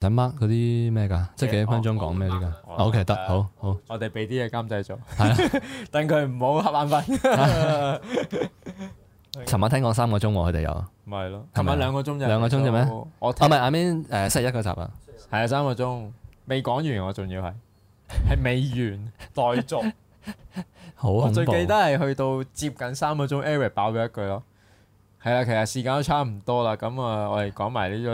等乜嗰啲咩噶？即係幾分鐘講咩啲噶？啊，O K 得，好好。我哋俾啲嘢監製做，係啊，等佢唔好瞌眼瞓。尋晚聽講三個鐘，佢哋有。唔係囉，尋晚兩個鐘咋？兩個鐘咋咩？我啊唔係，阿邊誒，失一個集啊，係啊，三個鐘未講完，我仲要係係未完待續。好啊，我最記得係去到接近三個鐘，Eric 爆咗一句咯。係啦、 呃，其實時間都差唔多啦，咁啊，嗯、我哋講埋呢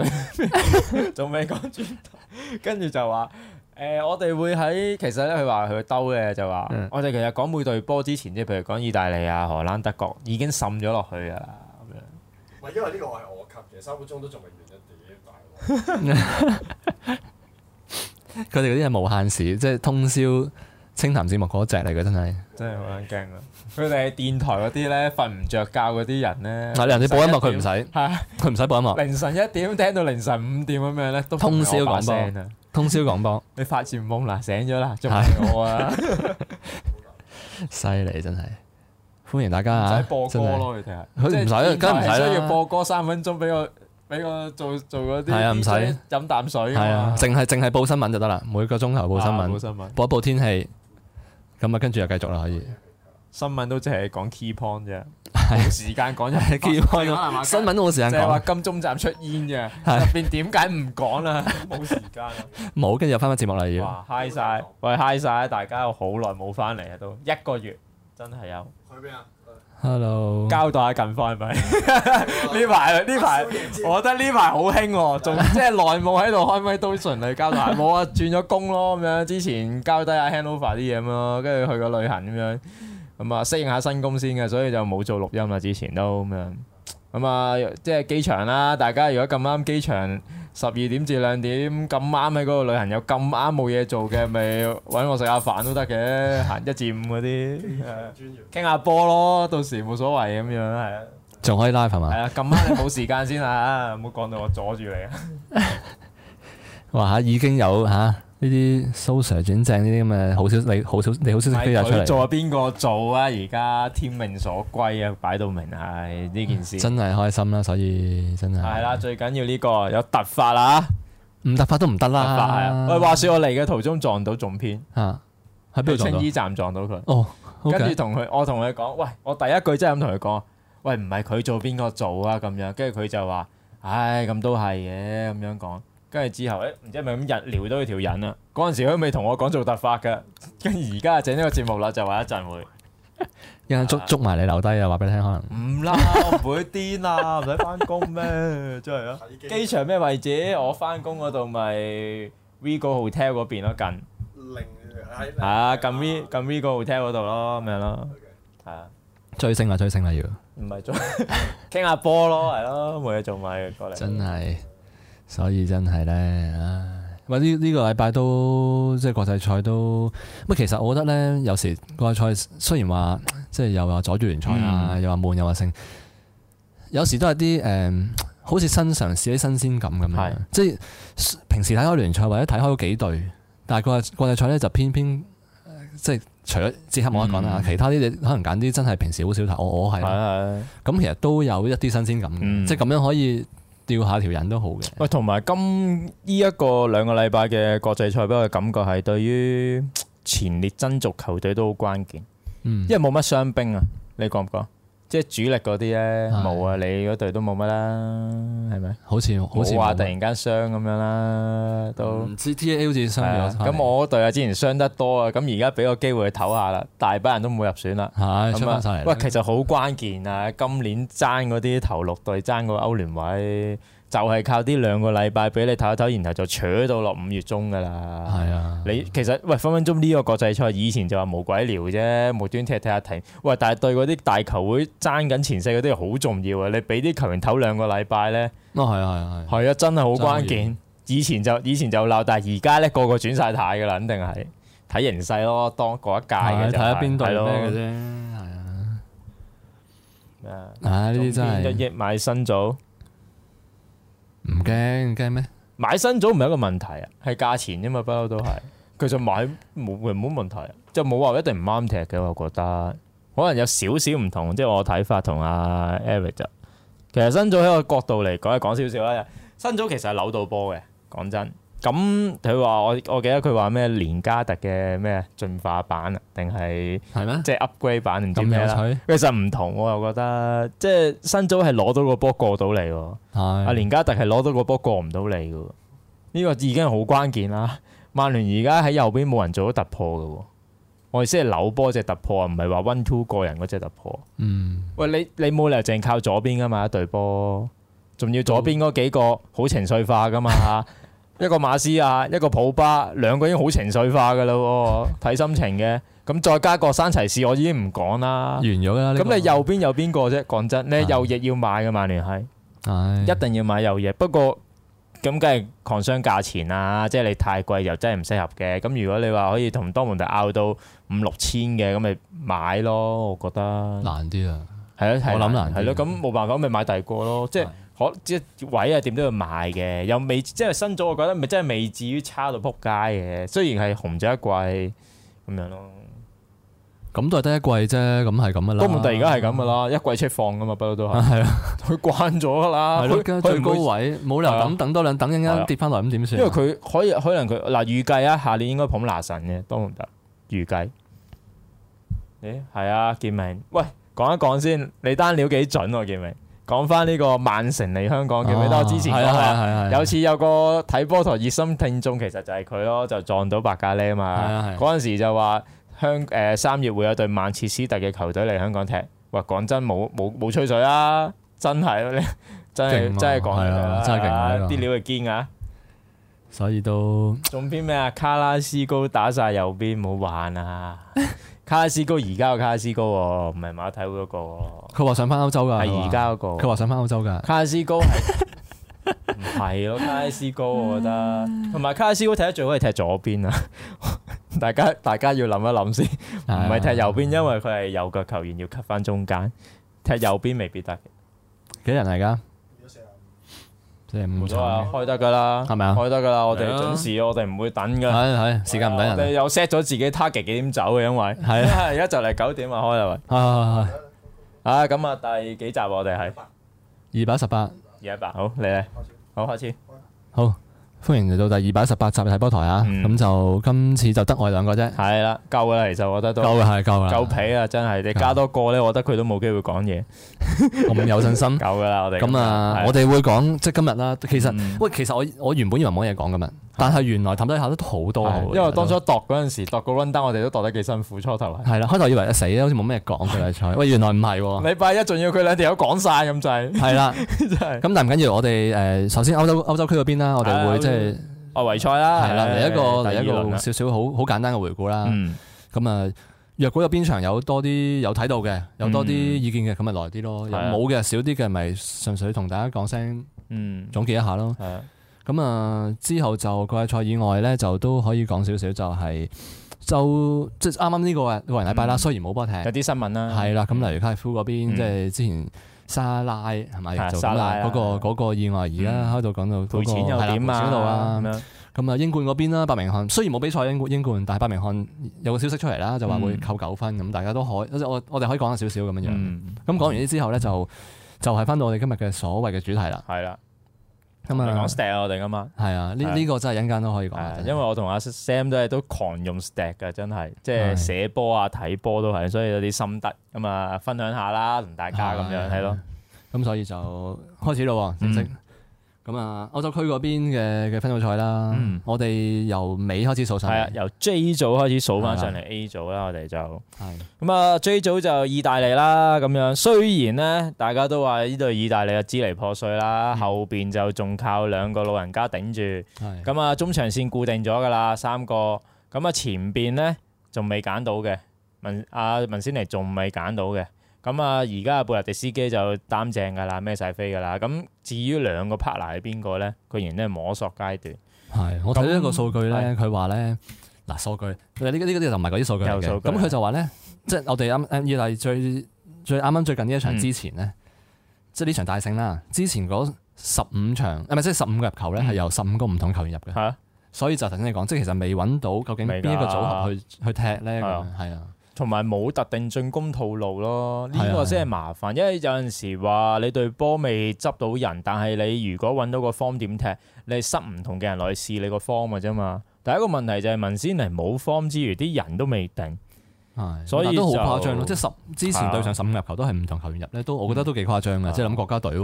種，仲未講轉頭，跟住就話，誒，我哋會喺，其實咧佢話佢兜嘅就話，我哋其實講每隊波之前，即係譬如講意大利啊、荷蘭、德國，已經滲咗落去啊，咁樣。係，因為呢個係我及嘅，三個鐘都仲未完得點大鑊。佢哋嗰啲係無限時，即係通宵清談節目嗰一隻嚟嘅，真係。真係好眼驚啊！佢哋係電台嗰啲咧，瞓唔著覺嗰啲人咧，係你人哋播音樂佢唔使，係佢唔使播音樂。凌晨一點聽到凌晨五點咁樣咧，都通宵廣播。通宵廣播。你發前夢啦，醒咗啦，仲係我啊！犀利真係，歡迎大家嚇。播歌咯，你聽下，佢唔使，梗唔使啦。要播歌三分鐘，俾我俾我做做嗰啲。係啊，唔使飲啖水。係啊，淨係淨係報新聞就得啦。每個鐘頭報新聞，播一播天氣。咁啊，跟住又繼續啦，可以。新聞都只係講 key point 啫，冇時間講，就係 key point 咯。新聞都冇時間講，就係話金鐘站出煙嘅，入邊點解唔講啦？冇時間啦。冇，跟住又翻翻節目啦要。哇，hi 曬，喂，hi 曬，大家我好耐冇翻嚟啊，都一個月，真係有。去邊啊？Hello，交代下近況係咪？呢排，呢排， 我覺得呢排好興喎，仲 即係內幕喺度開咪都順利交代。冇啊 轉咗工咯，咁樣之前交低阿 handover 啲嘢咁咯，跟住去過旅行咁樣，咁、嗯、啊適應下新工先嘅，所以就冇做錄音啦，之前都咁樣。嗯咁啊，即係機場啦！大家如果咁啱機場十二點至兩點咁啱喺嗰個旅行有咁啱冇嘢做嘅，咪揾我食下飯都得嘅，行一至五嗰啲傾下波咯，到時冇所謂咁樣，係啊，仲可以拉係嘛？係啊，咁啱冇時間先啊，唔好講到我阻住你啊！哇嚇，已經有嚇～呢啲 So Sir 轉正呢啲咁嘅，好少你，好少你，好少識飛曬出嚟。做邊個做啊？而家天命所歸啊！擺到明係呢、哎、件事。嗯、真係開心啦、啊，所以真係。係啦，最緊要呢、呢個有突發啦、啊、唔突發都唔得啦。喂，話説我嚟嘅途中撞到仲偏嚇，喺邊度？青衣站撞到佢？哦，okay、跟住同佢，我同佢講，喂，我第一句真係咁同佢講，喂，唔係佢做邊個做啊？咁樣，跟住佢就話，唉，咁都係嘅，咁樣講。跟住之後，誒唔知係咪咁引撩到佢條引啊？嗰陣時佢都未同我講做突發嘅，跟住而家整呢個節目啦，就話一陣會，一陣捉捉埋你留低啊！話俾你聽，可能唔啦，唔會癲啊，唔使返工咩？真係啊！機場咩位置？我返工嗰度咪 Vigo Hotel 嗰邊咯，近。零喺係啊，近 V 近 Vigo Hotel 嗰度咯，咁樣咯，係啊，追星啦，追星啦要。唔係做傾下波咯，係咯，冇嘢做咪過嚟。真係。所以真係咧，咁啊呢呢個禮拜都即係國際賽都乜？其實我覺得咧，有時國際賽雖然話即係又話阻住聯賽啊，又話悶，又話剩，有時都係啲誒，好似新嘗試啲新鮮感咁樣。即係平時睇開聯賽或者睇開好幾隊，但係佢係國際賽咧就偏偏即係除咗即刻冇得講啦，其他啲你可能揀啲真係平時好少睇，我我係，咁其實都有一啲新鮮感，即係咁樣可以。掉下條人都好嘅，喂，同埋今呢一個兩個禮拜嘅國際賽，俾我嘅感覺係對於前列爭逐球隊都好關鍵，嗯，因為冇乜傷兵啊，你覺唔覺？即係主力嗰啲咧冇啊，的你嗰隊都冇乜啦，係咪？好似冇話突然間傷咁樣啦，都唔知。嗯、T A L 好似傷咗。咁我嗰隊啊，之前傷得多啊，咁而家俾個機會去唞下啦，大班人都冇入選啦，的樣出翻曬嚟。喂，其實好關鍵啊，今年爭嗰啲頭六隊爭個歐聯位。就係靠呢兩個禮拜俾你唞一唞，然後就扯到落五月中噶啦。係啊，你其實喂分分鐘呢個國際賽以前就話無鬼聊啫，無端踢踢下停。喂，但係對嗰啲大球會爭緊前四嗰啲好重要啊！你俾啲球員唞兩個禮拜咧，啊係啊係啊係啊，真係好關鍵。以前就以前就鬧，但係而家咧個個轉晒軚噶啦，肯定係睇形勢咯，當過一屆睇下邊隊咩啫。係啊，呢啲真係一億買新組。唔驚，驚咩？買新組唔係一個問題啊，係價錢啫嘛，不嬲都係。佢就 買冇冇冇問題，就冇話一定唔啱踢嘅，我覺得。可能有少少唔同，即係我睇法，同阿 Eric 就，其實新組喺個角度嚟講，係講少少啦。新組其實係扭到波嘅，講真。咁佢話我我記得佢話咩連加特嘅咩進化版啊，定係係咩即係 upgrade 版，唔知咩麼其實唔同，我又覺得即係新組係攞到個波過到嚟，阿的連加特係攞到個波過唔到嚟噶。呢、這個已經好關鍵啦。曼聯而家喺右邊冇人做到突破噶，我意思係扭波隻突破，唔係話 one two 個人嗰隻突破。嗯，喂，你你冇理由淨靠左邊噶嘛？一隊波，仲要左邊嗰幾個好情緒化噶嘛？嗯 一個馬斯亞，一個普巴，兩個已經好情緒化噶啦，睇 心情嘅。咁再加個山齊士，我已經唔講啦。完咗啦、啊。咁你右邊有邊個啫？講真，咧對右翼要買嘅，曼聯係，係對一定要買右翼。不過咁梗係抗傷價錢啦，即係你太貴又真係唔適合嘅。咁如果你話可以同多蒙特拗到五六千嘅，咁咪買咯。我覺得難啲啊。係咯，我諗難。係咯，咁冇辦法，咪買第二個咯。即係。可即位啊？點都要賣嘅，又未即係新咗。我覺得咪真係未至於差到扑街嘅。雖然係紅咗一季咁樣咯，咁都係得一季啫。咁係咁噶啦，都唔得而家係咁噶啦，哦、一季出放噶嘛，不過，都都係。係啊，佢慣咗噶啦，佢最高位冇理由咁等多兩等，一陣間跌翻落嚟咁點算？因為佢可以可能佢嗱預計啊，下、呃、年應該捧拿神嘅都唔得，預計誒係啊，建明，喂，講一講先，你單料幾準啊，建明？講翻呢個曼城嚟香港，啊、記得我之前，啊啊啊、有次有個體波台熱心聽眾，其實就係佢咯，就撞到白咖喱啊嘛。嗰陣，啊啊、時就話香誒、呃、三月會有隊曼徹斯，斯特嘅球隊嚟香港踢。哇，講真冇冇冇吹水啦、啊，真係咯，你真係、啊啊、真係講真係啲料係堅噶。啊、所以都仲邊咩啊？卡拉斯高打晒右邊，冇玩啊！ 卡拉斯哥而家個卡拉斯哥唔係馬體會嗰個，佢話想翻歐洲噶，係而家嗰個，佢話想翻歐洲噶。 卡拉斯哥係係咯，卡拉斯哥我覺得，同埋卡拉斯哥踢得最好係踢左邊啊！ 大家大家要諗一諗先，唔 係踢右邊，因為佢係右腳球員，要 cut 翻中間，踢右邊未必得。幾 人嚟噶？冇錯啊，開得噶啦，係咪啊？開得噶啦，我哋準時，我哋唔會等㗎。係係，時間唔等人。我哋又 set 咗自己 target 幾點走嘅，因為係啊，而家就嚟九點啊，開啦喂。啊，咁、嗯、啊，第幾集我哋係二百一十八，二一八好嚟咧。好開始，好。歡迎嚟到第二百一十八集嘅《睇波台》啊、嗯！咁就今次就得我兩個啫，係啦，夠啦，其實我覺得都夠啦，係夠啦，夠皮啊！真係你加多個咧，我覺得佢都冇機會講嘢，咁有信心，夠噶啦我哋。咁啊，我哋會講即係今日啦。其實喂，嗯、其實我我原本以為冇嘢講噶嘛。但係原來氹多一下都好多嘅，因為當初度嗰陣時度個 rundown，我哋都度得幾辛苦初頭。係啦，開頭以為要死，好似冇咩講佢比賽。喂，原來唔係禮拜一，仲要佢兩條友講晒，咁滯。係啦，真係。咁但唔緊要，我哋誒首先歐洲歐洲區嗰邊啦，我哋會即係外圍賽啦。係啦，嚟一個嚟一個少少好好簡單嘅回顧啦。咁啊，若果有邊場有多啲有睇到嘅，有多啲意見嘅，咁咪耐啲咯。冇嘅少啲嘅，咪純粹同大家講聲，嗯，總結一下咯。咁啊，之後就國際賽以外咧，就都可以講少少，就係就即係啱啱呢個環禮拜啦。雖然冇波踢，有啲新聞啦。係啦，咁例如卡爾夫嗰邊，即係之前沙拉係咪？沙拉嗰個意外，而家開到講到賠錢又點啊？咁咁啊，英冠嗰邊啦，伯明翰雖然冇比賽，英英冠但係伯明翰有個消息出嚟啦，就話會扣九分。咁大家都可，我我哋可以講下少少咁樣樣。咁講完啲之後咧，就就係返到我哋今日嘅所謂嘅主題啦。係啦。咁啊，講 STAT 啊，我哋咁啊，係啊，呢呢個真係一間都可以講，的真的 因為我同阿 Sam 都係都狂用 STAT 嘅，真係即係寫波啊、睇波都係，所以有啲心得，咁啊分享下啦，同大家咁樣係咯，咁所以就開始咯，好正式。嗯咁啊，歐洲區嗰邊嘅嘅分組賽啦，嗯、我哋由尾開始數晒，係啊，由 J 組開始數翻上嚟的 A 組啦，我哋就係咁啊，J 組就意大利啦，咁樣雖然咧，大家都話呢度意大利啊支離破碎啦，嗯、後邊就仲靠兩個老人家頂住，咁的啊，中場線固定咗噶啦，三個，咁啊前邊咧仲未揀到嘅，文阿、啊、文仙尼仲未揀到嘅。咁啊，而家阿布萊迪斯基就擔正㗎啦，孭晒飛㗎啦。咁至於兩個 partner 係邊個咧？居然都係摸索階段。係，我睇咗一個數據咧，佢話咧嗱數據，其實呢個呢、呢個就唔係嗰啲數據嘅。咁佢就話咧， 即係我哋啱以嚟最最啱啱最，最近呢一場之前咧，嗯、即係呢場大勝啦。之前嗰十五場啊，係咪？即係十五個入球咧，係由十五個唔同球員入嘅。嗯、所以就頭先你講，即係其實未揾到究竟邊一個組合去去踢咧。係啊。啊同埋冇特定進攻套路咯，呢是的 個先係麻煩，因為有陣時話你對波未執到人，但係你如果揾到個方點踢，你塞唔同嘅人落去試你個方㗎啫嘛。第一個問題就係文仙尼冇方之餘，啲人都未定，的所以都好誇張咯。即係十之前對上十五入球都係唔同球員入咧，都的我覺得都幾誇張嘅，即係諗國家隊。的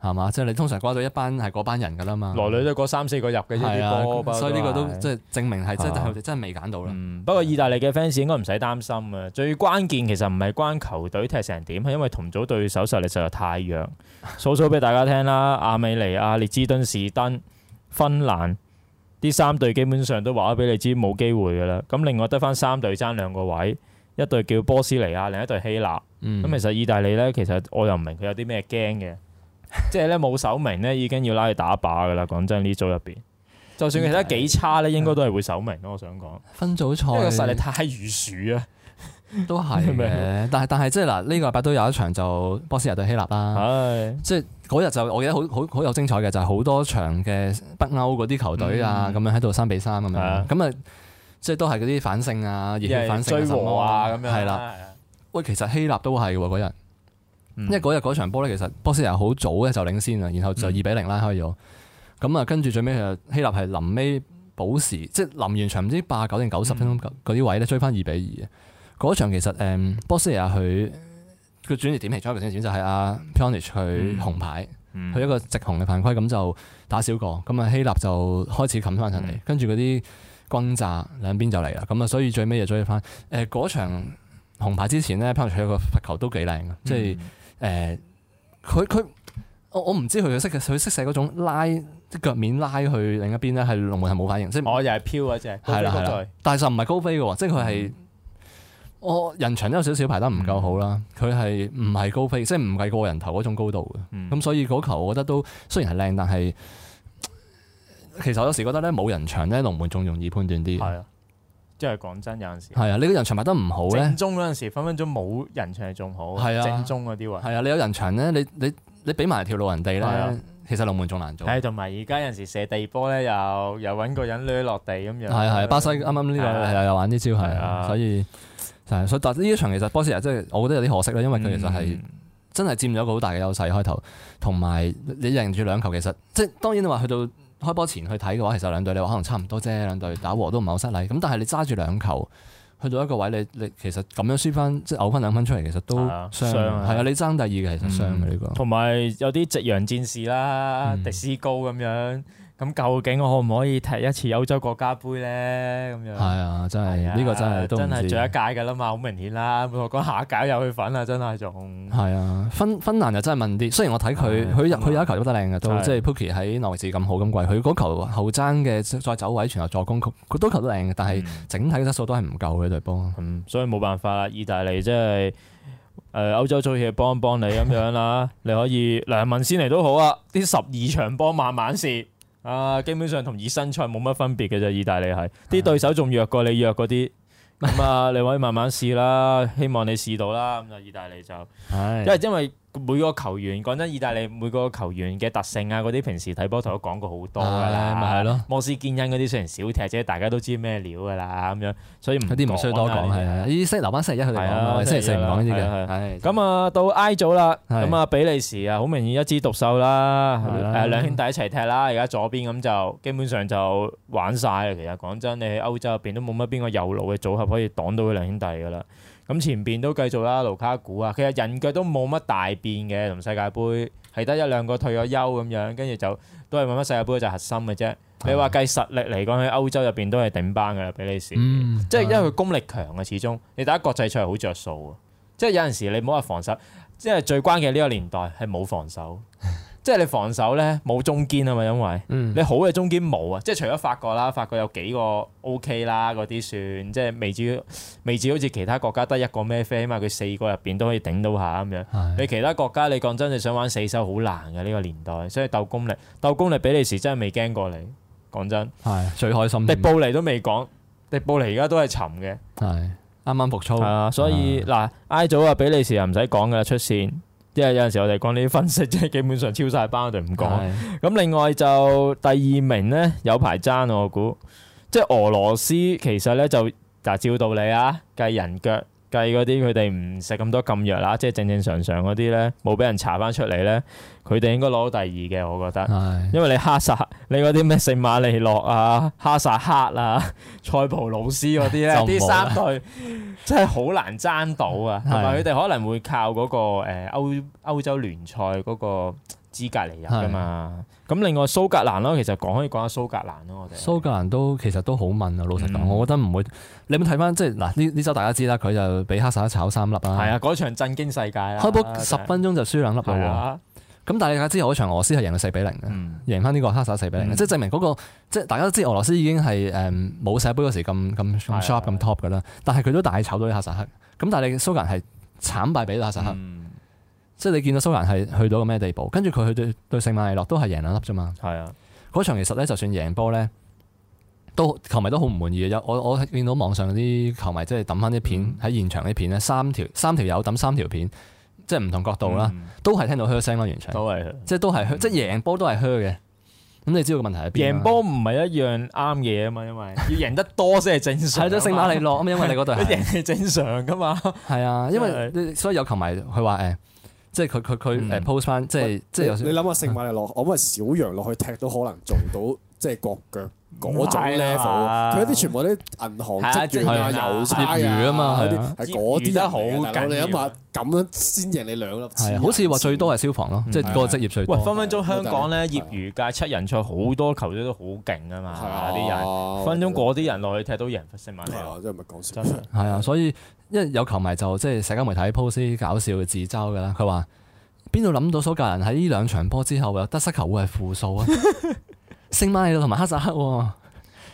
係嘛，即係你通常瓜到一班係嗰班人噶啦嘛，來女都嗰三四個入嘅，啊、是所以呢個都即係證明係真係後嚟真係未揀到啦、嗯。啊、不過意大利嘅 fans 應該唔使擔心啊，最關鍵其實唔係關球隊踢成點，係因為同組對手實力實在太弱。數數俾大家聽啦，阿美尼亞、列支敦士登、芬蘭，啲三隊基本上都話咗俾你知冇機會噶啦。咁另外得翻三隊爭兩個位，一隊叫波斯尼亞，另一隊希臘。咁、嗯、其實意大利咧，其實我又唔明佢有啲咩驚嘅。即係咧冇首名咧，已經要拉去打靶噶啦！講真，呢組入邊，就算他其他幾差咧，應該都係會首名咯。我想講分組賽個實力太懸殊啊，都係 是但係但係即係嗱，呢、這個禮拜都有一場就波斯人對希臘啦。即係嗰日就，就我記得好好好有精彩嘅，就係、是、好多場嘅北歐嗰啲球隊啊，咁樣喺度三比三咁樣，咁啊的，即係都係嗰啲反勝啊，熱血反勝啊，咁樣係啦。喂，其實希臘都係喎嗰日。 因為嗰日嗰場波咧，其實波斯尼亞好早咧就領先啊，然後就二比零拉開咗、嗯。咁啊，跟住最尾其實希臘係臨尾保時，即係臨完場唔知八十九定九十分鐘嗰啲位咧追翻二比二、嗯。嗰場其實誒、嗯、波斯尼亞佢佢轉捩點其中一個轉捩點就係阿 p o n i c 佢紅牌，佢、嗯、一個直紅嘅犯規，咁就打少個。咁啊希臘就開始冚翻上嚟，嗯、跟住嗰啲轟炸兩邊就嚟啦。咁啊，所以最尾就追翻。誒、呃、嗰場紅牌之前呢 p o n i c 一個罰球都幾靚嘅，即係、嗯。誒，佢佢、呃、我我唔知佢嘅，識佢識使嗰種拉即腳面拉去另一邊咧，係龍門係冇反應，即係我又係飄嗰隻，係啦但係就唔係高飛嘅喎，即係佢係我人牆都有少少排得唔夠好啦，佢係唔係高飛，即係唔計個人頭嗰種高度嘅，咁、嗯、所以嗰球我覺得都雖然係靚，但係其實我有時覺得咧冇人牆咧龍門仲容易判斷啲，係啊。即係講真，有陣時係啊！你個人牆賣得唔好咧，正宗嗰時分分鐘冇人牆係仲好。係啊，正宗嗰啲喎。係啊，你有人牆咧，你你你俾埋條路人地咧，啊、其實龍門仲難做。係、啊，同埋而家有陣時射地波咧，又又揾個人掠落地咁樣。係啊係啊，巴西啱啱呢度又又玩啲招係啊，啊，啊所，所以但所以但呢一場其實波士真係我覺得有啲可惜啦，因為佢其實係真係佔咗一個好大嘅優勢、嗯、開頭，同埋你贏住兩球其實即係當然你話去到。開波前去睇嘅話，其實兩隊你話可能差唔多啫，兩隊打和都唔係好失禮。咁但係你揸住兩球去到一個位，你你其實咁樣輸翻即係嘔翻兩分出嚟，其實都傷係啊！你爭第二嘅其實傷嘅呢個。同埋、嗯、有啲夕陽戰士啦、嗯、迪斯高咁樣。咁究竟我可唔可以踢一次歐洲國家杯咧？咁樣係啊，真係呢、啊、個真係都唔止，真係再一屆嘅啦嘛，好明顯啦。我講下一屆又去粉啦，真係仲係啊！芬芬蘭又真係問啲，雖然我睇佢佢入佢有一球都得靚嘅，都、啊、即係 Pookie 喺內維斯咁好咁貴，佢嗰球後爭嘅再走位，然後助攻佢，佢嗰球都靚嘅，但係整體嘅質素都係唔夠嘅隊波。嗯，所以冇辦法，意大利即係誒歐洲組嘅幫幫你咁樣啦， 你可以兩問先嚟都好啊，啲十二場波慢慢試。啊，基本上同熱身賽冇乜分別嘅啫，意大利係啲是的 對手仲弱過你弱嗰啲，咁啊，你可以慢慢試啦， 希望你試到啦，咁就意大利就，是的 因為因為。每個球員講真，意大利每個球員嘅特性啊，嗰啲平時睇波台都講過好多噶啦，咪係咯。摩斯堅恩嗰啲雖然少踢，即係大家都知咩料噶啦，咁樣所以唔有啲唔需多講，係係。呢啲星期六晚星期一去，講啊，星期四唔講呢啲嘅。咁啊，到 I 組啦，咁啊比利時啊，好明顯一枝獨秀啦。誒，兩兄弟一齊踢啦，而家左邊咁就基本上就玩晒啦。其實講真，你喺歐洲入邊都冇乜邊個右腦嘅組合可以擋到佢兩兄弟噶啦。咁前邊都繼續啦，盧卡古啊，其實人腳都冇乜大變嘅，同世界杯係得一兩個退咗休咁樣，跟住就都係揾乜世界杯就核心嘅啫。嗯、你話計實力嚟講，喺歐洲入邊都係頂班嘅，比利時。嗯、即係因為佢功力強啊，嗯、始終你打國際賽好着數啊。即係有陣時你唔好話防守，即係最關鍵呢個年代係冇防守。嗯 即係你防守咧冇中堅啊嘛，嗯、因為你好嘅中堅冇啊，即係除咗法國啦，法國有幾個 O、OK、K 啦，嗰啲算，即係未至未至好似其他國家得一個咩飛，起碼佢四個入邊都可以頂到下咁樣。你是的 其他國家，你講真，你想玩死守好難噶呢、這個年代，所以鬥功力，鬥功力比利時真係未驚過你，講真係最開心。迪布尼都未講，迪布尼而家都係沉嘅，係啱啱復操。所以嗱的，埃祖啊比利時又唔使講噶出線。即係有陣時我哋講呢啲分析，即係基本上超晒班，我哋唔講。咁是的 另外就第二名咧有排爭，我估即係俄羅斯，其實咧就嗱，照道理啊計人腳。計嗰啲佢哋唔食咁多禁藥啦，即係正正常常嗰啲咧，冇俾人查翻出嚟咧，佢哋應該攞到第二嘅，我覺得。係。是的 因為你哈薩，你嗰啲咩聖馬利諾啊、哈薩克啊、塞浦路斯嗰啲咧，呢三隊真係好難爭到啊。係。同埋佢哋可能會靠嗰個誒歐歐洲聯賽嗰個。資格嚟入噶嘛？咁另外蘇格蘭咯，其實講可以講下蘇格蘭咯我蘇格蘭，我哋蘇格蘭都其實都好問啊，老實講，嗯、我覺得唔會。你有冇睇翻？即係嗱，呢呢周大家知啦，佢就俾哈薩炒三粒啊。係啊，嗰場震驚世界啊！開波十分鐘就輸兩粒咁是、啊、但係之後嗰場俄羅斯係贏四比零嘅，贏翻呢個哈薩四比零，嗯那個，即係證明嗰個即係大家都知俄羅斯已經係誒冇世杯嗰時咁咁 sharp 咁 top 噶啦。但係佢都大炒咗哈薩克。咁但係蘇格蘭係慘敗俾哈薩克。即係你見到蘇蘭係去到個咩地步，跟住佢去對對聖馬利諾都係贏兩粒啫嘛。係是啊，嗰場其實咧就算贏波咧，都球迷都好唔滿意嘅。我我見到網上啲球迷即係抌翻啲片喺、嗯、現場啲片咧，三條三條友抌三條片，即係唔同角度啦，嗯、都係聽到嘘聲咯。現場，都是即係都係、嗯、即係贏波都係嘘嘅。咁你知道個問題喺邊？贏波唔係一樣啱嘢，啊嘛，因為要贏得多先係正常。係啊， 聖馬利諾咁，因為你嗰隊贏係正常噶嘛。係 啊，因為所以有球迷佢話誒。即係佢佢佢誒 post 翻，即係即係有。你諗下，聖馬力諾嚟落，我以為小羊落去踢都可能做到，即係國腳嗰種 level。佢啲全部啲銀行職員啊、油街啊嘛，係啲係嗰啲人。我哋諗下，咁樣先贏你兩粒。係啊，好似話最多係消防咯，即係個職業最。喂，分分鐘香港咧業餘界七人賽好多球隊都好勁啊嘛，啲人分分鐘嗰啲人落去踢都贏翻聖馬力諾。係啊，即係咪講笑？係啊，所以。因為有球迷就即係社交媒體 post 啲搞笑嘅自嘲嘅啦，佢話邊度諗到蘇格蘭喺呢兩場波之後有得失球會係負數啊，星 馬同埋哈薩克、啊，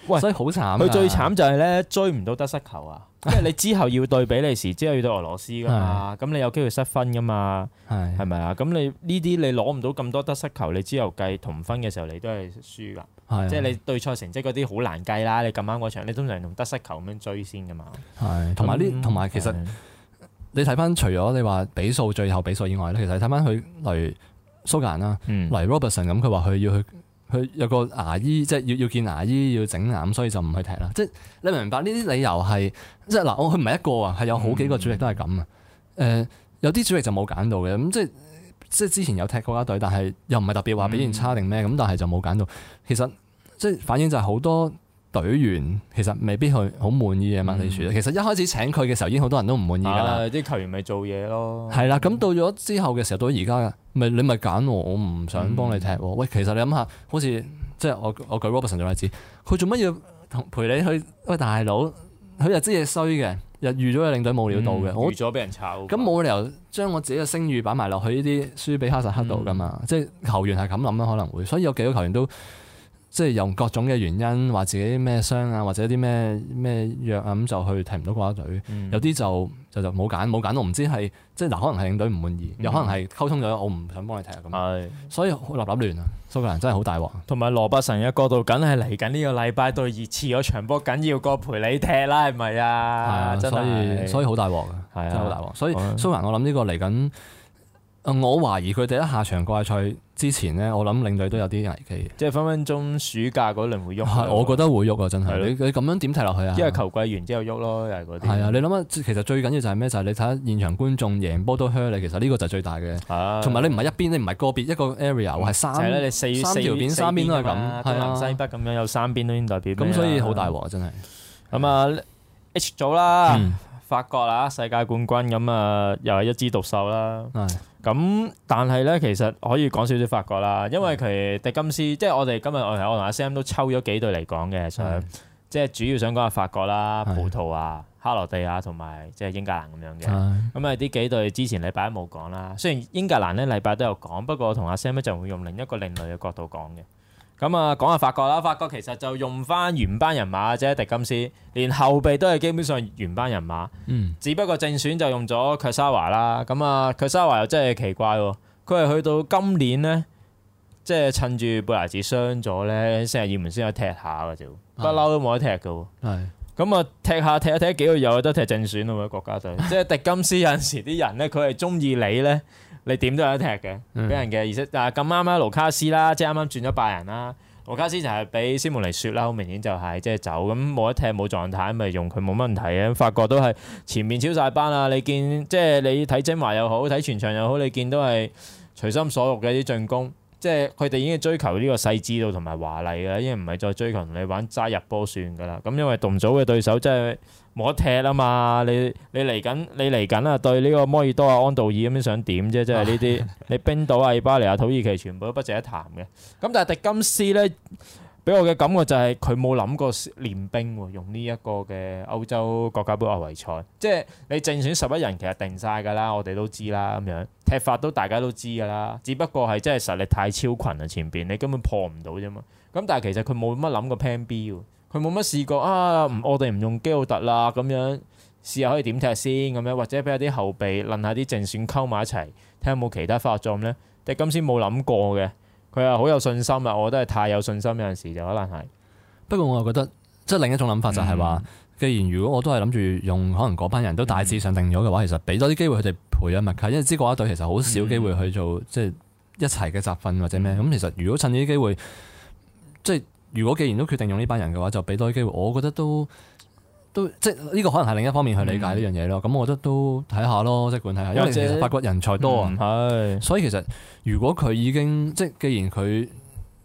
喂所以好慘。佢最慘就係咧追唔到得失球啊！ 因為你之後要對比利時，之後要對俄羅斯噶嘛，咁的你有機會失分噶嘛，係咪啊？咁你呢啲你攞唔到咁多得失球，你之後計同分嘅時候，你都係輸噶。即係的你對賽成績嗰啲好難計啦。你咁啱嗰場，你通常同得失球咁樣追先噶嘛。係，同埋呢，同埋那的其實你睇翻，除咗你話比數、最後比數以外咧，其實你睇翻佢例如蘇格蘭啦，例如 Robertson 咁，佢話佢要去。佢有個牙醫，即係要要見牙醫要整牙，咁所以就唔去踢啦。即係你明白呢啲理由係即係嗱，佢唔係一個啊，係有好幾個主力都係咁啊。誒、嗯呃，有啲主力就冇揀到嘅，咁即係即係之前有踢國家隊，但係又唔係特別話表現差定咩咁，嗯、但係就冇揀到。其實即係反應就係好多。隊員其實未必去好滿意嘅馬利廚。嗯、其實一開始請佢嘅時候已經好多人都唔滿意㗎啦。啲、啊就是、球員咪做嘢咯。係啦，咁到咗之後嘅時候，到而家嘅咪你咪揀我，我唔想幫你踢。嗯、喂，其實你諗下，好似即係我我舉 Robinson 做例子，佢做乜要同陪你去？喂，大佬，佢又知嘢衰嘅，又預咗領隊冇料、嗯、我到嘅，預咗俾人炒。咁冇理由將我自己嘅聲譽擺埋落去呢啲輸俾哈薩克度㗎嘛？嗯、即係球員係咁諗啦，可能會。所以有幾多球員都。即係用各種嘅原因，或者自己咩傷啊，或者啲咩咩藥啊，咁就去踢唔到國家隊。嗯、有啲就就就冇揀，冇揀。我唔知係即係嗱，可能係領隊唔滿意，嗯、又可能係溝通咗，我唔想幫你踢咁。係、嗯，所以立立亂啊！蘇格蘭真係好大鑊，同埋是羅伯神嘅角度緊係嚟緊呢個禮拜對熱刺嗰場波緊要過陪你踢啦，係咪啊？真係、啊，所以好大鑊嘅，係啊，好大鑊。所以蘇格蘭我諗呢個嚟緊，我懷疑佢哋一下，下場怪賽。之前咧，我諗領隊都有啲危機，即係分分鐘暑假嗰輪會喐。係，我覺得會喐啊！真係，你你咁樣點睇落去啊？因為球季完之後喐咯，又係嗰啲。係啊，你諗下，其實最緊要就係咩？就係你睇下現場觀眾贏波都蝦你，其實呢個就係最大嘅。同埋你唔係一邊，你唔係個別一個 area，係三、係你四四條邊三邊都係咁，東南西北咁樣有三邊都代表。咁所以好大鑊真係。咁啊，H 組啦，法國啦，世界冠軍，咁啊，又係一枝獨秀啦。係。咁但係咧，其實可以講少少法國啦，因為佢迪金斯，即係我哋今日我同阿 Sam 都抽咗幾隊嚟講嘅，想是的 即係主要想講下法國啦、葡萄牙、克是的 羅地亞同埋即係英格蘭咁樣嘅。咁啊是的、嗯，呢幾隊之前禮拜一冇講啦，雖然英格蘭咧禮拜都有講，不過我同阿 Sam 就會用另一個另類嘅角度講嘅。咁啊，講下法國啦，法國其實就用翻原班人馬啫，即係迪金斯，連後備都係基本上原班人馬。嗯。只不過正選就用咗卻沙華啦。咁啊，卻沙華又真係奇怪喎，佢係去到今年咧，即係趁住貝牙子傷咗咧，先係要門先有踢下嘅啫，不嬲都冇得踢嘅。係的。咁啊，踢下踢一踢幾個月又得踢正選咯喎，國家隊。即係迪金斯有陣時啲人咧，佢係中意你咧。你點都有一踢嘅，俾、嗯、人嘅，而且啊咁啱啱盧卡斯啦，即係啱啱轉咗拜仁啦，盧卡斯就係俾斯蒙尼説啦，好明顯就係即係走，咁冇一踢冇狀態，咪用佢冇問題嘅，法國都係前面超晒班啦，你見即係你睇精華又好，睇全場又好，你見都係隨心所欲嘅一啲進攻。即係佢哋已經追求呢個細緻度同埋華麗嘅，因為唔係再追求你玩齋入波算嘅啦。咁因為同組嘅對手真係冇得踢啊嘛，你你嚟緊你嚟緊啊，對呢個摩爾多瓦、安道爾咁樣想點啫？ 即係呢啲你冰島啊、阿爾巴尼亞啊、土耳其全部都不值一談嘅。咁但係迪金斯咧。俾我嘅感覺就係佢冇諗過練兵喎，用呢一個嘅歐洲國家杯外圍賽，即係你正選十一人其實定晒㗎啦，我哋都知啦咁樣，踢法都大家都知㗎啦，只不過係真係實力太超群啊，前邊你根本破唔到啫嘛。咁但係其實佢冇乜諗過 plan B 喎，佢冇乜試過啊，我哋唔用基奧特啦咁樣試下可以點踢先咁樣，或者俾啲後備輪下啲正選溝埋一齊，睇下有冇其他法作咧。但係今先冇諗過嘅。佢係好有信心啊！我覺得係太有信心，有陣時就可能係。不過我又覺得，即係另一種諗法就係話，嗯、既然如果我都係諗住用，可能嗰班人都大致上定咗嘅話，嗯、其實俾多啲機會佢哋培養默契，因為知國家隊其實好少機會去做、嗯、即係一齊嘅集訓或者咩。咁、嗯、其實如果趁呢啲機會，即係如果既然都決定用呢班人嘅話，就俾多啲機會，我覺得都。都即係呢、這個可能係另一方面去理解呢樣嘢咯。咁、嗯、我覺得都睇下咯，即管睇下，因為其實法國人才多啊，嗯、所以其實如果佢已經即既然佢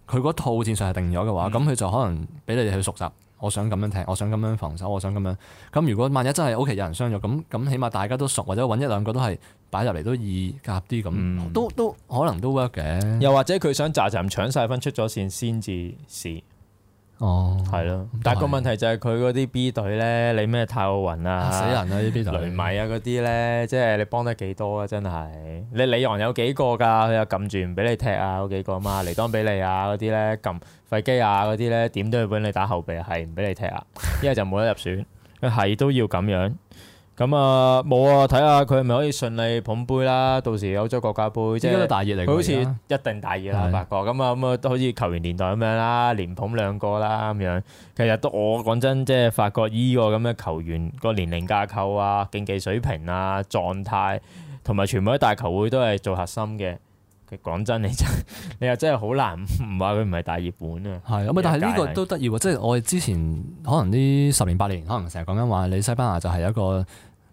佢嗰套戰術係定咗嘅話，咁佢、嗯、就可能俾你哋去熟習。我想咁樣踢，我想咁樣防守，我想咁樣。咁如果萬一真係屋企有人傷咗，咁咁起碼大家都熟，或者揾一兩個都係擺入嚟都易夾啲，咁、嗯、都都可能都 work 嘅。又或者佢想紮陣搶曬分出咗線先至試。哦，係咯了，但係是個問題就係佢嗰啲 B 隊咧，你咩泰奧雲啊，死人啊，呢啲雷米啊嗰啲咧，即係你幫得幾多啊？真係，你李昂有幾個噶？佢又撳住唔俾你踢啊，嗰幾個嘛， 尼當比利呢啊嗰啲咧，撳費基亞啊嗰啲咧，點都要畀你打後備係，唔俾你踢啊，一係就冇得入選，佢係都 要咁樣。咁啊，冇啊、嗯，睇下佢係咪可以順利捧杯啦！到時歐洲國家杯，即係佢好似一定大熱啦，法國的。咁啊，咁啊的，都好似球員年代咁樣啦，連捧兩個啦咁樣。其實都我講真，即係法國依個咁嘅球員個年齡架構啊、競技水平啊、狀態同埋全部喺大球會都係做核心嘅。其實講真，你真你又真係好難唔話佢唔係大熱門啊。係咁的但係呢個都得意喎。即係的我哋之前可能啲十年八年，可能成日講緊話你西班牙就係一個。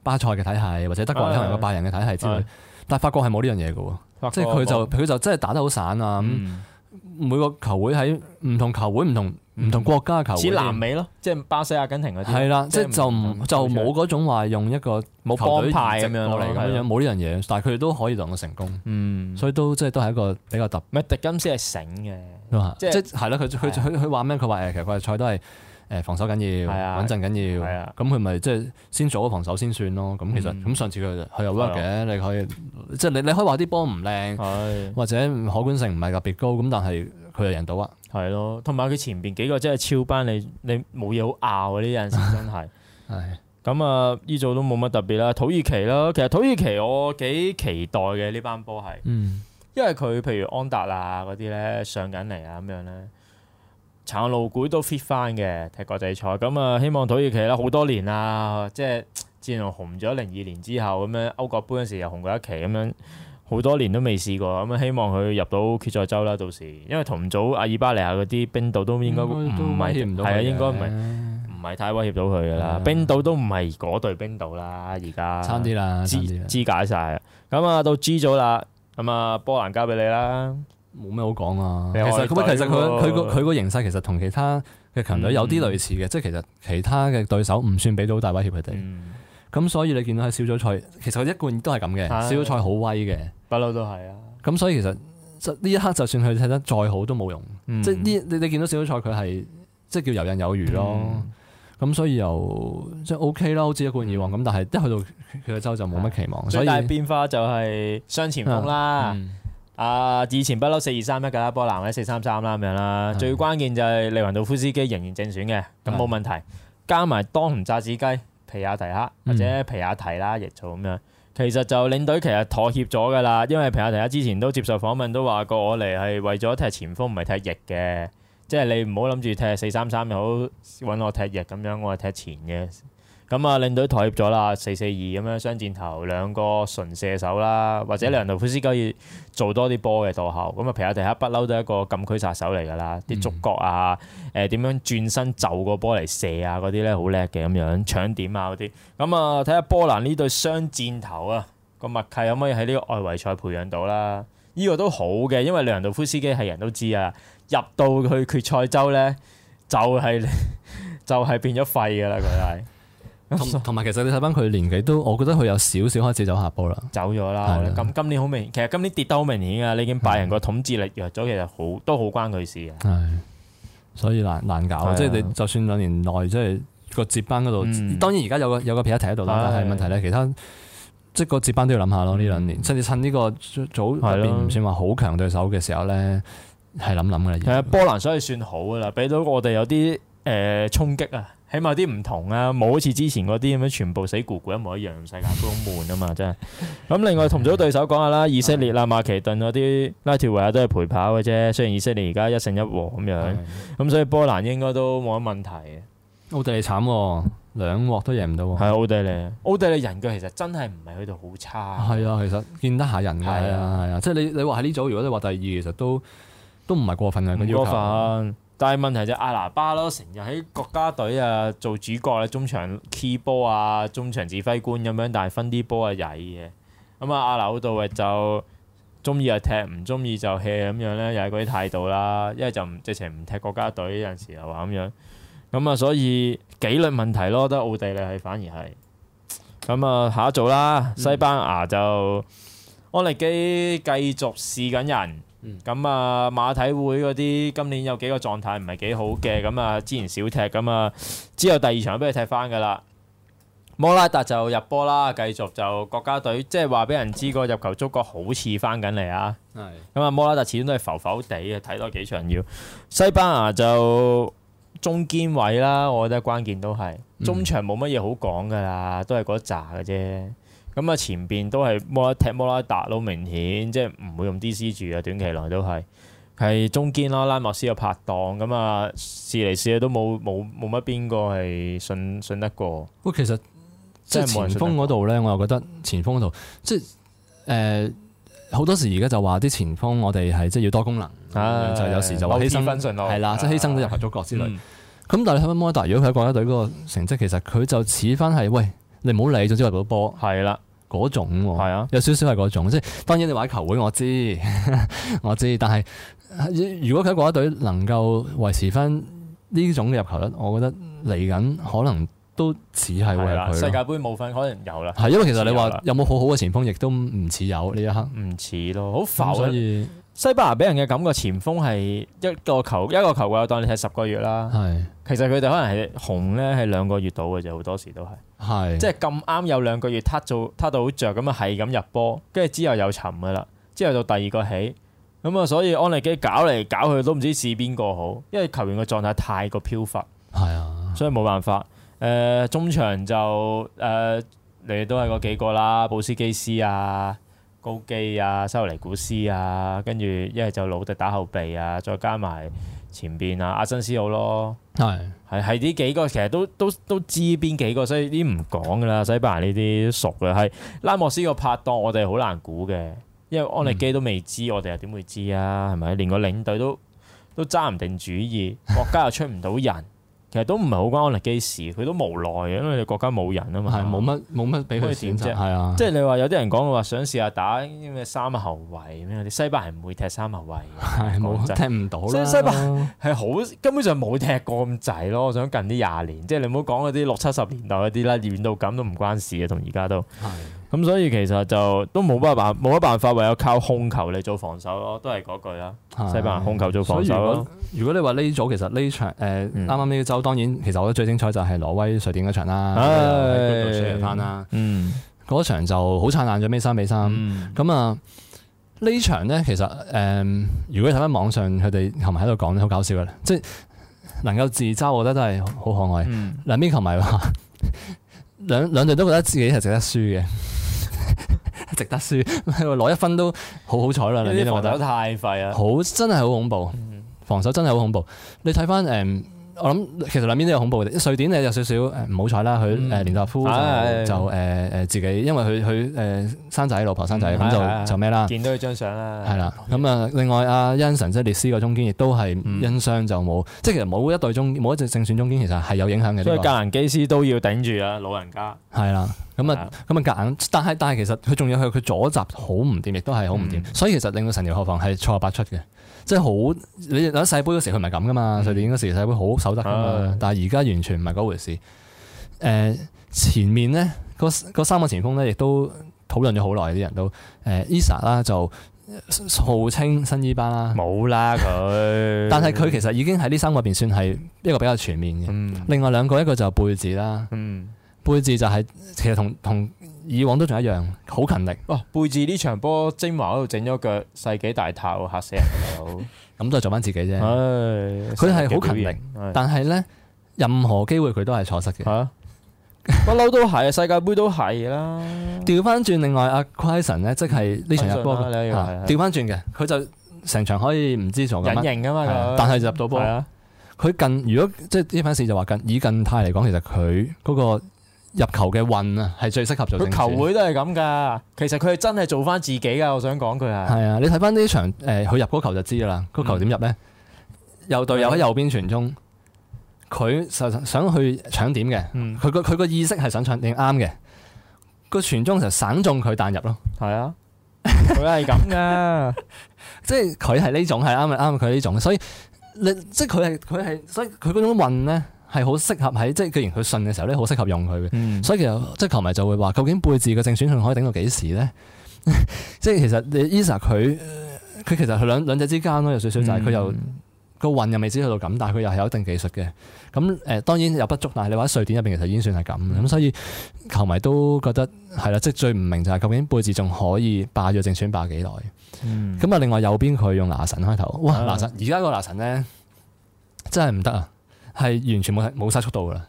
巴塞嘅體系，或者德國、西班牙、個拜仁嘅體系之類，但法國係冇呢樣嘢嘅喎，即係佢就佢就真係打得好散啊！每個球會喺唔同球會、唔同唔同國家球會。指南美咯，即係巴西、阿根廷嗰啲。係啦，即係就就冇嗰種話用一個冇光排咁樣嚟咁樣，冇呢樣嘢。但係佢哋都可以能夠成功，所以都即係都係一個比較特別。迪金斯係醒嘅，即係係啦。佢佢佢佢話咩？佢話其實國際賽都係。誒防守緊要，係啊，穩陣緊要，係啊，咁佢咪即係先做好防守先算咯。咁其實咁上次佢佢又 work 嘅，你可以即係你你可以話啲波唔靚，或者可觀性唔係特別高，咁但係佢又贏到啊。係咯，同埋佢前邊幾個真係超班，你你冇嘢好拗啊！呢陣時真係。係。咁啊，依組都冇乜特別啦，土耳其啦，其實土耳其我幾期待嘅呢班波係，因為佢譬如安達啊嗰啲咧上緊嚟啊咁樣咧。殘奧股都 fit 翻嘅，踢國際賽咁啊、嗯！希望土耳其啦，好多年啦，即係之前紅咗零二年之後，咁樣歐國杯嗰時又紅過一期，咁樣好多年都未試過。咁、嗯、啊，希望佢入到決賽周啦，到時因為同組阿爾巴尼亞嗰啲冰島都應該唔係，係啊，應該唔係唔係太威脅到佢噶啦。的冰島都唔係嗰隊冰島啦，而家差啲啦，知支解曬。咁、嗯、啊，到 G 組啦，咁、嗯、啊，波蘭交俾你啦。冇咩好講啊！其實佢其實佢佢個佢個形勢其實同其他嘅強隊有啲類似嘅，即係其實其他嘅對手唔算俾到大威脅佢哋。咁所以你見到喺小組賽，其實一貫都係咁嘅。小組賽好威嘅，不嬲都係啊！咁所以其實呢一刻，就算佢踢得再好都冇用。即係呢，你你見到小組賽佢係即係叫游刃有餘咯。咁所以又即係 OK 啦，好似一貫以往。咁。但係一去到佢嘅州就冇乜期望。所以變化就係雙前鋒啦。啊！以前不嬲四二三一噶啦，波蘭嘅四三三啦咁樣啦。的最關鍵就係利雲道夫斯基仍然正選嘅，咁冇問題。的加埋當紅炸子雞皮亞提克或者皮亞提啦，亦組咁樣。嗯、其實就領隊其實妥協咗噶啦，因為皮亞提克之前都接受訪問都話過，我嚟係為咗踢前鋒，唔係踢翼嘅。即、就、係、是、你唔好諗住踢四三三又好，搵我踢翼咁樣，我係踢前嘅。咁啊，領隊台協咗啦，四四二咁樣雙箭頭，兩個純射手啦，或者梁道夫斯狗要做多啲波嘅墮後咁啊。皮亞迪克畢嬲到一個禁區殺手嚟㗎啦，啲、嗯、觸角啊，誒、呃、點樣轉身就個波嚟射啊，嗰啲咧好叻嘅咁樣搶點啊嗰啲。咁、嗯、啊，睇下波蘭呢隊雙箭頭啊，個默契可唔可以喺呢個外圍賽培養到啦？呢、這個都好嘅，因為梁道夫斯基係人都知啊，入到去決賽周咧就係、是、 就係變咗廢㗎啦，佢係。同埋，其實你睇翻佢年紀都，我覺得佢有少少開始走下坡啦。走咗啦，咁今年好明顯，其實今年跌得好明顯噶。你已見拜仁個統治力弱咗，其實好都好關佢事嘅。係，所以難難搞。的即係你就算兩年內，即係個接班嗰度，嗯、當然而家有個有個皮提喺度啦。但係問題咧，的其他即係個接班都要諗下咯。呢兩的年，甚至趁呢個組入邊唔算話好強對手嘅時候咧，係諗諗嘅。係啊，波蘭所以算好噶啦，俾到我哋有啲誒、呃、衝擊啊。起碼啲唔同啊，冇好似之前嗰啲咁樣全部死咕咕一模一樣，世界都好悶啊嘛，真係。咁另外同組對手講下啦，以色列啦、馬其頓嗰啲拉脱維亞都係陪跑嘅啫。雖然以色列而家一勝一和咁樣，咁的所以波蘭應該都冇乜問題。奧地利慘、哦，兩鑊都贏唔到。係啊，奧地利。奧地利人腳其實真係唔係去到好差。係啊，其實見得下人嘅。係啊係啊，即係、就是、你你話喺呢組，如果你話第二，其實都都唔係過分嘅要求。但係問題就阿拿巴咯，成日喺國家隊啊做主角啦，中場 key 波啊，中場指揮官咁樣，但係分啲波啊曳嘅。咁啊，阿柳度就中意就踢，唔中意就 hea 咁樣咧，又係嗰啲態度啦。一係就唔直情唔踢國家隊，有陣時又話咁樣。咁啊，所以紀律問題咯，得奧地利係反而係。咁啊，下一組啦，西班牙就安歷、嗯、基繼續試緊人。咁啊，嗯、馬體會嗰啲今年有幾個狀態唔係幾好嘅，咁啊之前少踢，咁啊之後第二場俾佢踢翻㗎啦。摩拉達就入波啦，繼續就國家隊，即係話俾人知個入球觸角好似翻緊嚟啊。係。咁啊，摩拉達始終都係浮浮地嘅，睇多幾場要。西班牙就中堅位啦，我覺得關鍵都係中場冇乜嘢好講㗎啦，都係嗰扎嘅啫。咁啊，前邊都係摩拉踢摩拉達，都明顯，即係唔會用 D.C. 住啊，短期內都係係中堅啦，拉莫斯個拍檔。咁啊，試嚟試去都冇冇冇乜邊個係信信得過。喂，其實即係前鋒嗰度咧，我又覺得前鋒嗰度即係誒，好、呃、多時而家就話啲前鋒我哋係即係要多功能，啊、就有時就話犧牲分信咯，係啦，即係犧牲咗入球觸角之類。咁、嗯、但係你睇翻摩拉達，如果佢喺國家隊嗰個成績，其實佢就似翻係喂，你唔好理，總之入到波。係啦。種係啊，有少少係嗰種，即係當然你話球會，我知 我知。但係如果佢喺國家隊能夠維持翻呢種嘅入球率，我覺得嚟緊可能都只係為佢、啊、世界盃冇份，可能有啦。係因為其實你話有冇好好嘅前鋒，亦都唔似有呢一刻，唔似咯，好浮。所以，所以西班牙俾人嘅感覺，前鋒係一個球一個球當你踢十個月啦。係、啊，其實佢哋可能係紅咧，係兩個月到嘅，啫，好多時都係。係，即係咁啱有兩個月撻到撻到好著咁，啊，係咁入波，跟住之後又沉噶啦，之後到第二個起，咁啊，所以安利基搞嚟搞去都唔知試邊個好，因為球員嘅狀態太過飄忽，係啊的，所以冇辦法。誒、呃、中場就誒、呃，你哋都係嗰幾個啦，布斯基斯啊，高基啊，西尼古斯啊，跟住一係就老迪打後備啊，再加埋。前邊啊，阿新斯奧咯，係係係呢幾個，其實都都都知邊幾個，所以呢啲唔講噶啦，西班牙呢啲熟嘅係拉莫斯個拍檔，我哋好難估嘅，因為安利基都未知，嗯、我哋又點會知啊？係咪連個領隊都都揸唔定主意，國家又出唔到人。 其實都唔係好關安歷基事，佢都無奈嘅，因為你國家冇人啊嘛，係冇乜冇乜俾佢選啫，係啊的，即係你話有啲人講話想試下打咩三後衞咩啲，西班牙唔會踢三後衞，係冇的踢唔到咯，西班牙係的好根本上冇踢過咁滯咯，我想近啲廿年，即係的你唔好講嗰啲六七十年代嗰啲啦，遠到咁都唔關事嘅，同而家都咁所以其實就都冇乜辦冇乜辦法，辦法唯有靠控球嚟做防守咯，都係嗰句啦。的西班牙控球做防守咯。如果，如果你話呢組其實呢場誒啱啱呢周，呃剛剛嗯、當然其實我覺得最精彩就係挪威瑞典嗰場啦，喺半島輸翻啦。嗰、嗯、場就好燦爛咗，咩？三比三。咁、嗯、啊呢場呢，其實誒、呃，如果睇翻網上佢哋球迷喺度講咧，好搞笑㗎喇，即係能夠自嘲，我覺得都係好可愛。兩邊球迷話兩兩隊都覺得自己係值得輸嘅。值得輸，攞一分都好好彩啦！你啲防守太廢啦，好真係好恐怖，防守真係好恐怖。你睇翻誒。Um 我諗其實裏面都有恐怖嘅，瑞典誒有少少誒唔好彩啦，佢誒連納夫就就誒自己，因為佢佢誒生仔老婆生仔咁就就咩啦，見到佢張相啦，係啦。咁啊，另外阿恩臣即係列斯個中堅，亦都係因傷就冇，即係其實冇一對中冇一隻正選中堅，其實係有影響嘅。因為格蘭基斯都要頂住啊，老人家。係啦，咁啊咁啊格蘭，但係但係其實佢仲要係佢左閘好唔掂，亦都係好唔掂，所以其實令到成條後防係錯漏百出嘅。即係好，你攞細杯嗰時佢唔係咁噶嘛，佢哋應該嗰時細杯好守得㗎嘛。啊、但係而家完全唔係嗰回事。誒、呃、前面呢，個三個前鋒呢亦都討論咗好耐，啲人都誒，Isak、呃、啦就號稱新伊巴啦，冇啦佢。 但係佢其實已經喺呢三個入邊算係一個比較全面嘅。嗯、另外兩個，一個就係貝字啦，嗯、貝字就係其實同同。以往都仲一樣，好勤力。哇！背住呢場波，精華嗰度整咗腳，世紀大頭嚇死人。咁都係做翻自己啫。佢係好勤力，但係咧任何機會佢都係錯失嘅。不嬲都係世界盃都係啦。調翻轉，另外阿 Quashen 咧，即係呢場入波。調翻轉嘅，佢就成場可以唔知做緊。隱形噶嘛？但係入到波。佢近如果即係呢番事就話近，以近態嚟講，其實佢嗰個。入球嘅運啊，係最適合做。佢球會都係咁噶，其實佢係真係做翻自己噶。我想講佢係。係啊，你睇翻呢場誒，佢、呃、入嗰球就知噶啦。個球點入呢？右、嗯、隊友喺、嗯、右邊傳中，佢實想去搶點嘅。佢個佢個意識係想搶點，定啱嘅。個傳中就省中佢彈入咯。係啊，佢係咁噶。 即係佢係呢種係啱嘅，啱佢呢種。所以你即係佢係佢係，所以佢嗰種運咧。係好適合喺即係既然佢信嘅時候咧，好適合用佢嘅。嗯、所以其實即係球迷就會話，究竟貝治嘅正選仲可以頂到幾時咧？即 係其實你 Elsa 佢佢其實係兩兩者之間咯，有少少就，就係佢又個運又未至於到咁，但係佢又係有一定技術嘅。咁誒，當然有不足，但係你話瑞典入邊其實已經算係咁。咁所以球迷都覺得係啦，即係最唔明就係究竟貝治仲可以霸咗正選霸幾耐？咁啊、嗯，另外右邊佢用拿神開頭，哇，拿神而家個拿神咧真係唔得啊！係完全冇冇晒速度噶啦，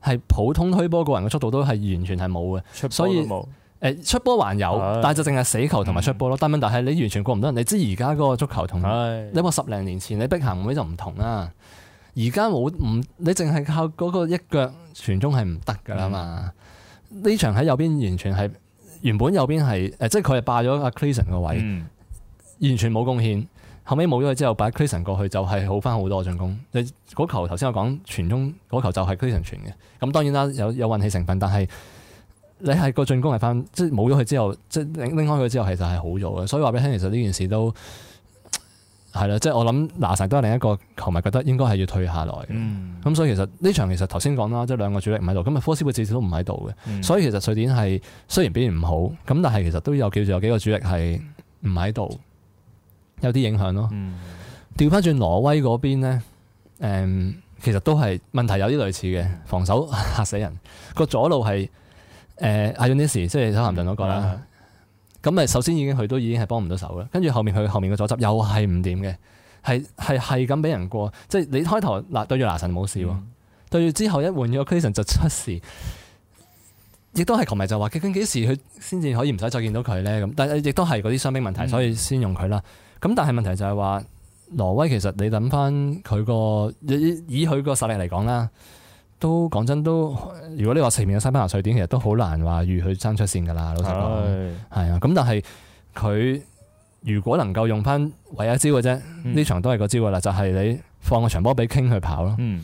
係、嗯、普通推波個人嘅速度都係完全係冇嘅，所以誒出波還有，哎、但係就淨係死球同埋出波咯。嗯、但係問題係你完全過唔到人，你知而家嗰個足球同你話十零年前你碧咸會就唔同啦。而家冇唔你淨係靠嗰個一腳傳中係唔得噶啦嘛。呢、嗯、場喺右邊完全係原本右邊係誒，即係佢係霸咗阿 Clayson 個位，嗯、完全冇貢獻。後尾冇咗佢之後擺 Clayton 過去就係、是、好翻好多進攻，嗰球頭先我講傳中嗰球就係 Clayton 傳嘅，咁、嗯、當然啦有有運氣成分，但係你係個進攻係翻即係冇咗佢之後，即係拎拎開佢之後其實係好咗嘅，所以話俾你聽其實呢件事都係啦，即係我諗拿成都係另一個球迷覺得應該係要退下來嘅，咁、嗯嗯、所以其實呢場其實頭先講啦，即係兩個主力唔喺度，咁啊科斯貝至少都唔喺度嘅，所以其實瑞典係雖然表現唔好，咁但係其實都有叫做有幾個主力係唔喺度。有啲影響咯。調翻轉挪威嗰邊咧，誒、嗯、其實都係問題有啲類似嘅，防守嚇死人。個左路係誒阿 u n n i 即係修咸頓嗰個啦。咁咪、嗯嗯、首先已經佢都已經係幫唔到手嘅，跟住後面佢後面嘅左側又係唔掂嘅，係係係咁俾人過。即係你開頭嗱對住拿神冇事喎，嗯、對住之後一換咗 Kelson 就出事。亦都係球迷就話：究竟佢幾時佢先至可以唔使再見到佢咧？咁但係亦都係嗰啲傷兵問題，所以先用佢啦。嗯咁但係問題就係話，挪威其實你諗返佢個以佢個實力嚟講啦，都講真都，如果你話前面嘅西班牙瑞典，其實都好難話與佢爭出線噶啦，老實講。係啊、哎，咁但係佢如果能夠用翻唯一招嘅啫，呢、嗯、場都係個招噶啦，就係、是、你放個長波俾 King 去跑咯。嗯、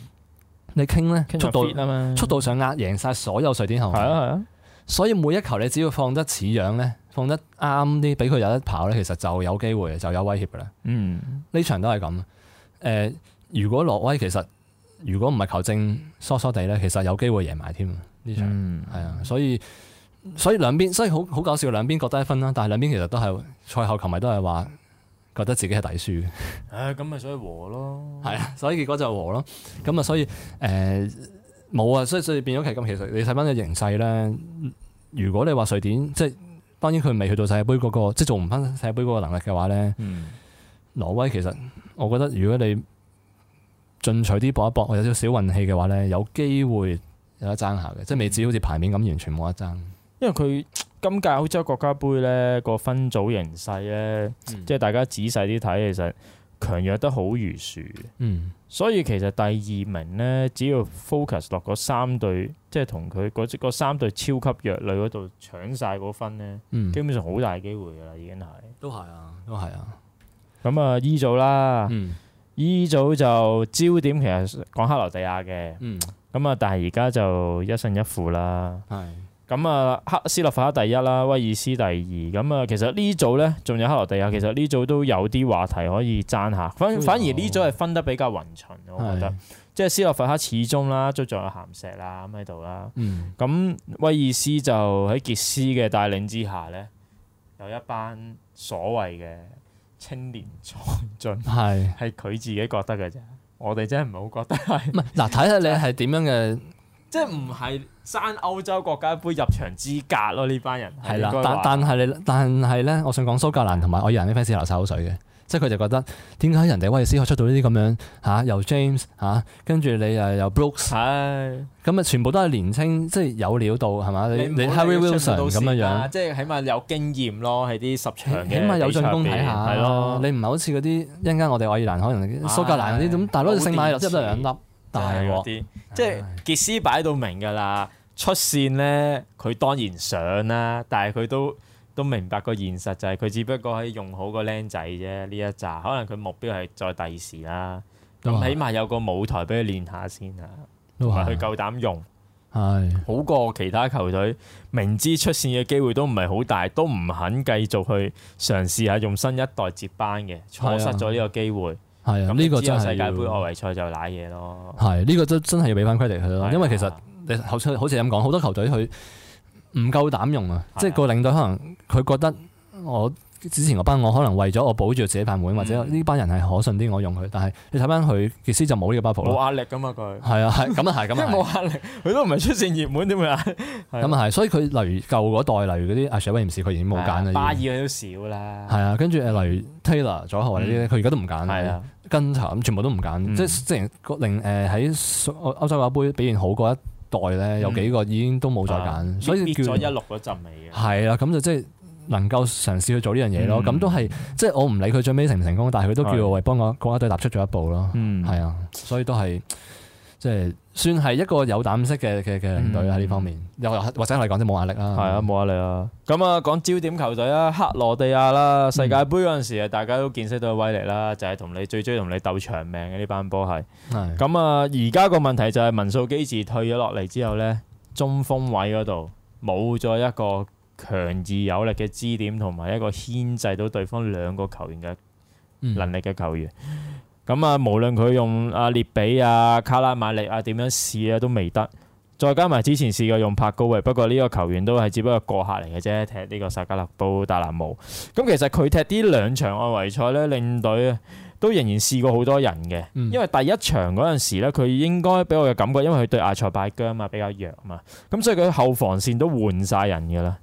你 King 呢？n King 速度啊嘛，速度上壓贏晒所有瑞典後。係啊係啊。所以每一球你只要放得似樣咧。放得啱啲，俾佢有得跑咧，其實就有機會，就有威脅嘅啦。嗯，呢場都係咁。誒、呃，如果落威，其實如果唔係球證疏疏地咧，其實有機會贏埋添。呢場係、嗯、啊，所以所以兩邊所以好好搞笑，兩邊各得一分啦。但係兩邊其實都係賽後球迷都係話覺得自己係底輸嘅。咁咪所以和咯。係啊，所以結果就和咯。咁啊、呃，所以誒冇啊，所以所以變咗係咁。其實你睇翻個形勢咧，如果你話瑞典即係。就是當然佢未去到世界盃嗰、那個，即係做唔返世界盃嗰個能力嘅話咧，嗯、挪威其實我覺得如果你進取啲搏一搏，有少少運氣嘅話咧，有機會有得爭一下嘅，嗯、即係未至於好似排面咁完全冇得爭。因為佢今屆歐洲國家盃咧，個分組形勢咧，嗯、即係大家仔細啲睇其實。強弱得好如殊，嗯，所以其實第二名呢，只要 focus 落嗰三對，即係同佢嗰三對超級弱旅嗰度搶晒嗰分呢，嗯，基本上好大機會噶啦，已經係，都係啊，都係啊，咁啊，E 組啦，嗯，E 組就焦點其實講克羅地亞嘅，嗯，咁啊，但係而家就一勝一負啦，係。咁啊，斯洛伐克第一啦，威爾斯第二。咁啊，其實呢組咧，仲有克羅地亞。其實呢組都有啲話題可以爭下。反、嗯、反而呢組係分得比較雲層，是我覺得。即係斯洛伐克始終啦，都仲有鹹石啦咁喺度啦。咁、嗯、威爾斯就喺傑斯嘅帶領之下咧，有一班所謂嘅青年才俊。係係佢自己覺得嘅啫。我哋真係唔好覺得係。嗱是，睇下你係點樣嘅。即係唔係？爭歐洲國家一杯入場資格咯！呢班人係啦，但但係你但係咧，我想講蘇格蘭同埋愛爾蘭啲 fans 流晒口水嘅。即係佢就覺得點解人哋威爾斯出到呢啲咁樣嚇，由 James 嚇，跟住你又又 Brooks 係咁啊，全部都係年青，即係有料到係嘛？你 Harry Wilson 咁樣樣，即係起碼有經驗咯，係啲十場起碼有進攻，睇下係咯，你唔係好似嗰啲一間我哋愛爾蘭可能蘇格蘭嗰啲咁，大佬勝馬入得兩粒大啲，即係傑斯擺到明㗎啦。出線呢，佢當然想啦，但係佢都都明白個現實就係佢只不過喺用好個僆仔啫呢一扎，可能佢目標係在第時啦。咁是起碼有個舞台俾佢練下先啊，同埋佢是夠膽用，係的好過其他球隊明知出線嘅機會都唔係好大，都唔肯繼續去嘗試下用新一代接班嘅，錯失咗呢個機會。係啊，呢個真係世界盃外圍賽就瀨嘢咯。係呢、這個真真係要俾翻佢哋去咯，因為其實。好似咁講，好多球隊佢唔夠膽用啊！的即係個領隊可能佢覺得我之前個班我可能為咗我保住自己飯碗，嗯、或者呢班人係可信啲，我用佢。但係你睇翻佢，傑斯就冇呢個包袱。冇壓力㗎嘛佢。係啊係，咁啊係，咁係冇壓力，佢都唔係出線熱門點會？咁啊係， 的所以佢例如舊嗰代，例如嗰啲阿謝威廉士，佢已經冇揀啦。巴爾佢都少啦。係啊，跟住例如 Taylor 左後嗰啲佢而家都唔揀的跟球全部都唔揀、嗯，即係之前令誒喺歐洲盃表現好過一。代咧有幾個已經都冇再揀，啊、所以叫咗一六嗰陣味嘅。係啦、啊，咁就即係能夠嘗試去做呢樣嘢咯。咁、嗯、都係即係我唔理佢最尾成唔成功，但係佢都叫我為幫我國家隊踏出咗一步咯。嗯，係啊，所以都係即係。即係算係一個有膽識嘅嘅嘅領隊喺呢方面，又、嗯、或者我哋講啲冇壓力啦。係啊，冇壓力啊。咁啊、嗯，講焦點球隊啦，克羅地亞啦，世界盃嗰陣時啊，大家都見識到威力啦，嗯，就係同你最中意同你鬥長命嘅呢班波係。咁啊、嗯，而家個問題就係文素基治退咗落嚟之後呢，中鋒位嗰度冇咗一個強而有力嘅支點，同埋一個牽制到對方兩個球員嘅能力嘅球員。嗯咁啊，無論佢用阿列比啊、卡拉馬力啊，點樣試啊都未得。再加埋之前試過用帕高維，不過呢個球員都係只不過過客嚟嘅啫，踢呢個薩加勒布、達納姆。咁其實佢踢啲兩場外圍賽咧，領隊都仍然試過好多人嘅，嗯、因為第一場嗰陣時咧，佢應該俾我嘅感覺，因為佢對阿塞拜疆啊嘛比較弱啊嘛，咁所以佢後防線都換晒人噶啦。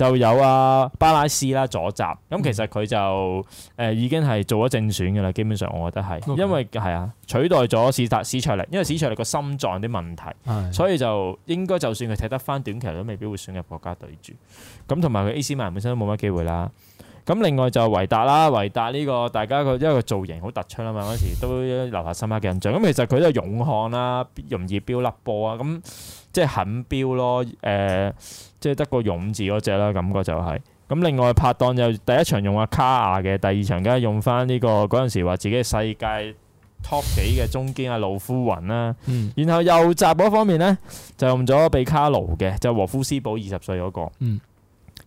就有啊巴拉斯啦左閘。咁其實佢就誒、嗯呃、已經係做咗正選嘅啦，基本上我覺得係，Okay. 因為係啊取代咗史達史卓力，因為史卓力個心臟啲問題，Okay. 所以就應該就算佢踢得翻短期都未必會選入國家隊住。咁同埋佢 AC 米本身都冇乜機會啦。咁另外就維達啦，維達呢個大家佢因為個造型好突出啊嘛，嗰時都留下深刻嘅印象。咁其實佢都係勇悍啦，容易飆粒波啊，咁即係肯飆咯，誒、呃。即係得個勇字嗰隻啦，感覺就係、是。咁另外拍檔又第一場用阿卡亞嘅，第二場梗係用翻呢、這個嗰陣時話自己係世界 top 幾嘅中堅阿路夫雲啦。嗯、然後右閘嗰方面呢，就用咗貝卡羅嘅，就是、和夫斯堡二十歲嗰個。嗯。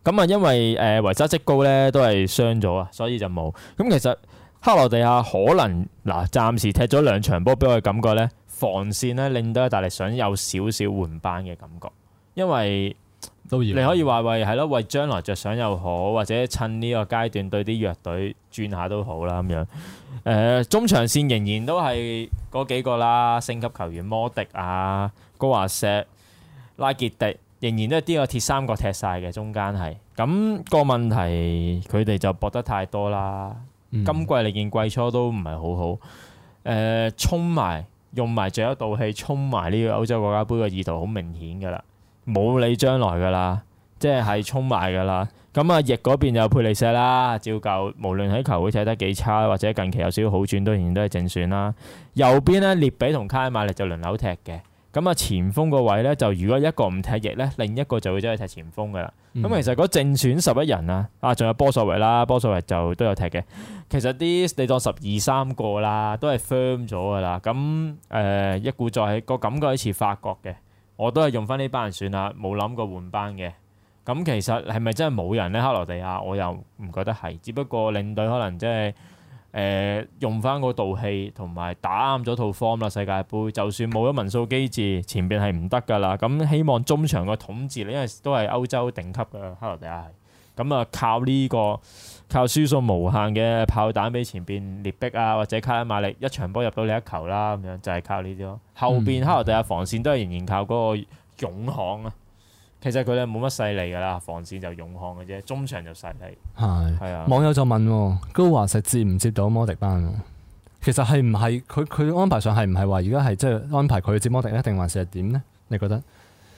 咁啊，因為誒維、呃、塞息高呢都係傷咗啊，所以就冇。咁其實克羅地亞可能嗱暫、呃、時踢咗兩場波，俾我嘅感覺呢，防線呢令到阿大力想有少少換班嘅感覺，因為。你可以話為係咯，為將來着想又好，或者趁呢個階段對啲弱隊轉下都好啦咁樣。誒、呃，中場線仍然都係嗰幾個啦，升級球員摩迪啊、高華錫、拉傑迪，仍然都係呢個鐵三角踢晒嘅中間係。咁、那個問題佢哋就搏得太多啦。嗯、今季嚟見季初都唔係好好。誒、呃，衝埋用埋最後一道氣衝埋呢個歐洲國家杯嘅意圖好明顯㗎啦。冇理將來噶啦，即係充埋噶啦。咁啊，翼嗰邊就佩利錫啦。照舊，無論喺球會踢得幾差，或者近期有少少好轉，都仍然都係正選啦。右邊咧，列比同卡瑪利就輪流踢嘅。咁啊，前鋒個位咧，就如果一個唔踢翼咧，另一個就會走去踢前鋒噶啦。咁、嗯、其實嗰正選十一人啊，啊，仲有波索維啦，波索維就都有踢嘅。其實啲你當十二三個啦，都係 firm 咗噶啦。咁誒、呃，一股再起，個感覺好似法國嘅。我都係用翻呢班人算啦，冇諗過換班嘅。咁其實係咪真係冇人呢？克羅地亞我又唔覺得係，只不過領隊可能即係誒用翻嗰道氣同埋打啱咗套 form 啦。世界盃就算冇咗民素機制，前邊係唔得噶啦。咁希望中場個統治，因為都係歐洲頂級嘅克羅地亞係。咁啊，靠呢個～靠輸送無限嘅炮彈俾前邊列壁啊，或者卡拉馬力一場波入到你一球啦、啊，咁樣就係、是、靠呢啲咯。後邊克羅地亞防線都係仍然靠嗰個勇悍啊，其實佢哋冇乜勢力噶啦，防線就勇悍嘅啫，中場就勢力。係係是啊，網友就問：高華石接唔接到摩迪班？其實係唔係佢佢安排上係唔係話而家係即係安排佢接摩迪呢？定還是係點呢？你覺得？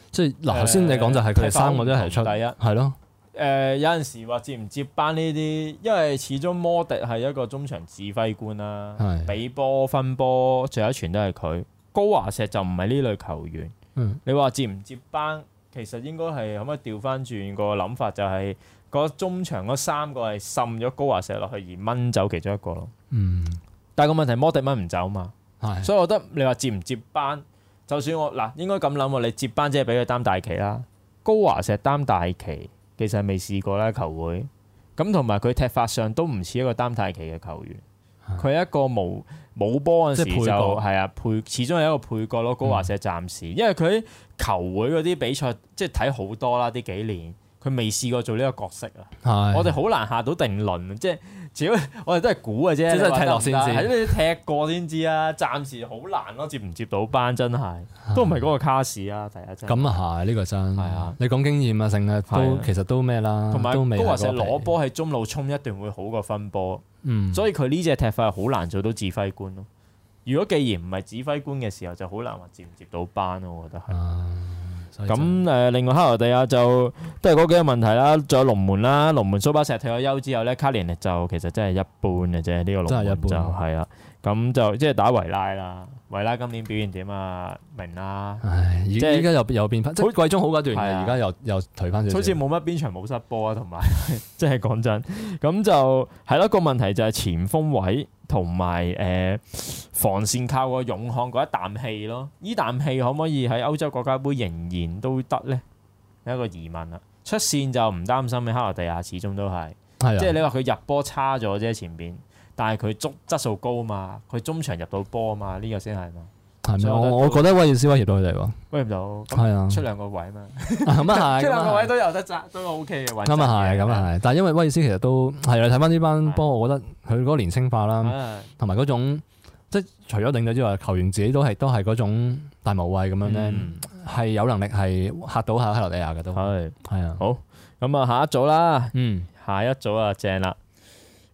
即係嗱，頭先你講就係佢哋三個都係出，係、嗯、咯。誒、呃、有陣時話接唔接班呢啲，因為始終摩迪係一個中場指揮官啦、啊，是的 比波分波，最後一傳都係佢。高華石就唔係呢類球員，嗯、你話接唔接班，其實應該係可唔可以調翻轉個諗法、就是，就係個中場嗰三個係滲咗高華石落去而掹走其中一個咯。嗯，但係個問題摩迪掹唔走嘛，是的 所以我覺得你話接唔接班，就算我嗱應該咁諗喎，你接班即係俾佢擔大旗啦，高華石擔大旗。其實未試過啦，球會咁，同埋佢踢法上都唔似一個擔大旗嘅球員，佢的一個冇冇波嗰陣時就係啊配，始終係一個配角咯。高華社暫時，因為佢喺球會嗰啲比賽即係睇好多啦，呢幾年佢未試過做呢個角色啊，的我哋好難下到定論即係。主要我哋都係估嘅啫，真係踢落先知，踢過先知 暫啊！暫時好難咯，接唔接到班真係，都唔係嗰個卡士啊，第一真。咁啊係呢個真係的啊！你講經驗啊，成日都其實都咩啦，同埋高華石攞波喺中路衝一段會好過分波，嗯，所以佢呢隻踢法係好難做到指揮官咯。如果既然唔係指揮官嘅時候，就好難話接唔接到班咯，我覺得係。嗯咁誒，就係、另外克羅地亞就都係嗰幾個問題啦，仲有龍門啦，龍門蘇巴石退咗休之後咧，卡連就其實真係一般嘅啫，呢、呢個龍門就係、係、啦，咁就即係打維拉啦，維拉今年表現點啊？明啦，即係而家又又變翻，好即係中好嗰段，而家了又又退翻好似冇乜邊場冇失波啊，同埋即係講真，真，咁就係咯個問題就係前鋒位。同埋誒防線靠個勇漢嗰一啖氣咯，呢啖氣可唔可以喺歐洲國家杯仍然都得咧？一個疑問啦。出線就唔擔心嘅，克羅地亞始終都係，的即係你話佢入波差咗啫，前邊，但係佢足質素高嘛，佢中場入到波啊嘛，呢個先係嘛。我我覺得威爾斯威脅到佢哋喎，威脅到係啊，出兩個位嘛，咁啊係，出兩個位都有得爭，都 O K 嘅位，咁啊係，咁啊係，但係因為威爾斯其實都係啊，睇翻呢班波，我覺得佢嗰個年輕化啦，同埋嗰種即係除咗領隊之外，球員自己都係都係嗰種大無畏咁樣咧，係有能力係嚇到下克羅地亞嘅都係，係啊，好，咁啊下一組啦，嗯，下一組啊正啦，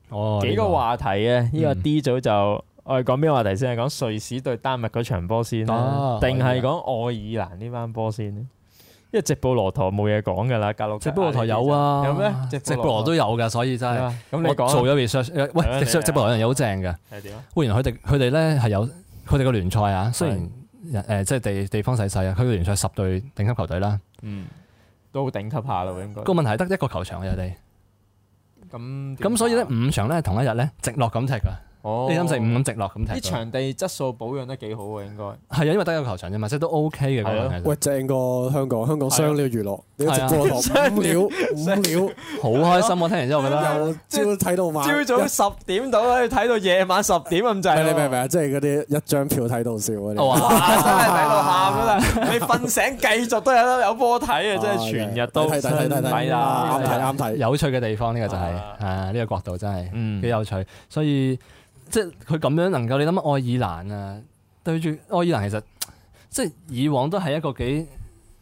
哦，幾個話題啊，呢個 D 組就。我哋講咩個話題先？係講瑞士對丹麥嗰場波先咧，定係講愛爾蘭呢班波先咧？因為直布羅陀冇嘢講噶啦，格路。直布羅陀有啊，有咩？直布羅都有噶，所以真係我做有啲削。喂，直布羅有人有好正嘅，係點？原來佢直，佢哋咧係有，佢哋個聯賽啊，雖然誒即係地地方細細啊，佢個聯賽十隊頂級球隊啦，嗯，都頂級下咯，應該個問題係得一個球場嘅人哋。咁咁所以咧五場咧同一日咧直落咁踢啊！你三四五咁直落咁，睇啲場地質素保養得幾好啊，應該係啊，因為得一個球場啫嘛，即係都 OK 嘅。係啊，喂，正過香港，香港商料娛樂，你料，過嚟，商料，好開心！我聽完之後，我覺得朝睇到晚，朝早十點到可以睇到夜晚十點咁滯。你明唔明啊？即係嗰啲一張票睇到笑嗰啲，哇，真係睇到喊啊！你瞓醒繼續都有有波睇啊！即係全日都睇睇睇睇睇，睇啱睇啱睇。有趣嘅地方呢個就係啊，呢個角度真係嗯幾有趣，所以。即係佢咁樣能夠，你諗下愛爾蘭啊，對住愛爾蘭其實，即係以往都係一個幾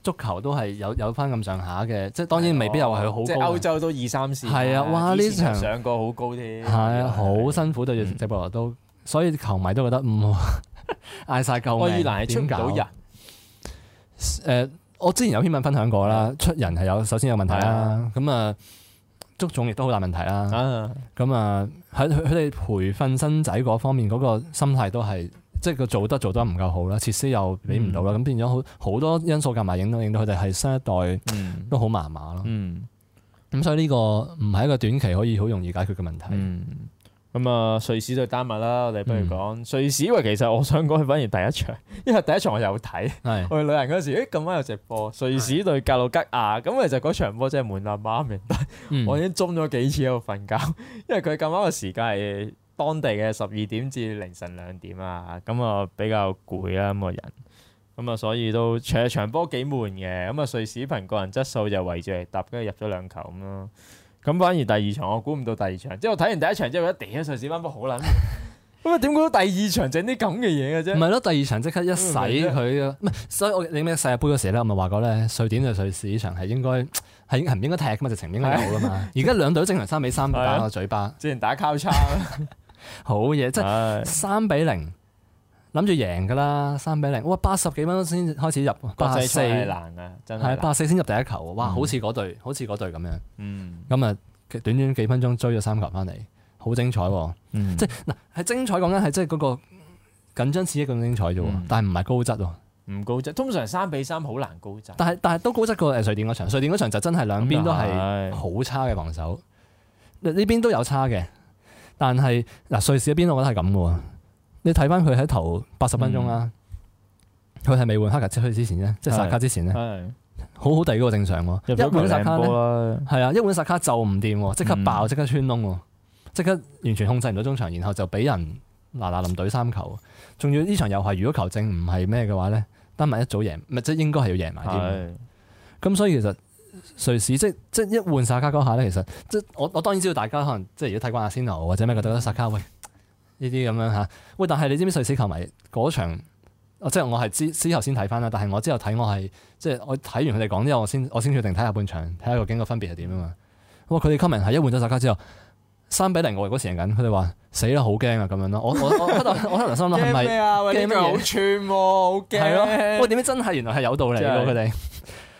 足球都係有有翻咁上下嘅，即係當然未必又話佢好。即係歐洲都二三四。係啊，哇！呢場上過好高添。係啊，好辛苦對住直播都，所以球迷都覺得唔好，嗌、嗯、晒 救命愛爾蘭係點搞？誒、 呃，我之前有篇文分享過啦，的出人係有首先有問題啊，咁啊的。的足種亦都好大問題啦，咁啊喺佢哋培訓新仔嗰方面，嗰、嗰個心態都係即係佢做得做得唔夠好啦，設施又俾唔到啦，咁、嗯、變咗好好多因素夾埋，影到影到佢哋係新一代都好麻麻咯。咁、嗯、所以呢個唔係一個短期可以好容易解決嘅問題。嗯咁啊，瑞士對丹麥啦，我哋不如講、嗯、瑞士。喂、呃，其實我想講，反而第一場，因為第一場我有睇，是我哋旅行嗰時，誒咁啱有直播瑞士對格魯吉亞。咁其實嗰場波真係悶到媽咪，嗯、我已經中咗幾次喺度瞓覺，因為佢咁啱嘅時間係當地嘅十二點至凌晨兩點啊。咁、嗯、啊、嗯、比較攰啦咁個人，咁啊所以都除場波幾悶嘅，咁啊瑞士憑個人質素就圍住嚟打，跟住入咗兩球咁咯。咁反而第二場我估唔到第二場，即係我睇完第一場之後，我一嗲咗瑞士翻波好捻，咁啊點估到第二場整啲咁嘅嘢嘅啫？唔係咯， 第二場即刻一洗佢，唔係，所以我你咩世界杯嗰時咧，我咪話過咧，瑞典對瑞士呢場係應該係係唔應該踢噶嘛，就直情有噶嘛。而家兩隊正常三比三打個嘴巴，之前打交叉， 好嘢的，即係三比零。諗住贏噶啦，三比零哇！八十幾分鐘先開始入，八四難噶、啊，真係八四先入第一球，哇！嗯、好似嗰隊，好似嗰隊咁樣。嗯，咁啊，短短幾分鐘追咗三球翻嚟，好精彩、哦。嗯，即係嗱，係精彩講緊係即係嗰個緊張刺激咁精彩啫，嗯、但係唔係高質喎、哦，唔高質。通常三比三好難高質，但係但係都高質過誒，瑞典嗰場，瑞典嗰場就真係兩邊都係好差嘅防守，呢邊、嗯嗯、都有差嘅，但係嗱瑞士嗰邊我覺得係咁嘅。你睇翻佢喺頭八十分鐘啦、啊，佢係未換黑格之之之前呢，是即係薩卡之前呢，的好好地嗰個正常喎。一換薩卡咧，係啊，一換薩、嗯、卡，卡就唔掂、啊，即刻爆，即刻穿窿、啊，即刻完全控制唔到中場，然後就俾人嗱嗱臨隊三球。仲要呢場又係如果球證唔係咩嘅話咧，丹麥一早贏，咪即係應該係要贏埋啲。咁是的 所以其實隨時即即一換薩、嗯、卡嗰下咧，其實即我我當然知道大家可能即係如果睇慣阿仙奴或者咩覺得薩卡喂。呢啲咁樣吓，喂！但係你知唔知瑞士球迷嗰場？即我即係我係之之後先睇翻啦。但係我之後睇，我係即係我睇完佢哋講之後，我先我先決定睇下半場，睇下個經過分別係點啊嘛！哇！佢哋 comment 係一換咗手卡之後，三比零我嗰時贏緊，佢哋話死啦，好驚啊咁樣咯！我我我喺我喺度心諗係咪啊？驚咩啊？好串喎，好驚、啊！係咯、 哎，喂！點解真係原來係有道理喎，佢哋、就係、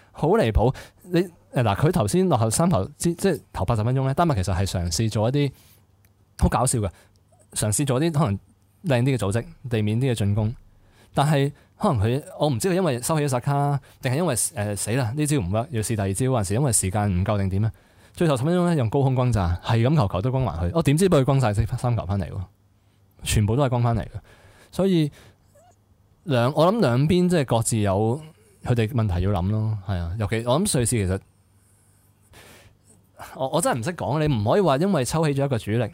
好離譜！你嗱佢頭先落後三球即係頭八十分鐘咧，丹麥其實係嘗試做一啲好搞笑嘅。嘗試咗啲可能靚啲嘅組織，地面啲嘅進攻，但係可能佢我唔知佢因為收起咗沙卡，定係因為誒死啦？呢招唔得，要試第二招還是因為、呃、是因為時間唔夠定點咧？最後十分鐘咧用高空轟炸，係咁球球都轟埋去，我點知俾佢轟晒即三球翻嚟喎？全部都係轟翻嚟嘅，所以兩我諗兩邊即係各自有佢哋問題要諗咯，係啊，尤其我諗瑞士其實我我真係唔識講，你唔可以話因為抽起咗一個主力。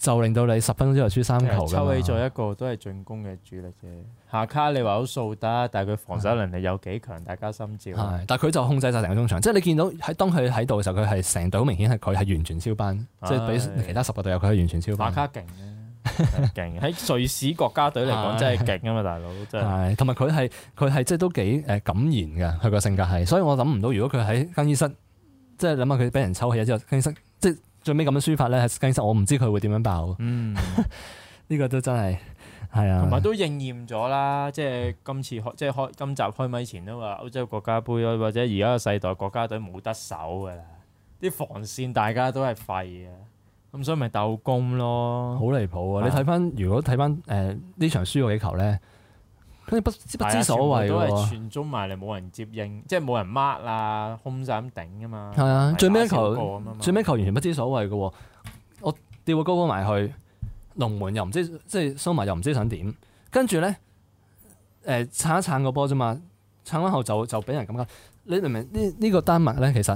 就令到你十分鐘之後輸三球嘅。抽起咗一個都係進攻嘅主力啫。夏卡你話好掃得，但係佢防守能力有幾強，的大家心照。但佢就控制晒成個中場，即係你見到喺當佢喺度嘅時候，佢係成隊好明顯係佢係完全超班，的即係比其他十個隊友佢係完全超班。夏卡勁嘅，喺 瑞士國家隊嚟講的真係勁啊嘛，大佬真係。同埋佢係佢係即係都幾誒感染嘅，佢個性格係。所以我諗唔到，如果佢喺更衣室，即係諗下佢俾人抽起之後，更衣室即最尾咁嘅輸法咧，係其實我唔知佢會點樣爆。嗯，呢 個都真係係啊，同埋都應驗咗啦。即係今次即係開今集開咪前都話歐洲國家杯，或者而家個世代國家隊冇得守噶啦，啲防線大家都係廢嘅，咁所以咪鬥攻咯，好離譜啊！啊你睇翻如果睇翻誒呢場輸咗幾球咧？咁不知不知所謂都係傳中埋嚟，冇人接應，即係冇人 mark 啊，控曬咁頂啊嘛。係啊，最尾球，最尾球完全不知所謂嘅喎。我調個高波埋去，龍門又唔知，即係收埋又唔知想點。跟住咧，誒、呃、撐一撐個波啫嘛，撐翻後就就俾人感覺。你明唔明呢？呢個丹麥咧，其實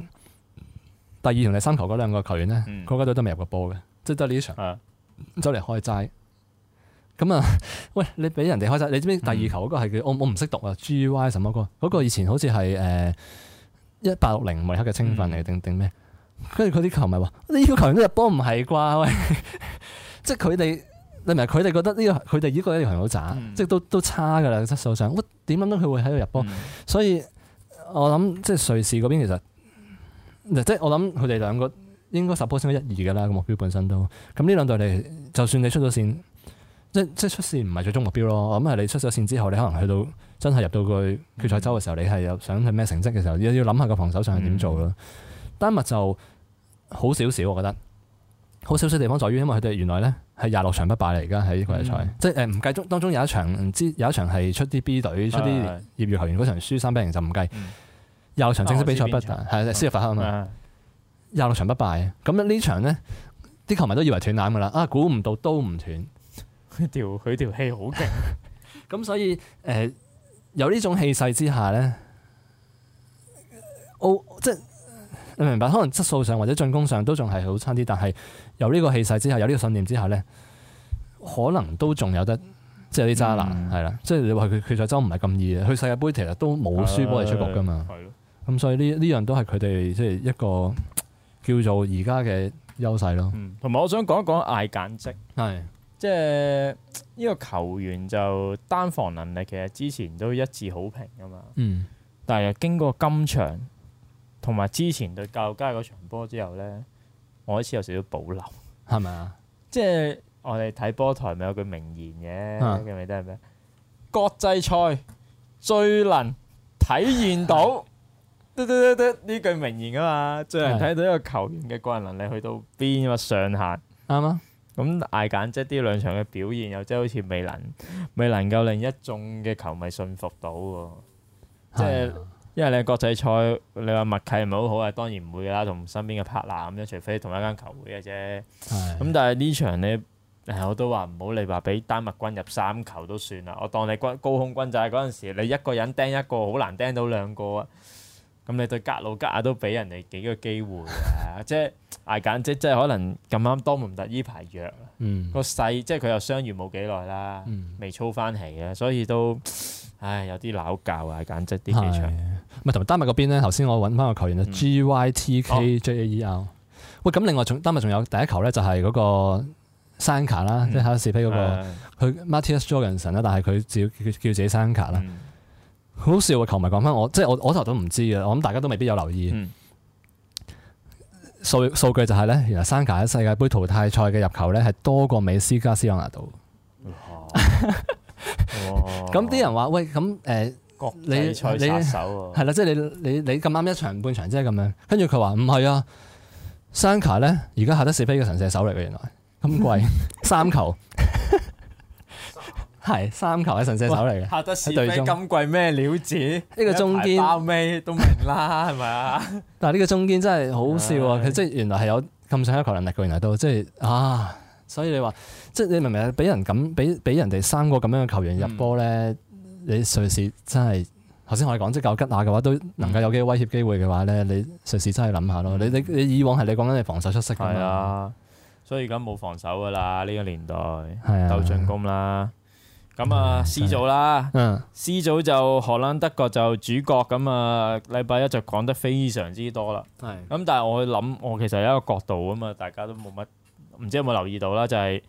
第二同第三球嗰兩個球員咧，國家隊都未入過波嘅，即係得呢場 走嚟開齋。咁啊、嗯， 喂！你俾人哋開晒，你知唔知第二球嗰個係叫、嗯、我我唔識讀啊？G Y 什麼哥？嗰、那個以前好似係誒一八六零米克嘅青訓嚟定定咩？跟住佢啲球唔係話呢個球員都入波唔係啩？喂！ 即係佢哋，你明唔明？佢哋覺得呢、這個佢哋呢個球員好渣，嗯、即係都都差嘅啦質素上，喂，點樣佢會喺度入波？所以我諗即係瑞士嗰邊其實，即係我諗佢哋兩個應該十波先得一二嘅啦個目標本身都咁呢兩隊嚟，就算你出咗線。即即出線唔係最終目標咯，我諗係你出咗線之後，你可能去到真係入到佢決賽周嘅時候，你係有想去咩成績嘅時候，要要諗下個防守上係點做咯。嗯、丹麥就好少少，我覺得好少少地方在於，因為佢哋原來呢係廿六場不敗嚟，而家喺國際賽，嗯、即誒唔計足當中有一場唔知有一場係出啲 B 隊出啲業餘球員嗰場輸三比零就唔計，廿六場正式比賽不係輸入法克嘛，廿六場不敗，咁呢場呢，啲球迷都以為斷纜㗎啦，啊估唔到都唔斷。佢條佢條氣好勁，咁 所以誒、呃、有呢種氣勢之下咧，歐，即係你明白，可能質素上或者進攻上都仲係好差啲，但係有呢個氣勢之下，有呢個信念之下咧，可能都仲有得，即係啲渣男係、嗯、啦。嗯、即係你話佢決賽周唔係咁易嘅，佢世界杯其實都冇輸波嚟出局噶嘛。係咯，咁所以呢呢樣都係佢哋即係一個叫做而家嘅優勢咯。同埋我想講一講嗌簡職係。即係呢個球員就單防能力，其實之前都一致好評噶嘛。嗯。的但係經過今場同埋之前對教育家嗰場波之後咧，我開始有少少保留，係咪啊？ 即係是我哋睇波台咪有句名言嘅，吧記唔記得係咩？國際賽最能體現到，得得得得，呢句名言啊嘛，最能睇到一個球員嘅個人能力去到邊個上限。啱啊。咁嗌簡即啲兩場嘅表現又真係好似未能未能夠令一眾嘅球迷信服到喎，即係的因為你國際賽你話默契唔係好好啊，當然唔會啦。同身邊嘅 partner 咁樣，除非同一間球會嘅啫。咁的但係呢場咧，我都話唔好你話俾丹麥軍入三球都算啦，我當你高空軍就係嗰陣時你一個人釘一個好難釘到兩個啊。咁你對格魯吉亞都俾人哋幾個機會啊，即係嗌簡直，即係可能咁啱多蒙特呢排弱，嗯、個細即係佢又傷愈冇幾耐啦，嗯、未操翻起啊，所以都唉有啲鬧交啊，簡直啲幾場。唔同埋丹麥嗰邊咧，頭先我揾翻個球員就 G Y T K J A E L。R, 嗯哦、喂，咁另外仲丹麥仲有第一球咧，就係、是、嗰個 Sanca 啦、嗯，即係考試飛嗰個佢 Mathias Jorgensen 啦，嗯那個、anson, 但係佢叫叫自己 Sanca 啦。好笑啊！球迷講返我，即係我我頭都唔知嘅，我諗大家都未必有留意。數數、嗯、據就係、是、咧，原來 Sanca 喺世界杯淘汰賽嘅入球咧係多過美斯加 C 朗拿度。咁啲人話喂，咁誒，呃、國際賽射手係啦，即係你你你咁啱一場半場即係咁樣，跟住佢話唔係啊，Sanca 咧而家下得四飛嘅神射手嚟嘅，原來咁貴 三球。 係三球係神射手嚟嘅，喺隊中。咁貴咩料子？呢個中堅包尾都明啦，係咪啊？ 但係呢個中堅真係好笑啊！佢是的 即係原來係有咁上一球能力嘅，原來都即係啊！所以你話即係你明唔明？俾人咁俾俾人哋三個咁樣嘅球員入波咧，嗯、你隨時真係頭先我哋講即係夠吉打嘅話，都能夠有啲威脅機會嘅話咧，你隨時真係諗下咯。嗯、你你以往係你講緊你防守出色嘅，所以而家冇防守噶啦呢個年代，係啊，都進攻啦。咁啊 C 組啦 Yeah.，C 組就荷蘭德國就主角咁啊，禮拜一就講得非常之多啦。係咁 Yeah.、嗯，但係我諗，我其實有一個角度啊嘛，大家都冇乜，唔知有冇留意到啦，就係、是、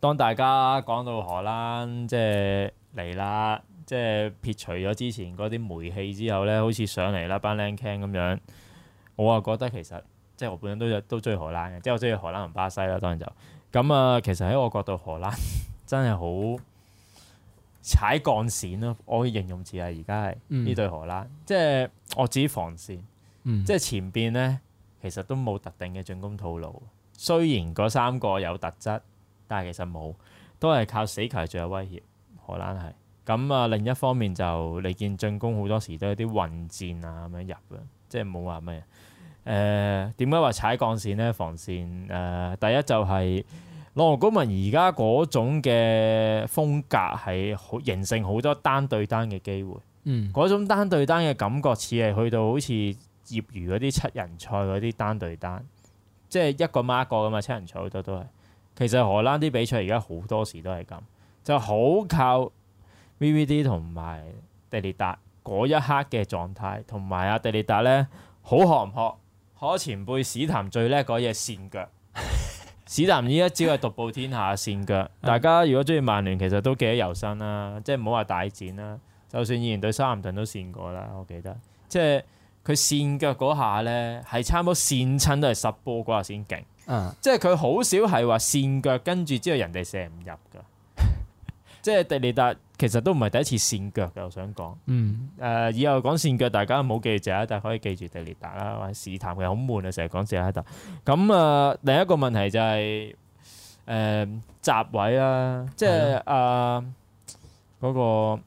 當大家講到荷蘭即係嚟啦，即、就、係、是就是、撇除咗之前嗰啲煤氣之後咧，好似上嚟啦班靚傾咁樣，我啊覺得其實即係、就是、我本身都都鍾意荷蘭嘅，即、就、係、是、我鍾意荷蘭同巴西啦，當然就咁啊。其實喺我角度，荷蘭真係好。踩鋼線咯，我形容詞啊，而家係呢隊荷蘭，嗯、即係我指防線，嗯、即係前邊咧，其實都冇特定嘅進攻套路。雖然嗰三個有特質，但係其實冇，都係靠死球最有威脅。荷蘭係咁啊，另一方面就你見進攻好多時都有啲混戰啊咁樣入啊，即係冇話咩誒？點解話踩鋼線咧？防線誒、呃，第一就係、是。挪威高民而家嗰種嘅風格係形成好多單對單嘅機會，嗰、嗯、種單對單嘅感覺似係去到好似業餘嗰啲七人賽嗰啲單對單，即、就、係、是、一個孖一個噶嘛，七人賽好多都係。其實荷蘭啲比賽而家好多時都係咁，就好靠 VVD 同埋迪利達嗰一刻嘅狀態，同埋阿迪利達咧好學唔學，可前輩史談最叻嗰嘢跣腳。 史南尼一招係獨步天下，跣腳。 大家如果中意曼聯，其實都記得猶新啦，即係唔好話大戰啦。就算以前對三連，都跣過啦，我記得。即係佢跣腳嗰下咧，係差唔多跣親都係失波嗰下先勁。 即係佢好少係話跣腳跟住之後人哋射唔入㗎。即係迪利達其實都唔係第一次跣腳嘅，我想講。嗯。誒、呃，以後講跣腳大家冇記住啊，但係可以記住迪利達啦。玩試探嘅好悶啊，成日講謝拉特。咁啊，第、呃、一個問題就係誒閘位啦，即係啊嗰個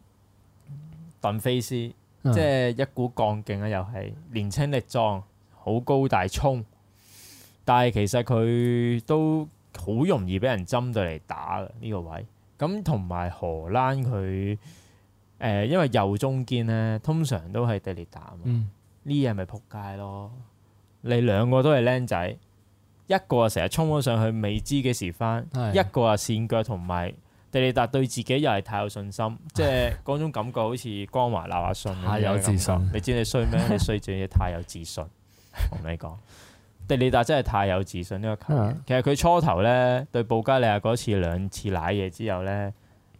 鄧飛斯，即係一股鋼勁啊，又係年輕力壯，好高大衝。但係其實佢都好容易俾人針對嚟打嘅呢、這個位。咁同埋荷蘭佢誒、呃，因為右中堅咧，通常都係地利達啊嘛，呢嘢咪仆街咯。你兩個都係靚仔，一個啊成日衝咗上去，未知幾時翻；的一個啊跣腳，同埋地利達對自己又係太有信心，的即係嗰種感覺好似光華拿亞信太有自信，你知你衰咩？你衰住嘢太有自信，我同你講。迪利達真係太有自信呢個球員，嗯、其實佢初頭呢，對布加利亞嗰次兩次舐嘢之後呢，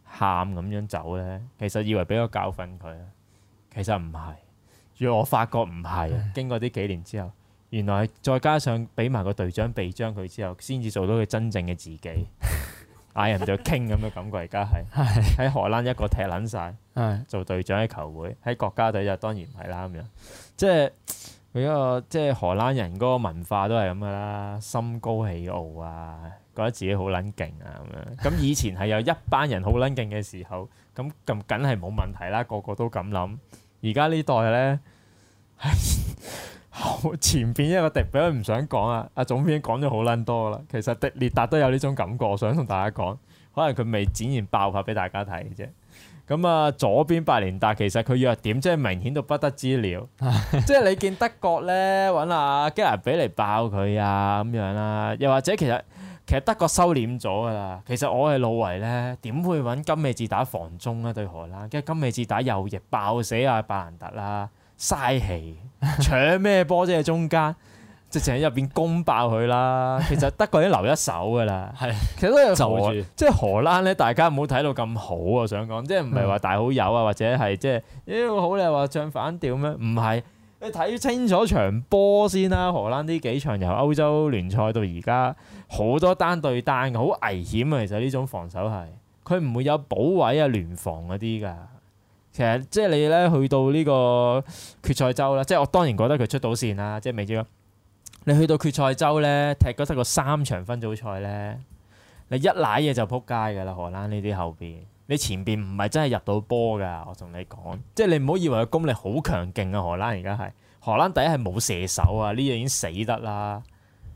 喊咁樣走呢，其實以為俾個教訓佢，其實唔係。若我發覺唔係，經過呢幾年之後，原來再加上俾埋個隊長臂章佢之後，先至做到佢真正嘅自己。矮人就傾咁嘅感覺，而家係喺荷蘭一個踢撚晒，嗯、做隊長喺球會，喺國家隊就當然唔係啦咁樣，即係。佢嗰個即係荷蘭人嗰個文化都係咁噶啦，心高氣傲啊，覺得自己好撚勁啊咁樣。咁以前係有一班人好撚勁嘅時候，咁咁梗係冇問題啦，個個都咁諗。而家呢代咧， 前邊一個迪比，我唔想講啊。阿總編講咗好撚多啦，其實迪列達都有呢種感覺，我想同大家講，可能佢未展現爆發俾大家睇啫。咁啊、嗯，左邊百倫達其實佢弱點即係明顯到不得之了， 即係你見德國咧揾阿吉拉比嚟爆佢啊咁樣啦、啊，又或者其實其實德國收斂咗噶啦，其實我係老維咧點會揾金美治打防中咧、啊、對荷蘭，跟住金美治打右翼爆死阿百倫達啦，嘥、啊、氣， 搶咩波啫喺中間。直情喺入邊攻爆佢啦，其實德國已經留一手噶啦。係， 其實都有即係荷蘭咧，大家唔好睇到咁好啊！我想講，即係唔係話大好友啊，或者係即係，妖好你又話唱反調咩？唔係，你睇清楚場波先啦。荷蘭呢幾場由歐洲聯賽到而家，好多單對單嘅，好危險啊！其實呢種防守係，佢唔會有補位啊聯防嗰啲噶。其實即係你咧去到呢個決賽周啦，即係我當然覺得佢出到線啦，即係未知你去到決賽周咧，踢嗰得個三場分組賽咧，你一瀨嘢就撲街噶啦！荷蘭呢啲後邊，你前邊唔係真係入到波噶。我同你講，即係你唔好以為佢功力好強勁啊！荷蘭而家係荷蘭第一係冇射手啊，呢樣已經死得啦。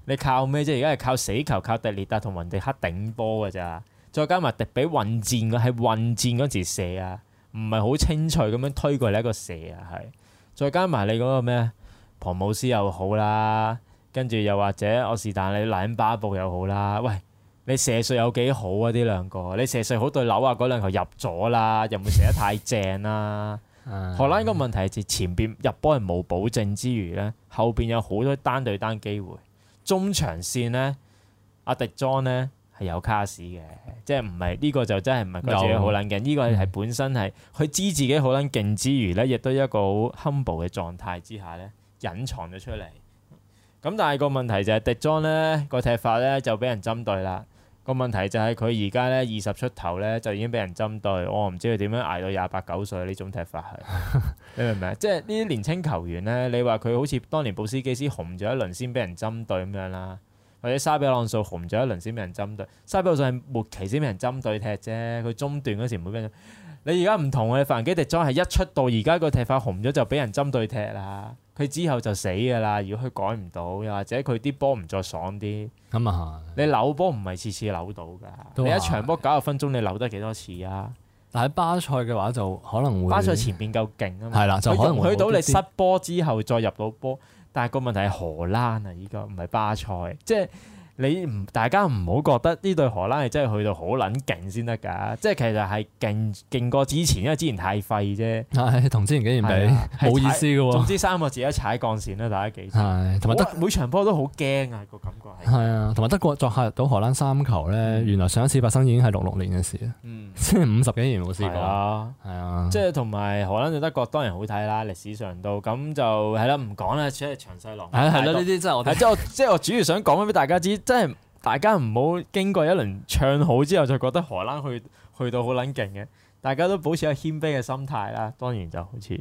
你靠咩啫？而家係靠死球，靠迪列達同雲迪克頂波噶咋？再加埋迪比混戰，佢喺混戰嗰時射啊，唔係好清脆咁樣推過嚟一個射啊，係。再加埋你嗰個咩？龐姆斯又好啦、啊。跟住又或者我是但你蘭巴布又好啦，喂你射術有幾好啊？呢兩個你射術好對扭啊，嗰兩球入咗啦，又唔會射得太正啦、啊。 荷蘭個問題係前邊入波係冇保證之餘咧，後邊有好多單對單機會，中場線咧，阿迪莊咧係有卡士嘅，即係唔係呢個就真係唔係佢自己好撚勁，呢有個係本身係佢知自己好撚勁之餘咧，亦都一個好 humble 嘅狀態之下咧隱藏咗出嚟。咁但係個問題就係迪莊咧個踢法咧就俾人針對啦，個問題就係佢而家咧二十出頭咧就已經俾人針對，我、哦、唔知佢點樣捱到廿八九歲呢種踢法係， 你明唔明啊？即係呢啲年輕球員咧，你話佢好似當年布斯基斯紅咗一輪先俾人針對咁樣啦，或者沙比朗素紅咗一輪先俾人針對，沙比朗素係末期先俾人針對踢啫，佢中段嗰時唔會俾人。你而家唔同啊！凡基迪裝係一出到而家個踢法紅咗就俾人針對踢啦，佢之後就死噶啦！如果佢改唔到，又或者佢啲波唔再爽啲，咁啊！你扭波唔係次次扭到噶，你一場波九十分鐘，你扭得幾多次啊？但係巴塞嘅話就可能會巴塞前邊夠勁啊嘛，係啦就可能去到你失波之後再入到波，但係個問題係荷蘭啊，依家唔係巴塞，即係。你唔大家唔好覺得呢隊荷蘭係真係去到好撚勁先得㗎，即係其實係勁勁過之前，因為之前太廢啫。同之前幾年比冇意思嘅喎。總之三個字，一踩鋼線啦，大家記。係同埋德每場波都好驚啊，個感覺係。啊，同埋德國作客到荷蘭三球咧，原來上一次發生已經係六六年嘅事啦。嗯，即係五十幾年冇試過。係啊，即係同埋荷蘭對德國當然好睇啦，歷史上都。咁就係啦，唔講啦，主要詳細浪。係啦，呢啲真係我。睇。即係我主要想講翻俾大家知。真係大家唔好經過一輪唱好之後，就覺得荷蘭去去到好捻勁嘅，大家都保持一個謙卑嘅心態啦。當然就好似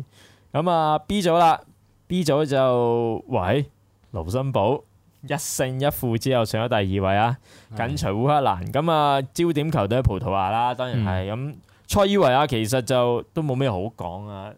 咁啊，B 組啦，B 組就喂盧森堡一勝一負之後上咗第二位啊，緊隨烏克蘭。咁啊，焦點球隊葡萄牙啦，當然係咁。塞爾維亞其實就都冇咩好講啊。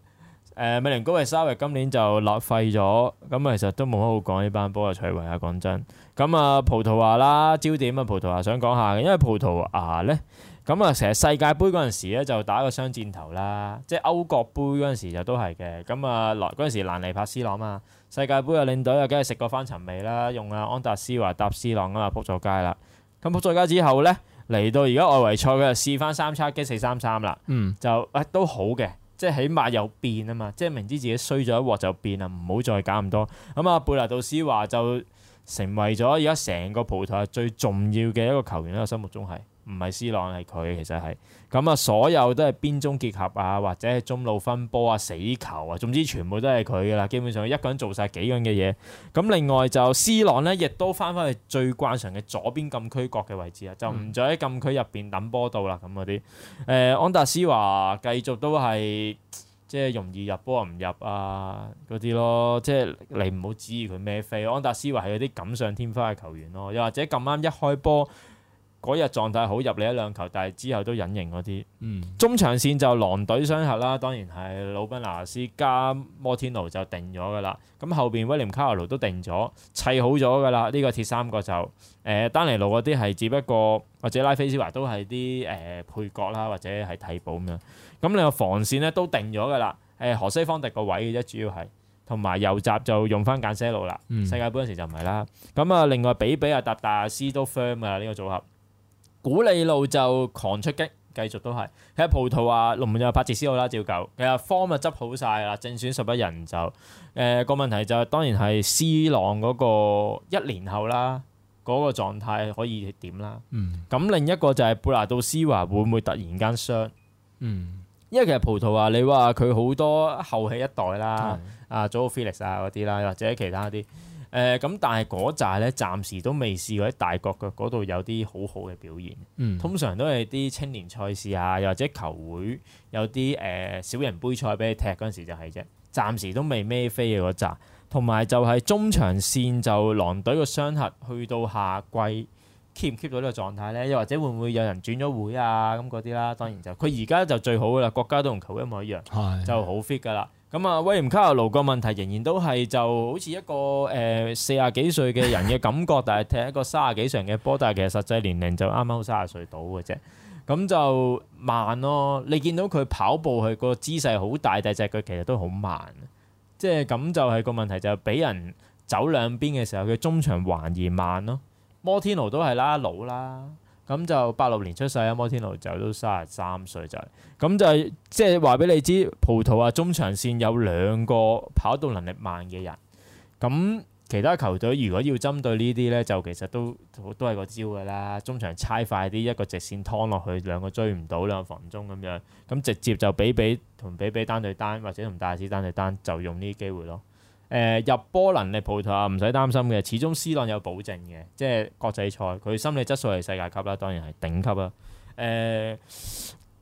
誒、呃，米連高嘅沙域，今年就落廢咗，咁其實都冇乜好講呢班波啊，趣味啊，講真。咁啊，葡萄牙啦，焦點啊，葡萄牙想講下嘅，因為葡萄牙咧，咁啊，成日世界杯嗰陣時咧就打個雙箭頭啦，即係歐國杯嗰陣時就都係嘅。咁啊，嗰陣時蘭尼帕斯朗啊，世界杯嘅領隊啊，梗係食過翻尋味啦，用啊安達斯華搭斯朗啊嘛，撲咗街啦。咁撲咗街之後咧，嚟到而家外圍賽就試翻三叉戟四三三啦，嗯就，就、哎、都好嘅。即係起碼有變啊嘛！即係明知自己衰咗一鑊就變啦，唔好再搞咁多。咁阿貝拿杜斯華就成為咗而家成個葡萄牙最重要嘅一個球員啦，我心目中係。唔係 C 朗係佢其實係，咁啊所有都係邊中結合啊，或者係中路分波啊、死球啊，總之全部都係佢噶啦。基本上佢一個人做晒幾樣嘅嘢。咁另外就 C 朗咧，亦都翻返去最慣常嘅左邊禁區角嘅位置啊，就唔再喺禁區入邊等波度啦。咁嗰啲誒安達斯華繼續都係即係容易入波唔入啊嗰啲咯，即係你唔好指意佢咩飛。安達斯華係嗰啲錦上添花嘅球員咯，又或者咁啱一開波，嗰日狀態好，入你一兩球，但係之後都隱形嗰啲。嗯、中場線就狼隊雙核啦，當然係魯賓拿斯加摩天奴就定咗噶啦。咁後邊威廉卡羅都定咗，砌好咗噶啦。呢、這個鐵三角就誒、呃、丹尼路嗰啲係只不過，或者拉菲斯華都係啲誒配角啦，或者係替補咁樣。咁另外防線咧都定咗噶啦，誒、呃、何西方迪個位嘅啫，主要係同埋右閘就用翻簡西路啦。嗯、世界盃嗰陣時就唔係啦。咁啊，另外比比阿達達斯都 firm 嘅呢、這個組合。古里路就狂出擊，繼續都係。其實葡萄牙龍門就八隻輸咗啦，照舊。其實 form 執好晒啦，正選十一人就。誒、呃、個問題就係、是、當然係 C 朗嗰個一年後啦，嗰、那個狀態可以點啦？嗯。咁另一個就係貝拿度施華會唔會突然間傷？嗯。因為其實葡萄牙你話佢好多後起一代啦，嗯、啊祖奧菲力斯啊嗰啲啦，或者其他啲。誒咁、呃，但係嗰扎咧，暫時都未試過喺大國腳嗰度有啲好好嘅表現。嗯、通常都係啲青年賽事啊，又或者球會有啲誒、呃、小人杯賽俾你踢嗰陣時就係啫。暫時都未咩飛嘅嗰扎，同埋就係中場線就狼隊個雙核去到下季 keep 唔 keep 到呢個狀態咧？又或者會唔會有人轉咗會啊？咁嗰啲啦，當然就佢而家就最好噶啦，國家隊同球會一模一樣，是就好 fit 噶啦。咁啊，威廉卡洛個問題仍然都係就好似一個誒四十幾歲嘅人嘅感覺，但係踢一個三十幾歲嘅波，但係其實實際年齡就啱啱好三十歲到嘅啫。咁就慢咯，你見到佢跑步佢個姿勢好大，但係隻腳其實都好慢。即係咁就係個問題，就係俾人走兩邊嘅時候，佢中場橫而慢咯。摩天奴都係啦，老啦。咁就八六年出世啊，摩天奴就都三十三歲就，咁就即係話俾你知，葡萄啊中場線有兩個跑動能力慢嘅人，咁其他球隊如果要針對呢啲咧，就其實都都係個招㗎啦。中場差快啲，一個直線劏落去，兩個追唔到，兩個防中咁樣，咁直接就俾俾同俾俾單對單，或者同戴斯單對單，就用呢啲機會咯。入波能力，葡萄牙唔使擔心嘅，始終思量有保證嘅，即係國際賽佢心理質素係世界級啦，當然係頂級啦。誒、呃，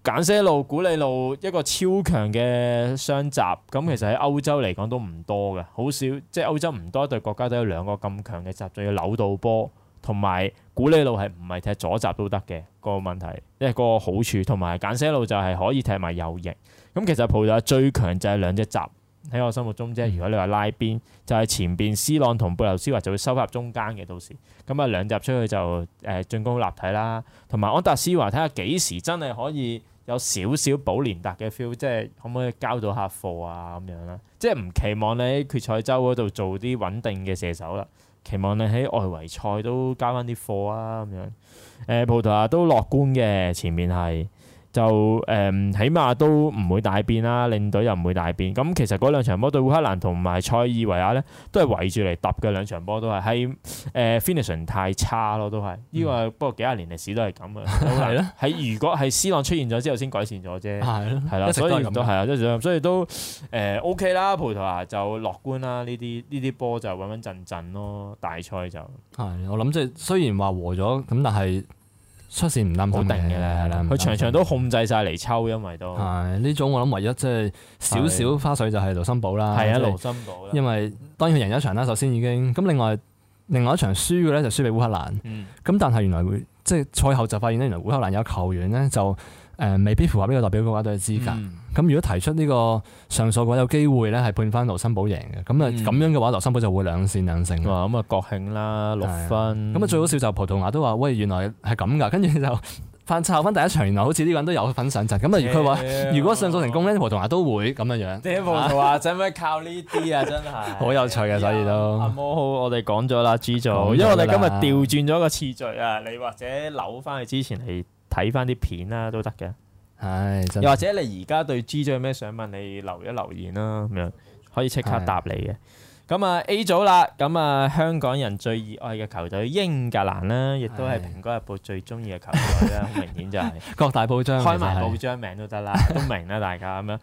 簡些路、古里路一個超強嘅雙閘，咁其實喺歐洲嚟講都唔多嘅，好少，即係歐洲唔多一對國家都有兩個咁強嘅閘，仲要扭到波，同埋古里路係唔係踢左閘都得嘅個問題，因、那、為個好處同埋簡些路就係可以踢埋右翼，咁其實葡萄牙最強就係兩隻閘。喺我心目中啫，如果你話拉邊，就係、是、前面 C 朗同貝尤斯華就會收合中間嘅，到時咁啊兩集出去就誒進攻立體啦，同埋安達斯華睇下幾時真係可以有少少保連達嘅 feel，即係可唔可以交到下貨啊咁樣啦，即係唔期望你喺決賽周嗰度做啲穩定嘅射手啦，期望你喺外圍賽都交翻啲貨啊咁樣，誒、呃、葡萄牙都樂觀嘅，前面係。就誒、嗯，起碼都唔會大變啦，領隊又唔會大變。咁其實嗰兩場波對烏克蘭同埋塞爾維亞咧、呃，都係圍住嚟揼嘅兩場波都係，係誒 f i n i s h i n g 太差咯，都係呢個不過幾廿年歷史都係咁啊，係咯。喺如果係 C 浪出現咗之後先改善咗啫，係咯， 係啦，所以都係啊，所以都誒 OK 啦，葡萄牙就樂觀啦，呢啲呢啲波就穩穩陣陣咯，大賽就係我諗，即係雖然話和咗咁，但係。出事唔擔好定嘅啦，佢場場都控制晒嚟抽，因為都係呢種我諗唯一即係少少花絮就係盧森堡啦，係啊盧森堡，因為當然佢贏咗場啦，首先已經咁，嗯、另外另外一場輸嘅咧就輸俾烏克蘭，咁、嗯、但係原來會即係賽後就發現咧，原來烏克蘭有球員咧就。誒，未必符合呢個代表嘅話都係資格。咁如果提出呢個上訴嘅話，有機會咧係判翻盧森堡贏嘅。咁啊，咁樣嘅話，盧森堡就會兩線兩成喎。咁啊，國慶啦六分。咁啊，最好笑就葡萄牙都話：喂，原來係咁噶。跟住就翻抄翻第一場，原來好似呢個人都有份上陣。咁啊，如果話如果上訴成功咧，葡萄牙都會咁樣樣。即葡萄牙使唔使靠呢啲啊？真係好有趣嘅，所以都阿摩，我哋講咗啦，G 組，因為我哋今日調轉咗個次序啊，你或者扭翻去之前你。睇翻啲片啦都得嘅，係又或者你而家對 G 組有咩想問，你留一留言啦咁樣，可以即刻答你嘅。咁啊的 A 組啦，咁啊香港人最熱愛嘅球隊英格蘭啦，的亦都係《蘋果日報》最中意嘅球隊啦，好明顯就係、是、 各大報章、就是、開埋報章名都得啦，都明啦 大家咁樣。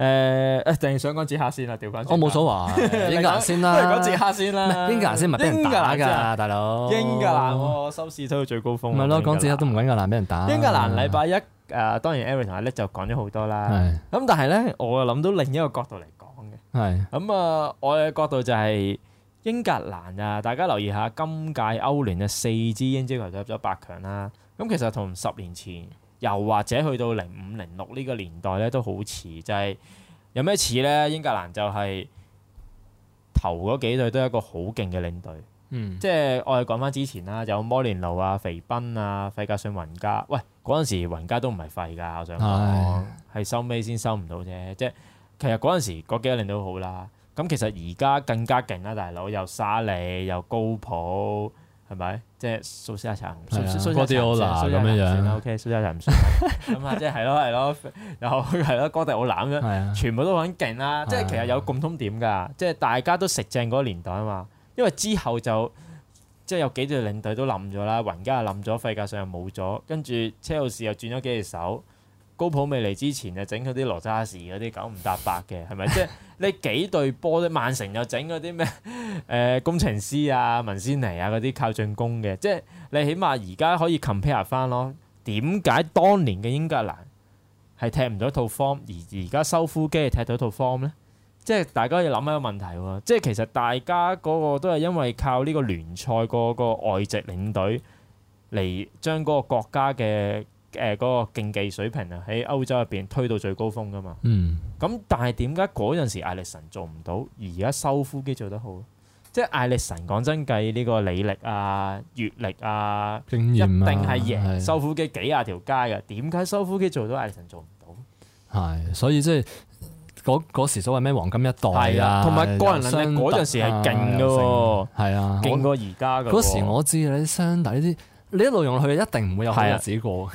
誒誒，定係想講捷克先啊？調翻我冇所謂，英格蘭先啦。不如講捷克先啦。英格蘭先唔係俾人打㗎，大佬。英格蘭喎，收視都到最高峰。唔係咯，講捷克都唔緊，英格蘭俾人打。英格蘭禮拜一誒，當然 Eric 同阿叻就講咗好多啦。係。咁但係咧，我又諗到另一個角度嚟講嘅。係。咁啊，我嘅角度就係英格蘭啊，大家留意下今屆歐聯嘅四支英超球隊入咗八強啦。咁其實同十年前。又或者去到零五零六呢個年代咧，都好似就係、是、有咩似咧？英格蘭就係、是、頭嗰幾隊都係一個好勁嘅領隊，嗯、即係我哋講翻之前啦，有摩連奴啊、肥賓啊、費格遜、雲加，喂，嗰陣時雲加都唔係廢㗎，我想講係唉收尾先收唔到啫，即係其實嗰陣時嗰幾個領隊都好啦，咁其實而家更加勁啦，大佬又沙利又高普。係咪？即係蘇斯亞查，蘇蘇斯亞查咁樣樣，算啦。OK，蘇斯亞查唔算。咁啊，即係係咯，係咯，又係咯，哥迪奧拿全部都好勁啦。即係其實有共通點㗎，即係大家都食正嗰個年代啊嘛。因為之後就即係有幾隊領隊都冧咗啦，雲加又冧咗，費格遜又冇咗，跟住車路士又轉咗幾隻手，高普未嚟之前就整佢啲羅渣士嗰啲九唔搭八嘅，係咪先？你幾隊波咧？曼城又整嗰啲咩？誒、呃、工程師啊、文仙尼啊嗰啲靠進攻嘅，即係你起碼而家可以 compare 翻咯。點解當年嘅英格蘭係踢唔到一套 form，而而家修夫基踢到一套 form 咧？即係大家要諗一個問題喎，即係其實大家嗰個都係因為靠呢個聯賽個、嗰個外籍領隊嚟將嗰個國家嘅。誒嗰個競技水平啊，喺歐洲入邊推到最高峰㗎嘛。嗯。咁但係點解嗰陣時艾力神做唔到，而家修夫基做得好？即係艾力神講真計呢個履歷啊、閱歷啊，啊一定係贏修夫基幾廿條街㗎。點解，的修夫基做到艾力神做唔到？係，所以即係嗰時所謂咩黃金一代啊，同埋、啊、個人能力嗰陣時係勁嘅喎，啊，勁過而家嘅。嗰時我知你啲聲底啲，你一路用落去一定唔會有好日子過。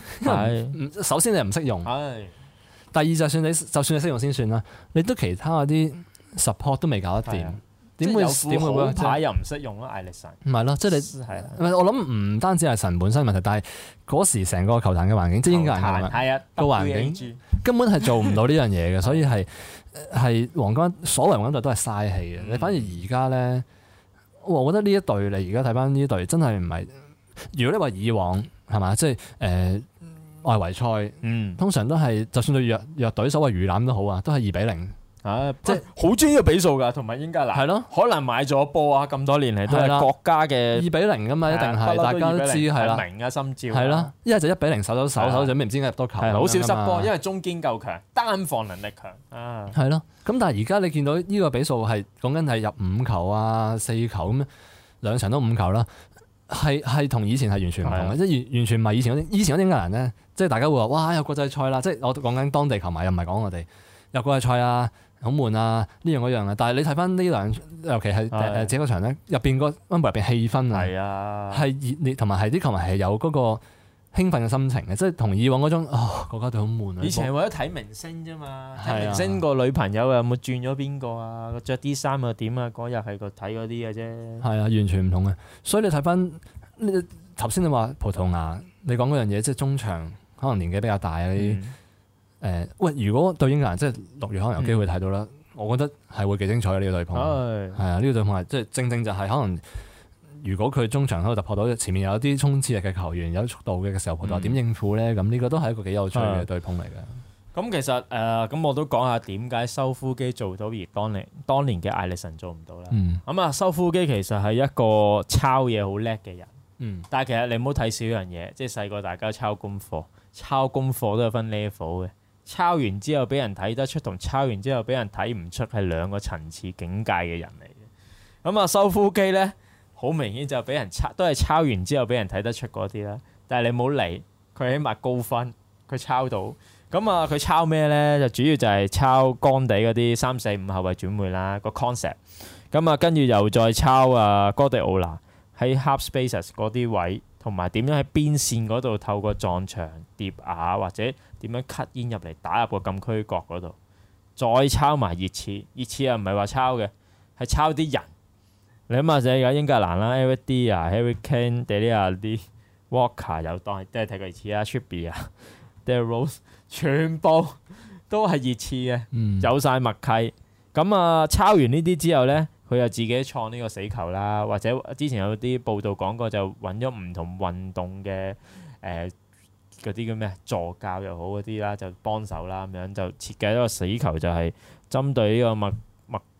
首先你唔識用。第二，就算你就算你識用先算啦，你都其他嗰啲 support 都未搞得掂，點會點會好牌又唔識用咯？艾力神。唔係咯，即係你係。我諗唔單止係神本身問題，但係嗰時成個球壇嘅環境，即係英格蘭嘅環境，根本係做唔到呢樣嘢嘅。所以係係黃金，所謂黃金都係嘥氣嘅。你反而而家咧，我我覺得呢一隊你而家睇翻呢一隊真係唔係。如果你話以往係嘛，即係誒外圍賽，嗯，通常都係，就算對弱弱隊，所謂魚腩都好啊，都係二比零，啊，即係好中意個比數噶，同埋應該難係咯，可能買咗波啊，咁多年嚟都係國家嘅二比零噶嘛，一定係大家都知係啦，明啊心照係啦，一係就一比零手手手手，做咩唔知入多球啊，好少失波，因為中堅夠強，單防能力強啊，係咯，咁但係而家你見到呢個比數係講緊係入五球啊，四球咁，兩場都五球啦。係係同以前係完全唔同嘅，即係完完全唔係以前嗰啲。以前嗰啲嘅人咧，即係大家會話哇有國際賽啦，即係我講緊當地球迷又唔係講我哋。有國際賽啊，好悶啊呢樣嗰樣呀。但係你睇翻呢兩場，尤其係誒是的 這場呢、那個場咧，入邊個温布入邊氣氛啊，係熱烈同埋係啲球迷係有嗰、那個。興奮嘅心情嘅，即係同以往嗰種哦，國家隊好悶啊！以前係為咗睇明星啫嘛，睇明星個女朋友有冇轉咗邊個啊？着啲衫又點啊？嗰日係個睇嗰啲嘅啫。係啊，完全唔同嘅。所以你睇翻頭先你話葡萄牙，你講嗰樣嘢即係中場，可能年紀比較大啲。誒，喂、嗯呃，如果對英格蘭，即係六月可能有機會睇到啦。嗯、我覺得係會幾精彩呢、呢個對碰。係、嗯、啊，呢、呢個對碰係即係正正，正正就係可能。如果佢中場可以突破到前面有啲衝刺力嘅球員，有速度嘅嘅時候，佢話點應付呢？咁呢個都係一個幾有趣嘅對碰嚟嘅。咁其實誒，咁、呃、我都講下點解修夫基做到而當年當年嘅艾力臣做唔到啦。咁啊、嗯嗯嗯，修夫基其實係一個抄嘢好叻嘅人。嗯。但係其實你唔好睇少樣嘢，即係細個大家抄功課，抄功課都有分 level 嘅。抄完之後俾人睇得出，同抄完之後俾人睇唔出係兩個層次境界嘅人嚟嘅。咁、嗯、啊、嗯，修夫基呢。好明顯就俾人抄，都係抄完之後俾人睇得出嗰啲啦。但係你冇理，佢起碼高分，佢抄到。咁啊，佢抄咩咧？就主要就係抄干地嗰啲三四五後衛轉換啦，個 concept。咁啊，跟住又再抄啊哥迪奧拿喺 half spaces 嗰啲位，同埋點樣喺邊線嗰度透過撞牆、疊瓦或者點樣 cut 煙入嚟打入個禁區角嗰度，再抄埋熱刺。熱刺啊，唔係話抄嘅，係抄啲人。你諗下先，而家英格蘭啦 Everton 啊 ir，Harry Kane、德利亞啲 Walker 又當係都係踢熱刺啊，Chibia、Deroz 全部都係熱刺嘅，嗯、有晒默契。咁啊，抄完呢啲之後咧，佢又自己創呢個死球啦。或者之前有啲報道講過，就揾咗唔同運動嘅誒嗰啲叫咩助教又好嗰啲啦，就幫手啦咁樣，就設計咗個死球，就係針對呢個物。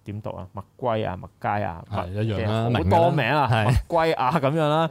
點讀啊？麥圭啊，麥佳啊，係一樣啦，好多名啊，麥圭啊咁樣啦，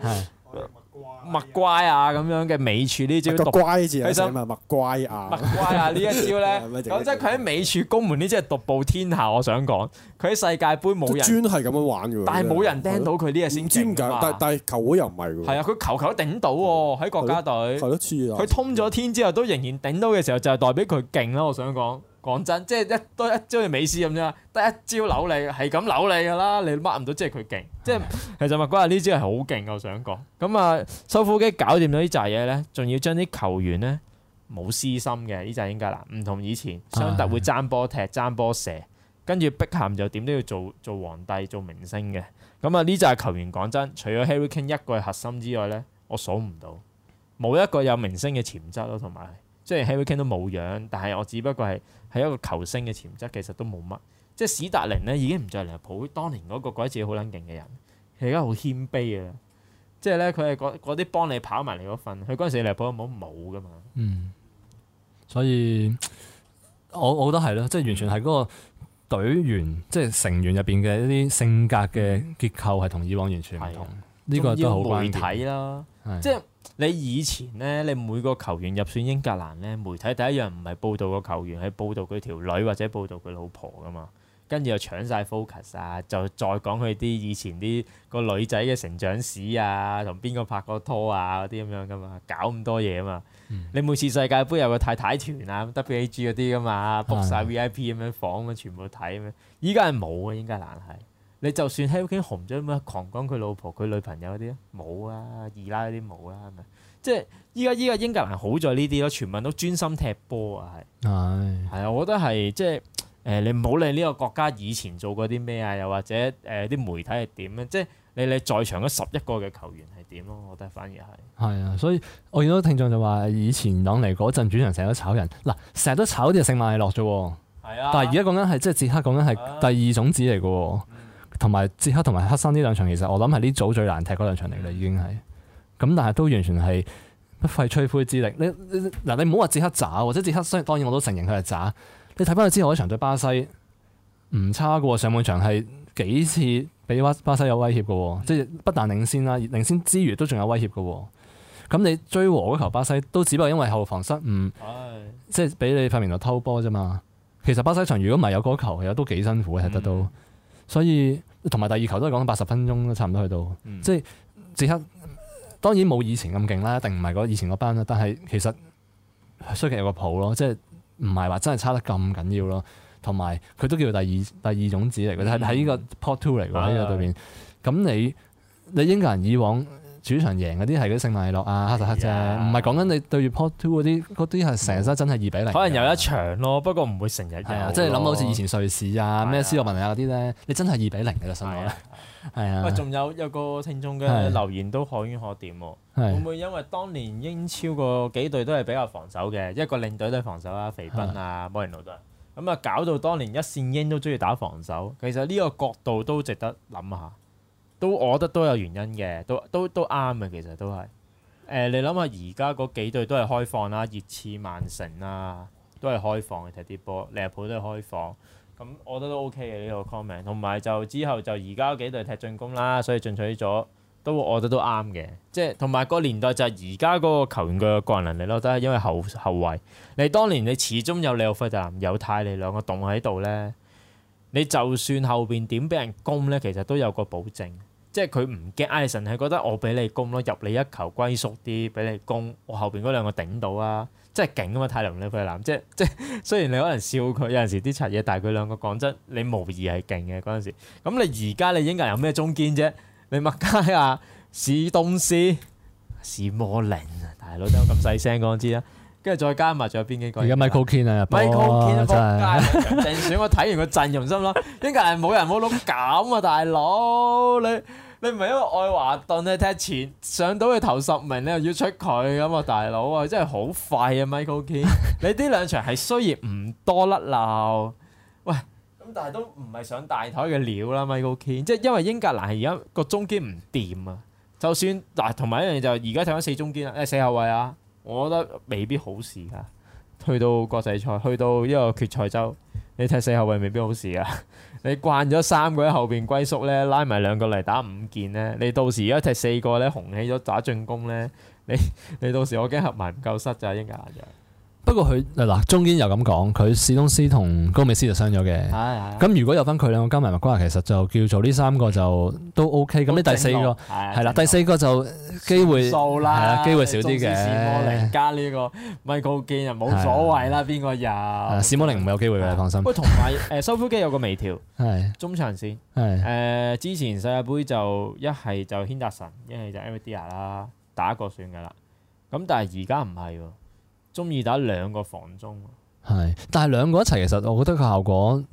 麥圭啊咁樣嘅尾處呢招讀，圭字啊，我想麥圭啊，麥圭啊呢一招咧，講真，佢喺美處攻門呢招係獨步天下，我想講，佢喺世界盃冇人。專係咁樣玩嘅喎，但係冇人掟到佢呢一先。專緊，但係但係球隊又唔係喎，係啊，佢球球都頂到喎，喺國家隊，佢通咗天之後都仍然頂到嘅時候，就係代表佢勁囉，我想講。講真，即係一多一招，係美斯咁啫。得一招扭你，係咁扭你噶啦。你掹唔到，即係佢勁。 即係其實麥哥話呢招係好勁，我想講。咁啊，修夫基搞掂咗呢扎嘢咧，仲要將啲球員咧冇私心嘅呢紮應該嗱，唔同以前，相特會爭波踢、爭波射，跟住碧咸就點都要做做皇帝、做明星嘅。咁啊呢扎球員講真，除咗 Harry Kane 一個係核心之外咧，我數唔到冇一個有明星嘅潛質咯，同埋。即係喺 Harry Kane 都冇樣，但係我只不過係係一個球星嘅潛質，其實都冇乜。即係史達寧咧已經唔再係利物浦當年嗰個覺得自己好撚勁嘅人，佢而家好謙卑啊！即係咧佢係嗰啲幫你跑埋嚟嗰份，佢嗰陣時利物浦冇冇噶嘛。嗯，所以我我覺得係咯，即係完全係嗰個隊員即係、就是、成員入邊嘅一啲性格嘅結構係同以往完全唔同。呢個都好關重要啦，即係。你以前咧，你每個球員入選英格蘭咧，媒體第一樣唔係報道個球員，係報道佢條女或者報道佢老婆噶嘛，跟住又搶晒 focus 啊，就再講佢啲以前啲個女仔嘅成長史啊，同邊個拍過拖啊嗰啲咁樣噶嘛，搞咁多嘢嘛。你每次世界盃有個太太團啊，WAG 嗰啲噶嘛，book 曬 VIP 咁樣的房咁樣全部睇咩？依家係冇啊，英格蘭係。你就算喺屋企紅咗咩，狂講佢老婆、佢女朋友嗰啲啊，冇啊，二奶嗰啲冇啦，係咪？即係依家依家英格蘭好在呢啲咯，全民都專心踢波啊，係係啊，我覺得係即係誒、呃，你唔好理呢個國家以前做過啲咩啊，又或者誒啲、呃、媒體係點啊。即係你你在場嗰十一個嘅球員係點咯？我覺得反而係係啊，所以我見到聽眾就話以前攬嚟嗰陣主場成日都炒人，嗱成日都炒啲就聖曼係落啫，係啊，但係而家講緊係即係捷克講緊係第二種子嚟㗎。同埋捷克同埋黑山呢兩場，其實我諗係呢組最難踢嗰兩場嚟嘅，已經係咁，但係都完全係不費吹灰之力。你嗱，你唔好話捷克渣，或者捷克，雖然當然我都承認佢係渣。你睇翻佢之後嗰場對巴西，唔差噶，上半場係幾次俾巴西有威脅噶，即係不但領先啦，領先之餘都仲有威脅噶。咁你追和嗰球巴西，都只不過因為後防失誤，哎、即係俾你費明諾偷波啫嘛。其實巴西場如果唔係有嗰球，其實都幾辛苦踢得到。嗯所以同埋第二球都係講講八十分鐘都差唔多去到，嗯、即係即刻。當然冇以前咁勁啦，一定唔係嗰以前嗰班啦。但係其實衰極有個譜咯，即係唔係話真係差得咁緊要咯。同埋佢都叫做第二第二種子嚟嘅，喺喺呢個 Pot Two 嚟嘅喺呢個對面。咁、嗯、你你英格蘭以往？主場贏嗰啲係嗰啲聖米樂啊、黑塔黑啫，唔係講緊你對住 Porto 嗰啲，嗰啲係成日真係二比零。可能有一場咯，不過唔會成日嘅，即係諗到好似以前瑞士啊、咩、啊、斯洛文尼亞嗰啲咧，你真係二比零嘅新聞。係啊，喂，仲、啊啊、有有個聽眾嘅留言都可圈可點喎，啊啊、會唔會因為當年英超個幾隊都係比較防守嘅，一個領隊都係防守啊，肥斌啊、摩連奴都係，咁啊搞到當年一線英都中意打防守，其實呢個角度都值得諗下。都我覺得都有原因嘅，都都都啱嘅，其實都係。誒、呃，你諗下而家嗰幾隊都係開放啦，熱刺、曼城啦、啊，都係開放嘅踢啲波，利物浦都係開放。咁我覺得都 OK 嘅呢、這個 comment。同埋就之後就而家嗰幾隊踢進攻啦，所以進取咗，都我覺得都啱嘅。即係同埋個年代就係而家嗰個球員嘅個人能力咯，都係因為後後衞。你當年你始終有里奧費迪南有泰利兩個洞喺度咧。你就算後邊點俾人攻咧，其實都有個保證，即係佢唔驚。艾、哎、神係覺得我俾你攻咯，入你一球歸宿啲，俾你攻，我後邊嗰兩個頂到啊！即係勁啊嘛，泰利同費迪南，即係即係雖然你可能笑佢有陣時啲柒嘢，但係佢兩個講真，你無疑係勁嘅嗰陣時。咁你而家你應該有咩中堅啫？你麥佳啊，史東斯、史摩寧啊，大佬都咁細聲講知啦。跟住再加埋、啊，仲有邊幾個？而家 Michael 多 Keane 啊，Michael Keane 復加定選，我睇真是 完個陣容先咯。英格蘭冇人冇到咁啊，大佬！你你唔係因為愛華頓去踢前上到去頭十名，你又要出佢咁啊，大佬啊！真係好廢啊，Michael Keane！ 你呢兩場係雖然唔多甩漏，喂咁但係都唔係上大台嘅料啦、啊、，Michael Keane。即係因為英格蘭而家個中堅唔掂啊，就算嗱，同、啊、埋一樣嘢就而家睇翻四中堅啊，四後衞啊。我覺得未必好事噶，去到國際賽，去到一個決賽周，你踢四後衞未必好事噶。你慣咗三個喺後邊龜縮咧，拉埋兩個嚟打五件咧，你到時而家踢四個咧，紅起咗打進攻咧，你你到時我驚合埋唔夠塞咋，英格蘭。不過佢嗱，中間又咁講，佢史東斯同高美斯就傷咗嘅。咁如果有翻佢兩個加埋麥瓜，其實就叫做呢三個就都 O K。咁呢第四個係啦，第四個就機會少啦，機會少啲嘅。史摩寧加呢個咪高基就冇所謂啦，邊個有？史摩寧唔會有機會嘅，放心。喂，同埋誒，收夫機有個微調，係中場先。誒，之前世界杯就一係就軒達臣，一係就 M V D 啦，打一個算嘅啦。咁但係而家唔係喎。中意打兩個防中，係，但係兩個一齊，其實我覺得個效果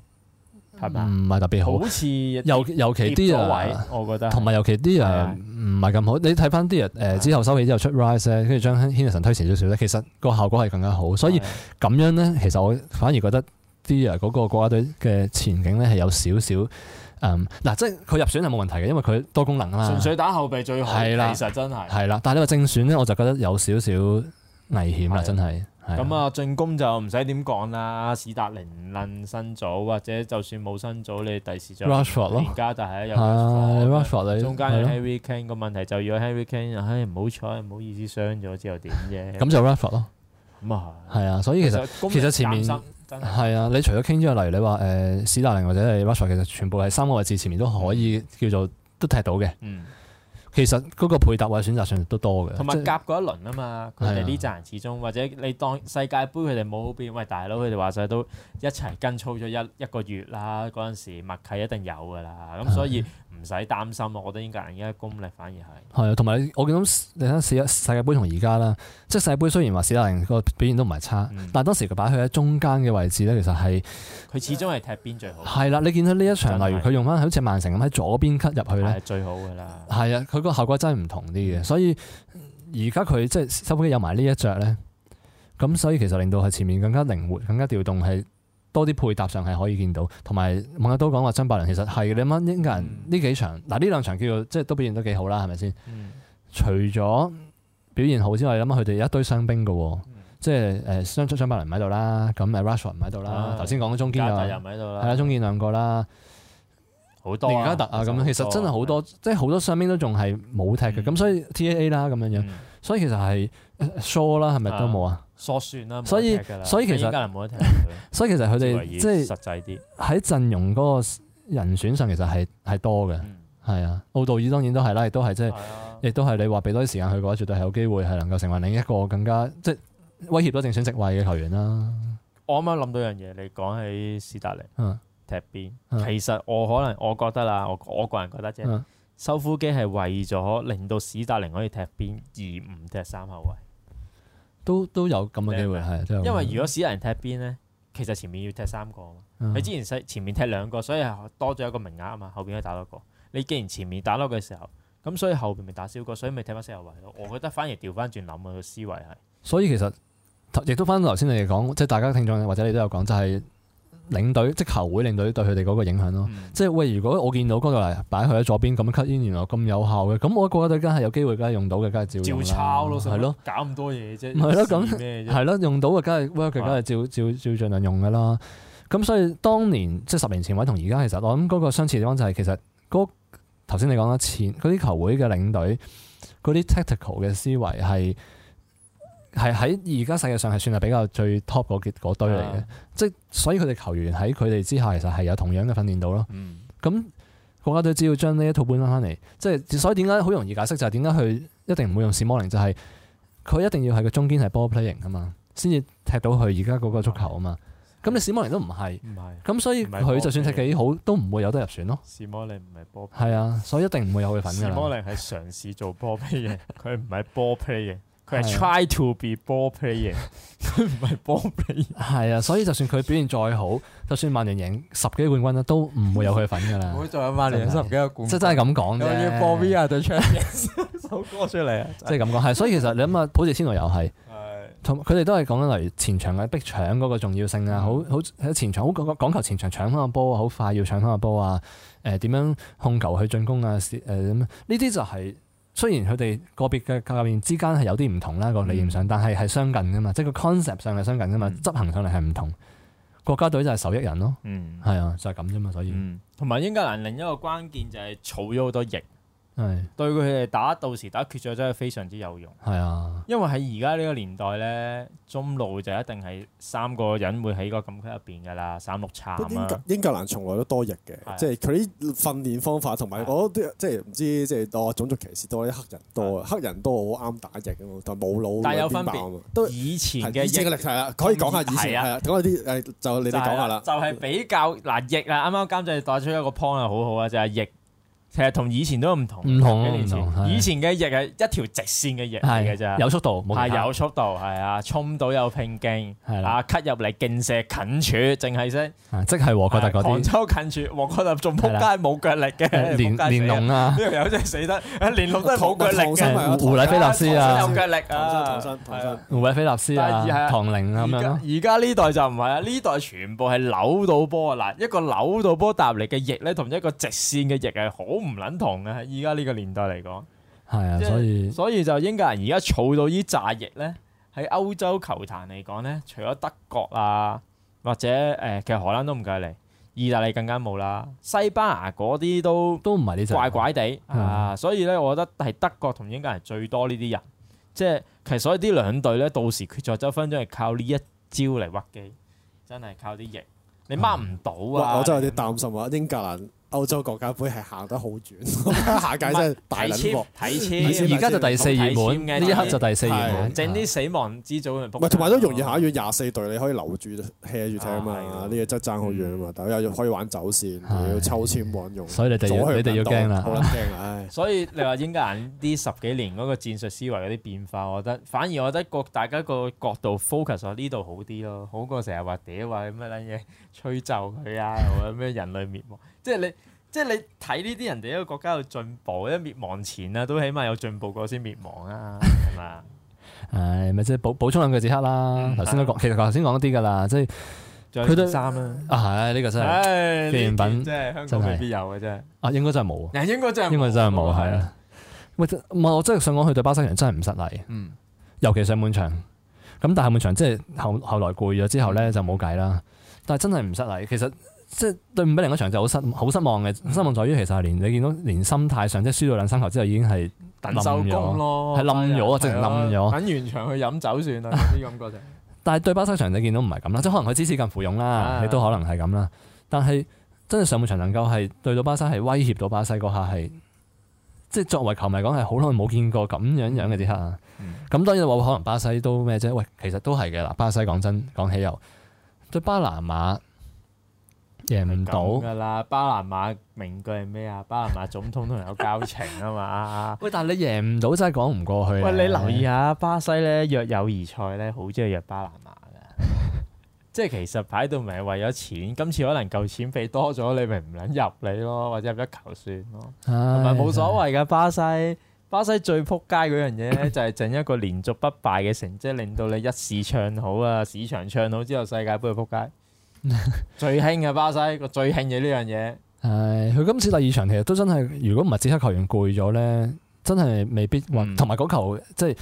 係唔係特別好。好似尤尤其 Dier，我覺得同埋尤其 Dier 唔係咁好。你睇返 Dier 之後收起之後出 Rice 咧，跟住將 Henderson 推前少少咧，其實個效果係更加好。所以咁樣咧，其實我反而覺得 Dier 嗰個國家隊嘅前景咧係有少少嗱，即係佢入選係冇問題嘅，因為佢多功能啊嘛。純粹打後備最好，係啦，其實真係係啦。但係呢個正選咧，我就覺得有少少。嗯危險啦，真係。咁啊，進攻就唔使點講啦。史達寧、嫩新組或者就算冇新組，你第時就。Rushford 咯。而家就係一樣 Rushford 你。中間有 Harry Kane 個問題，就要 Harry Kane 唉，唔好彩，唔好意思，傷咗之後點啫？咁就 Rushford 咯。咁啊，係啊，所以其實其實前面係啊，你除咗 Kane 之後，例如你話誒史達寧或者係 Rushford 其實全部係三個位置前面都可以叫做都踢到嘅。嗯。其實嗰個配搭或者選擇上都多嘅，同埋有即夾過一輪啊嘛，佢哋呢陣始終、啊、或者你當世界盃佢哋冇變，喂大佬佢哋話晒都一齊跟操咗一一個月啦，嗰陣時默契一定有噶啦，咁所以。唔使擔心我覺得英格蘭而家功力反而係係，同埋我見到你睇下世界盃同而家啦，即係世界盃雖然話史達林個表現都唔係差，嗯、但係當時佢擺佢喺中間嘅位置咧，其實係佢始終係踢邊最好係啦。你見到呢一場，例如佢用翻好似曼城咁喺左邊 cut 入去咧，係最好㗎啦。係啊，佢個效果真係唔同啲嘅。所以而家佢即係收波有埋呢一腳咧，咁所以其實令到係前面更加靈活，更加調動起。多啲配搭上係可以見到，同埋網友都講話張伯倫其實係你諗下，英格人呢幾場嗱呢兩場叫做即係都表現得幾好啦，係咪先？除咗表現好之外，諗下佢哋一堆傷兵嘅喎，即係誒傷出張伯倫唔喺度啦，咁阿 Russell 唔喺度啦，頭先講嘅中堅又唔喺度啦，係啦，中堅兩個啦，好多，連加特啊咁樣，其實真係好多，即係好多傷兵都仲係冇踢嘅，咁所以 TAA 啦咁樣樣，所以其實係疏啦，係咪都冇啊？索算啦，所以所以其實，所以其實佢哋即係實際啲喺陣容嗰個人選上，其實係係多嘅，係啊。奧道爾當然都係啦，亦都係即係，亦都係你話俾多啲時間佢嘅話，絕對係有機會係能夠成為另一個更加即係威脅到正選席位嘅球員啦。我啱啱諗到樣嘢，你講起史達寧踢邊，其實我可能我覺得啦，我我個人覺得即修夫基係為咗令到史達寧可以踢邊而唔踢三後衞。都都有咁嘅機會，係，因為如果死人踢邊咧，其實前面要踢三個嘛，佢、嗯、之前前面踢兩個，所以多咗一個名額啊嘛，後邊可以打多個。你既然前面打多個嘅時候，咁所以後邊咪打少個，所以咪踢翻四號位咯。我覺得反而調翻轉諗啊，個思維係。所以其實亦都翻頭先你哋講，即係大家聽眾或者你都有講，就係。領隊即球會領隊對佢哋嗰個影響咯，嗯、即係喂，如果我見到嗰個嚟擺佢喺左邊咁樣 cut in，原來咁有效嘅，咁我覺得梗真係有機會，梗係用到嘅，梗係照抄咯，係咯，搞咁多嘢啫，係咯，咁係咯，用到嘅梗係 work，梗係照照照，照盡量用嘅啦。咁所以當年即係十年前位同而家，其實我諗嗰個相似地方就係其實嗰頭先你講啦，前嗰啲球會嘅領隊嗰啲 tactical 嘅思維係。係喺而家世界上係算係比較最 top 嗰結果堆嚟嘅，Yeah. 即係所以佢哋球員喺佢哋之下，其實係有同樣嘅訓練度咯。咁、mm. 國家隊只要將呢一套搬翻翻嚟，即係所以點解好容易解釋就係點解佢一定唔會用史摩寧，就係佢一定要係個中堅係波 playing 噶嘛，先至踢到佢而家嗰個足球啊嘛。咁的你史摩寧都唔係，咁是所以佢就算踢幾好，好，都唔會有得入選咯。史摩寧唔係波 play 係啊，所以一定唔會有佢份嘅。 史摩寧係嘗試做波 play 嘅，佢唔係波 play 嘅。係 try to be ball player，佢唔係 ball player。係啊，所以就算佢表現再好，就算曼聯贏十幾冠軍都唔會有佢份噶啦。唔會再有曼聯贏十幾個冠軍。即係真係咁講。我要播 V R 對唱 首歌出嚟啊！即係咁講。係，所以其實你諗下，好似千度又係，同佢哋都係講緊例如前場嘅逼搶嗰個重要性啊，好好喺前場好講講求前場搶翻個波好快要搶翻個波啊，誒、呃、點、呃、樣控球去進攻啊，誒咁呢啲就係、是。雖然佢哋個別嘅教練之間係有啲唔同啦，個理念上，但係係相近噶嘛，即係個 concept 上係相近噶嘛，執行上嚟係唔同。國家隊就係受益人咯，係、嗯、啊，就係咁啫嘛，所以、嗯。同埋英格蘭另一個關鍵就係儲咗好多翼。係對佢哋打，到時打決賽真係非常之有用。係啊，因為喺而家呢個年代咧，中路就一定係三個人會喺個禁區入邊噶啦，三六七咁啊。英格蘭從來都多翼嘅，即係佢啲訓練方法同埋嗰啲，即係唔知即係多種族歧視多啲黑人多，黑人多好啱打翼嘛，但冇腦。但係有分別，都以前嘅翼，以前嘅歷史啊，可以講下以前係啊，講下啲誒，就你哋講下啦，就係比較嗱翼啊，啱啱監製帶出一個 point 啊，好好啊，就係翼。其實同以前都唔同，唔同咯，以前嘅翼係一條直線嘅翼嚟嘅啫，有速度，係有速度，係啊，衝到有拼勁，係啊，cut 入嚟勁射近柱，淨係即，即係和確特嗰啲，杭州近柱，和確特仲扑街冇腳力嘅，連連龍啊，呢個有真死得，連龍都冇腳力嘅，胡胡禮菲納斯啊，腳力啊，胡禮菲納斯啊，唐寧咁樣，而家呢代就唔係啊，呢代全部係扭到波啊，嗱一個扭到波踏入嚟嘅翼咧，同一個直線嘅翼係好。都唔捻同嘅喺依家呢個年代嚟講，係啊，所以所以就英格蘭而家儲到呢紮翼呢。喺歐洲球壇嚟講呢，除咗德國啊，或者誒、呃，其實荷蘭都唔計嚟，意大利更加冇啦，西班牙嗰啲都都唔係啲怪怪地啊，的嗯、所以呢，我覺得係德國同英格蘭最多呢啲人，即係其實所以啲兩隊呢，到時決賽周分鐘係靠呢一招嚟屈機，真係靠啲翼，你掹唔到啊！我真係有啲擔心啊，你英格蘭。歐洲國家杯係行得好轉，下屆真係睇簽睇簽，而家就第四熱門，呢一刻就第四熱門，整啲死亡之組嚟。唔係，同埋都容易下一輪廿四隊，你可以留住 hea 住踢啊嘛，呢個質爭好遠啊嘛。大家又可以玩走線，又要抽簽，冇用。所以你哋，你哋要驚啦，所以你話英格蘭啲十幾年嗰個戰術思維嗰啲變化，我覺得反而我覺得個大家個角度 focus 喺呢度好啲咯，好過成日話嗲話咩撚嘢吹奏佢啊，或者咩人類滅亡。即係你，即係你睇呢啲人哋一個國家有進步，一滅亡前啦，都起碼有進步過先滅亡啊，係咪啊？誒，咪即係補補充兩句字刻啦。頭先都講，其實頭先講啲噶啦，即係著啲衫啦。啊，係呢個真係紀念品，即係香港未必有嘅啫。啊，應該真係冇。人應該真係冇。應該真係冇，係啊。我真係想講，佢對巴西人真係唔失禮。尤其上半場，咁但係下半場即係後後來攰咗之後咧，就冇計啦。但係真係唔失禮，其實。即係對五比零嗰場就好失好失望嘅，失望在於其實係連你見到連心態上即係輸到兩三球之後已經係冧咗，係冧咗啊，人即係冧咗。等完場去飲酒算啦，啲 感覺就係。 但係對巴西場你見到唔係咁啦，即係可能佢支持更附庸啦，你都可能係咁啦。但係真係上半場能夠係對到巴西係威脅到巴西個下係，即係作為球迷講係好耐冇見過咁樣樣嘅一刻啊！咁、嗯嗯、當然話，可能巴西都咩啫？喂，其實都係嘅啦。巴西講真講起又對巴拿馬。贏唔到噶啦，巴拿馬名句係咩啊？巴拿馬總統同人有交情啊嘛。 喂，但係你贏唔到真係講唔過去。喂，你留意下巴西咧，約友誼賽咧，好中意約巴拿馬噶。即係其實擺到唔係為咗錢， 今次可能夠錢俾多咗，你咪唔捻入你咯，或者入一球算咯，同埋冇所謂噶。巴西巴西最撲街嗰樣嘢咧，就係整一個連續不敗嘅成績，令到 你一試唱好啊，市場唱好之後世界杯撲街。最興嘅巴西個最興嘅呢樣嘢，係佢今次第二場其實都真係，如果唔係紫色球員攰咗咧，真係未必同埋嗰球即係，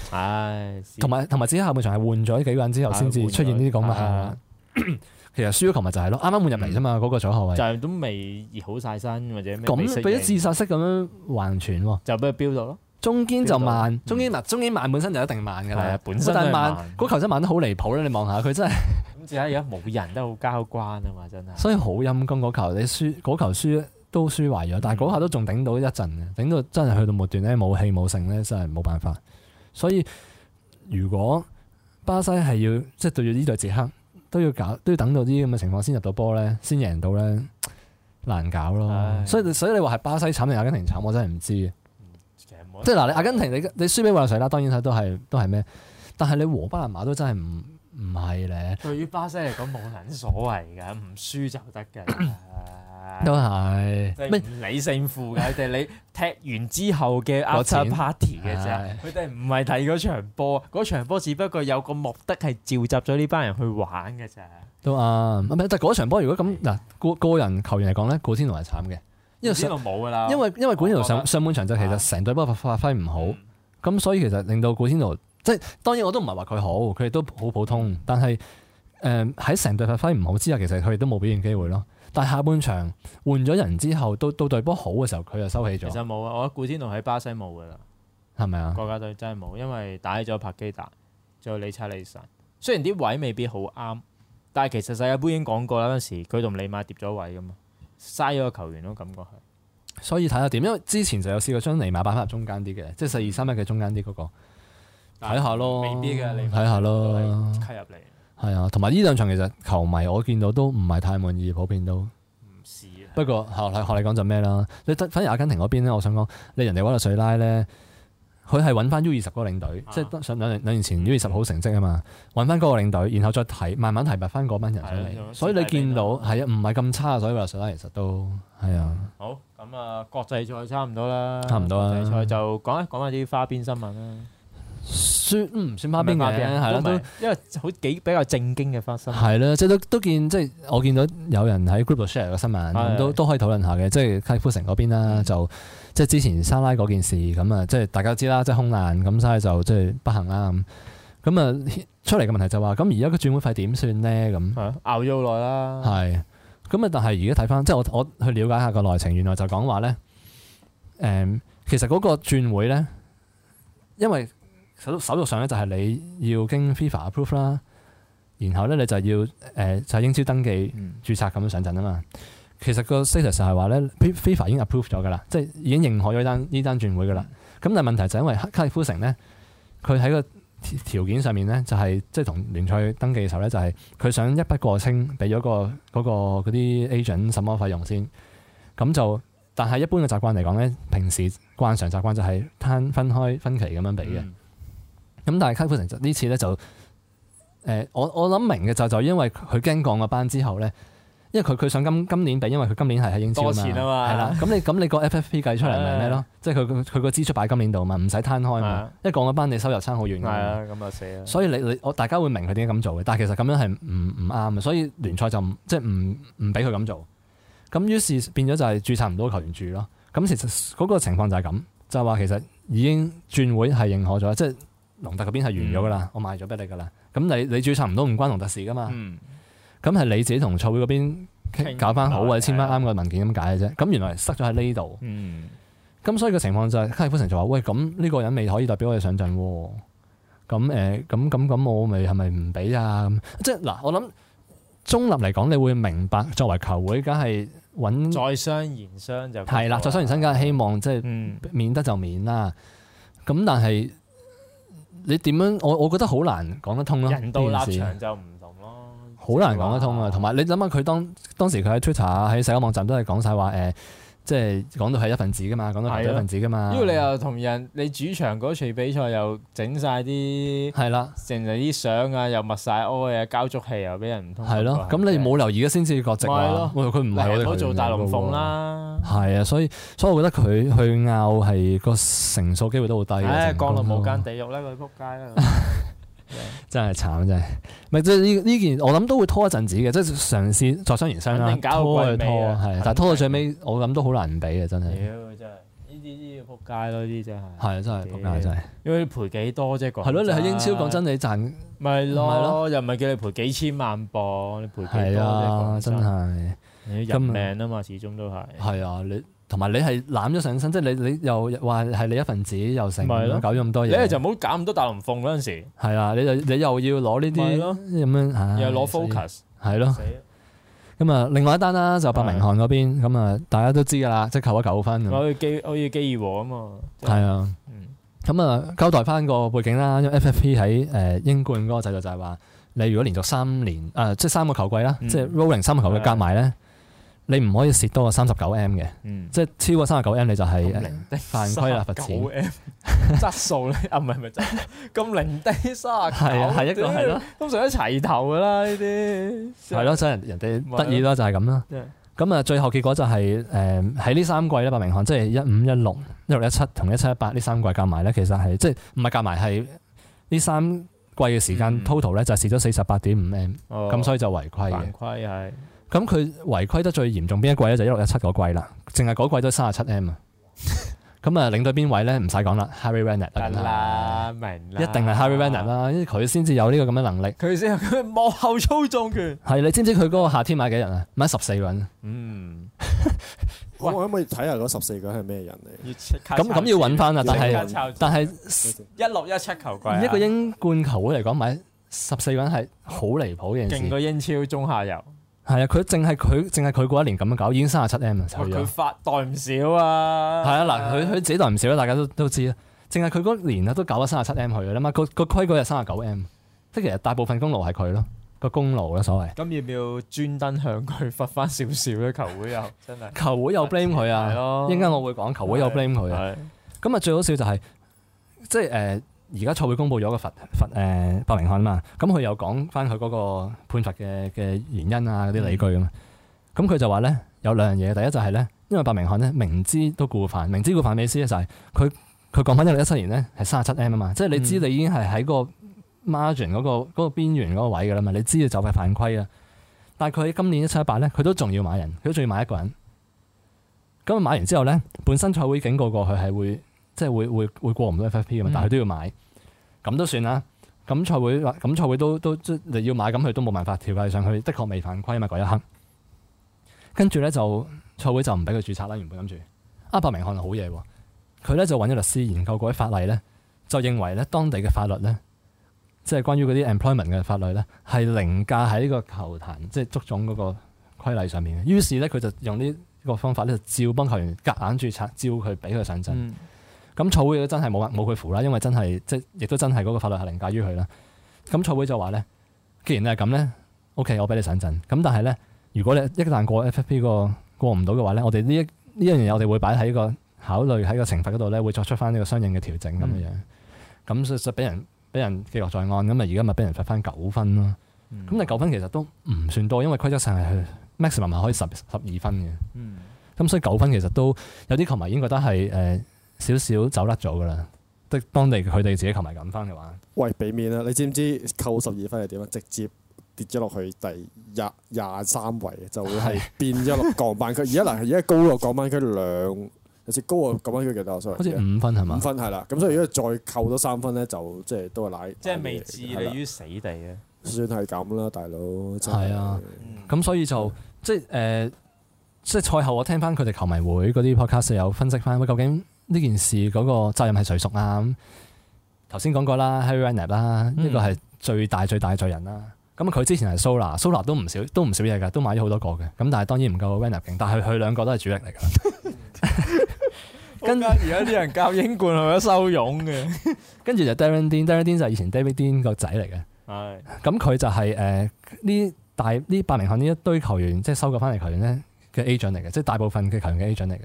同埋同埋紫色下半場係換咗呢幾個人之後先至出現呢啲咁嘅。其實輸球咪就係咯，啱啱換入嚟啊嘛，嗰個左後衛就都未熱好曬身或者咁俾咗自殺式咁樣橫傳，就俾佢飆到咯。中堅就慢，中堅慢，中堅慢本身就一定慢嘅，係啊，本身都慢。嗰球真係慢得好離譜啦！你望下佢真係。咁而家而家冇人都好交關啊嘛，真係。所以好陰功嗰球，你輸嗰球輸都輸壞咗，但係嗰下都仲頂到一陣嘅，頂到真係去到末段咧冇氣冇剩咧，真係冇辦法。所以如果巴西係要即係對住呢隊捷克都要搞，都要等到啲咁嘅情況先入到波咧，先贏到咧，難搞咯。唉所以所以你話係巴西慘定阿根廷慘，我真係唔知。即係嗱，阿根廷你你輸俾華裔啦，當然係都係都係咩？但係你和巴拿馬都真係唔。唔係咧，對於巴西嚟講冇人所謂㗎，唔輸就得㗎都係即係唔理勝負㗎，佢哋你踢完之後嘅壓軸 party 嘅啫，佢哋唔係睇嗰場波，嗰場波只不過有個目的係召集咗呢班人去玩嘅啫。都啱，但係嗰場波如果咁嗱個人球員嚟講咧，古天奴係慘嘅，因為天奴冇㗎啦，因為因為古天奴上上半場就其實成隊波發發揮唔好，咁所以其實令到古天奴。即係當然我都唔係話佢好，佢哋都好普通。但係誒喺成隊發揮唔好之下，其實佢哋都冇表現機會咯。但係下半場換咗人之後，到到隊波好嘅時候，佢就收起咗。其實冇啊，我古天樂喺巴西冇噶啦，係咪啊？國家隊真係冇，因為打起咗帕基達，仲有李察利臣。雖然啲位未必好啱，但係其實世界盃已經講過啦，嗰時佢同尼馬跌咗位㗎嘛，嘥咗個球員都感覺係。所以睇下點，因為之前就有試過將尼馬擺翻入中間啲嘅，即係四二三一嘅中間啲嗰個。睇下咯，睇下咯，入嚟。係啊，同埋呢兩場其實球迷我見到都唔係太滿意，普遍都。唔是。不過學的你講就咩啦？你得反而阿根廷嗰邊咧，我想講你人哋嗰個水拉咧，佢係揾翻 U 二十嗰個領隊，啊、即係上兩兩年前、啊、U 二十好成績啊嘛，揾翻嗰個領隊，然後再提慢慢提拔翻嗰班人上嚟的。所以你見到係啊，唔係咁差，所以話水拉其實都係啊、嗯。好，咁啊，國際賽差唔多啦，差唔多。國際賽就講一講下啲花邊新聞啦。算唔、嗯、算拍邊嘅係咯？因為好幾比較正經嘅發生係啦，即係都都見即係我見到有人喺 group share 個新聞，的都都可以討論下嘅。即係卡迪夫城嗰邊啦，的就即係之前沙拉嗰件事咁啊，即係大家知啦，即係空難咁，所以就即係不幸啦。咁咁啊，出嚟嘅問題就話咁而家個轉會費點算呢？咁拗咗好耐啦，係咁啊。但係而家睇翻即係我我去了解下個內情，原來就講話咧誒，其實嗰個轉會咧，因為。手手續上咧就係你要經 FIFA approve 啦，然後咧你就要誒、呃、就係英超登記註冊咁樣上陣啊嘛。其實個 status 係話咧 FIFA 已經 approve 咗噶啦，即係已經認可咗呢單呢單轉會噶啦。咁但係問題就係因為卡卡迪夫城咧，佢喺個條件上面咧就係即係同聯賽登記嘅時候咧就係、是、佢想一筆過清俾咗、嗰個嗰啲、嗰個、agent 什麼費用先。咁就但係一般嘅習慣嚟講咧，平時慣常習慣就係攤分開分期咁樣俾嘅。咁但係卡夫成呢次咧就，誒、呃，我我諗明嘅，就就因為佢驚降個班之後咧，因為佢佢上今今年比，因為佢今年係英超啊嘛，係啦。咁你咁你個 F F P 計出嚟咪咩咯？ 即係佢佢個支出擺今年度啊嘛，唔使攤開啊嘛。一是的 降咗班，你收入差好遠嘅。係啊，咁啊死。所以你你我大家會明佢點解咁做嘅，但係其實咁樣係唔唔啱嘅，所以聯賽就即係唔唔俾佢咁做。咁於是變咗就係注冊唔到球員住咯。咁其實嗰個情況就係咁，就話、是、其實已經轉會係認可咗，即係。即龍特嗰邊係完咗噶啦，嗯、我賣咗俾你噶啦。咁你你註冊唔到唔關龍特事噶嘛？咁係、嗯、你自己同賽會嗰邊搞翻好，或者簽翻啱嘅文件咁解嘅啫。咁、嗯、原來塞咗喺呢度。咁、嗯、所以嘅情況就係卡爾夫城就話：喂，咁呢個人未可以代表我哋上陣喎。咁誒，咁咁咁，我咪係咪唔俾啊？即係嗱，我諗中立嚟講，你會明白作為球會，梗係揾再商言商就係啦，再商言商梗係希望即係免得就免啦。咁、嗯、但係。你點樣？我我覺得好難講得通咯。人道立場就唔同咯。好難講得通是想想啊！同埋你諗下佢當當時佢喺 Twitter 喺社交網站都係講晒話誒。呃即係講到係一份子噶嘛，講到係一份子噶嘛。了因為你又同人，你主場嗰場比賽又整晒啲係啦，成日啲相啊又密晒，屙嘢，交足戲又俾人唔通。係咯了，咁、就是、你冇留意，而家先至割席。咪係咯，佢唔係我做大龍鳳啦。係啊，所以所以我覺得佢去拗係個成數機會都好低了功。降落無間地獄啦，佢撲街啦！ 真係慘真係，咪即係呢呢件我諗都會拖一陣子嘅，即係嘗試再商言商啦，拖去拖係，但係拖到最尾我諗都好難唔俾嘅，真係。真係呢啲啲要仆街咯，呢啲真係。係真係仆街真係，因為你賠幾多啫？係咯，你喺英超講真你賺咪咯，又唔係叫你賠幾千萬磅？你賠幾多真係？你人命啊嘛，始終都係。係啊，你。同埋你係攬咗上身，即係你你又話係你一份子又成，搞咗咁多嘢。你就唔好搞咁多大龍鳳嗰陣時。係啊，你又你又要攞呢啲咁樣又攞 focus。係咯。咁啊，另外一單啦，就伯明翰嗰邊，咁啊，大家都知噶啦，即係扣咗九分。攞機，攞要機二和啊嘛。係啊。咁啊，交代翻個背景啦。因 FFP 喺誒英冠嗰個制度就係話，你如果連續三年誒，即係三個球季啦，即係 rolling 三個球季加埋咧。你唔可以蝕多個三十九 M 嘅，嗯、即係超過三十九 M 你就係犯規啦，罰錢。質素咧 啊，唔係咪？咁金零低三十九，係 啊係一個係咯，通常一齊頭噶啦呢啲，係咯，所以人哋得意啦， 就係咁啦。咁啊、嗯，最後結果就係誒喺呢三季咧，伯明翰即係一五一六、一六一七同一七一八呢三季夾埋咧，其實係即係唔係夾埋係呢三季嘅時間、嗯、total 咧、哦，就係蝕咗四十八點五 M，咁所以就違規嘅。咁佢違規得最嚴重邊一季咧？就一六一七嗰季啦，淨係嗰季都三十七 M 啊。咁啊，領隊邊位咧？唔使講啦，Harry Wrenner 啦，明啦，一定係 Harry Wrenner 啦，因為佢先至有呢個咁嘅能力，佢先，佢幕後操縱權佢係，你知唔知佢嗰個夏天買幾人啊？買十四個人，嗯，我可唔可以睇下嗰十四個人係咩人嚟？咁，咁要揾翻啊，但係，但係一六一七球季，一個英冠球會嚟講買十四個人係好離譜嘅，勁過英超中下游。係啊，佢淨係佢淨係佢嗰一年咁樣搞，已經三十七 M 啦。佢、啊、發代唔少啊！係啊，嗱，佢佢自己代唔少啦，大家都大家都知啦。淨係佢嗰年啦，都搞咗三十七 M 去啦嘛。個個規規係三十九 M，即係其實大部分功勞係佢咯，個功勞啦所謂。咁要唔要專登向佢發翻少少嘅球會又真係？球會又 blame 佢啊！應該 我會講球會又 blame 佢。咁啊，最好笑就係即係誒。呃而家賽會公布咗個罰罰誒白明翰啊嘛，咁佢又講翻佢嗰個判罰嘅嘅原因啊嗰啲理據啊嘛，咁佢就話咧有兩樣嘢，第一就係咧，因為白明翰咧明知都故犯，明知故犯嘅意思咧就係佢佢講翻一六一七年咧係卅七 M 啊嘛，即係你知你已經係喺個 margin 嗰、嗰個嗰個邊緣嗰個位噶啦嘛，你知道就快犯規啊，但係佢喺今年一七一八咧，佢都仲要買人，佢都仲要買一個人，咁佢買完之後咧，本身賽會警告過佢係會。即係會會會過唔到 FFP 嘅嘛，但係佢都要買，咁都、嗯、算啦。咁賽會，咁賽會都都即係你要買，咁佢都冇辦法調價上去，的確未犯規嘛，嗰一刻。跟住咧就賽會就唔俾佢註冊啦，原本諗住阿伯明翰好嘢，佢咧就揾咗律師研究嗰啲法例咧，就認為咧當地嘅法律咧，即係關於嗰啲 employment 嘅法律咧，係凌駕喺呢個球壇即係足總嗰個規例上面嘅。於是咧佢就用呢個方法咧，就照幫球員夾硬註冊，照佢俾佢上陣。嗯咁賽會佢真係冇冇佢符啦，因為真係即亦都真係嗰個法律係凌駕於佢啦。咁賽會就話咧，既然係咁咧，OK，我俾你等一陣。咁但係咧，如果你一旦過 FFP 個過唔到嘅話咧，我哋呢一呢樣嘢我哋會擺喺個考慮喺個懲罰嗰度咧，會作出翻呢個相應嘅調整咁嘅、嗯、樣。咁所以俾人俾人記落在案，咁啊而家咪俾人罰翻九分咯。咁、嗯、但九分其實都唔算多，因為規則上係 maximum 係可以十十二分嘅。嗯。咁所以九分其實都有啲球迷已經覺得係誒。呃少少走甩咗噶啦，即當地佢哋自己球迷揾翻嘅話，喂俾面啦！你知唔知扣十二分係點啊？直接跌咗落去第廿廿三位，就會係變咗落降班區。而家嗱，而家高落降班區兩，有似高個降班區幾多歲？好似五分係嘛？五分係啦，咁吧所以如果再扣多三分咧，就即係都係奶，即係未至置於死地嘅。算係咁啦，大佬係啊，咁所以就即係誒，即係賽後我聽翻佢哋球迷會嗰啲 podcast 有分析翻，究竟。呢件事嗰個責任係誰屬啊？頭先講過啦，Harry Redknapp 啦，呢個係最大最大罪人啦。咁佢之前係 Zola，Zola 都唔少都唔少嘢噶，都買咗好多個嘅。咁但係當然唔夠 Redknapp 勁，但係佢兩個都係主力嚟嘅。 跟而 家啲人教英冠係咪收傭嘅？ 跟住就 Darren Dein，Darren Dein 就以前 David Dein 個仔嚟嘅。係咁佢就係誒呢大呢八名呢一堆球員，即係收購翻嚟球員咧嘅 agent 嚟嘅，即係大部分嘅球員嘅 agent 嚟嘅。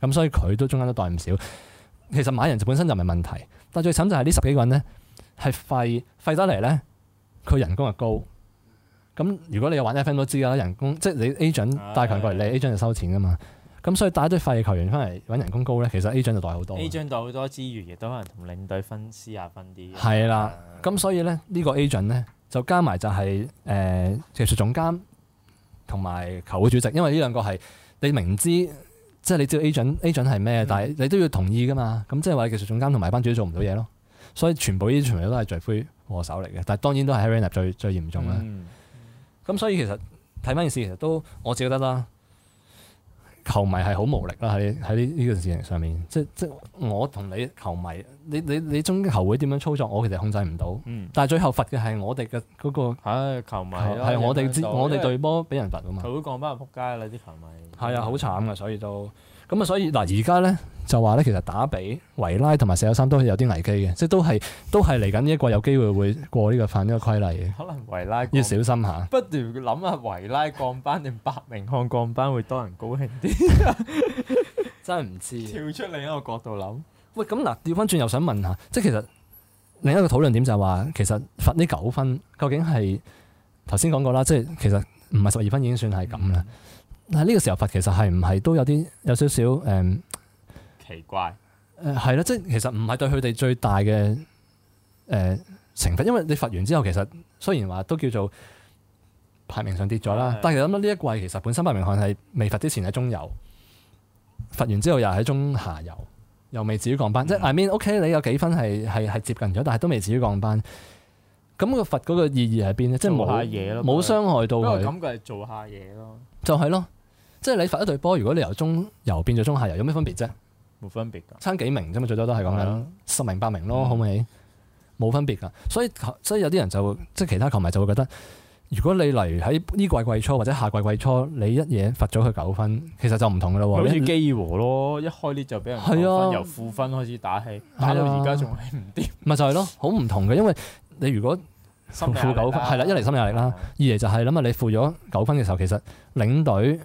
咁所以佢都中間都袋唔少。其實買人本身就唔係問題，但最慘就係呢十幾個人咧，係廢廢得嚟咧，佢人工又高。咁如果你有玩 FM 都知啦，人工即係你 agent 帶球過嚟，你 agent 就收錢噶嘛。咁所以帶一堆廢嘅球員翻嚟揾人工高咧，其實 agent 就袋好多。agent 袋好多之餘，亦都可能同領隊分私啊，分啲。係啦，咁所以咧呢個 agent 咧就加埋就係、是、誒、呃、技術總監同埋球會主席，因為呢兩個係你明知。即係你知道 agent, agent 係咩，但係你都要同意噶嘛。咁即係話技術總監同埋班主做唔到嘢咯。所以全部呢啲全部都係罪魁禍首嚟嘅。但係當然都係 arena 最最嚴重啦。咁、嗯、所以其實睇翻件事，其實都我自己覺得啦。球迷係好無力啦喺喺呢呢個事情上面，即即我同你球迷，你你你中球會點樣操作，我其實控制唔到。嗯、但係最後罰嘅係我哋嘅嗰個，唉、哎，球迷係、啊、是為我哋為我哋對波俾人罰㗎嘛。球會降班就撲街啦，啲球迷。係啊，好慘噶，所以都。咁啊，所以嗱，而家咧就話咧，其實打比維拉同埋四九三都係有啲危機嘅，即係都係都係嚟緊呢一個有機會會過呢個犯呢個規例嘅。可能維拉要小心下，不斷諗下維拉降班定伯明翰降班會多人高興啲， 真唔知。跳出另一個角度諗。喂，咁嗱，調翻轉又想問下，即係其實另一個討論點就係話，其實罰呢九分究竟係頭先講過啦，即係其實唔係十二分已經算係咁啦。嗯但係呢個時候罰其實係唔係都有啲有少少誒奇怪誒係啦，即係、呃、其實唔係對佢哋最大嘅誒懲罰，因爲你罰完之後，其實雖然話都叫做排名上跌咗啦，的但係諗諗呢一季其實本身排名上係未罰之前係中游，罰完之後又係中下游，又未至於降班，嗯、即係 I mean OK，你有幾分係係係接近咗，但係都未至於降班。咁、嗰個罰嗰個意義喺邊咧？即係冇下嘢咯，冇傷但 害到佢，咁佢係做下嘢咯，就係、是、咯。即係你罰一對波，如果你由中游變咗中下游，有咩分別啫？冇分別噶，差幾名啫嘛，最多都係咁樣，十名、八名咯，好唔好？冇分別噶，所以所以有啲人就即係其他球迷就會覺得，如果你例如喺呢季季初或者下季季初，你一嘢罰咗佢九分，其實就唔同噶啦喎，好似激活咯，一開呢就俾人扣分，由負分開始打起，打到而家仲係唔掂。咪就係咯，好唔同嘅，因為你如果負九分，係啦，一嚟心理壓力啦，二嚟就係諗下你負咗九分嘅時候，其實領隊。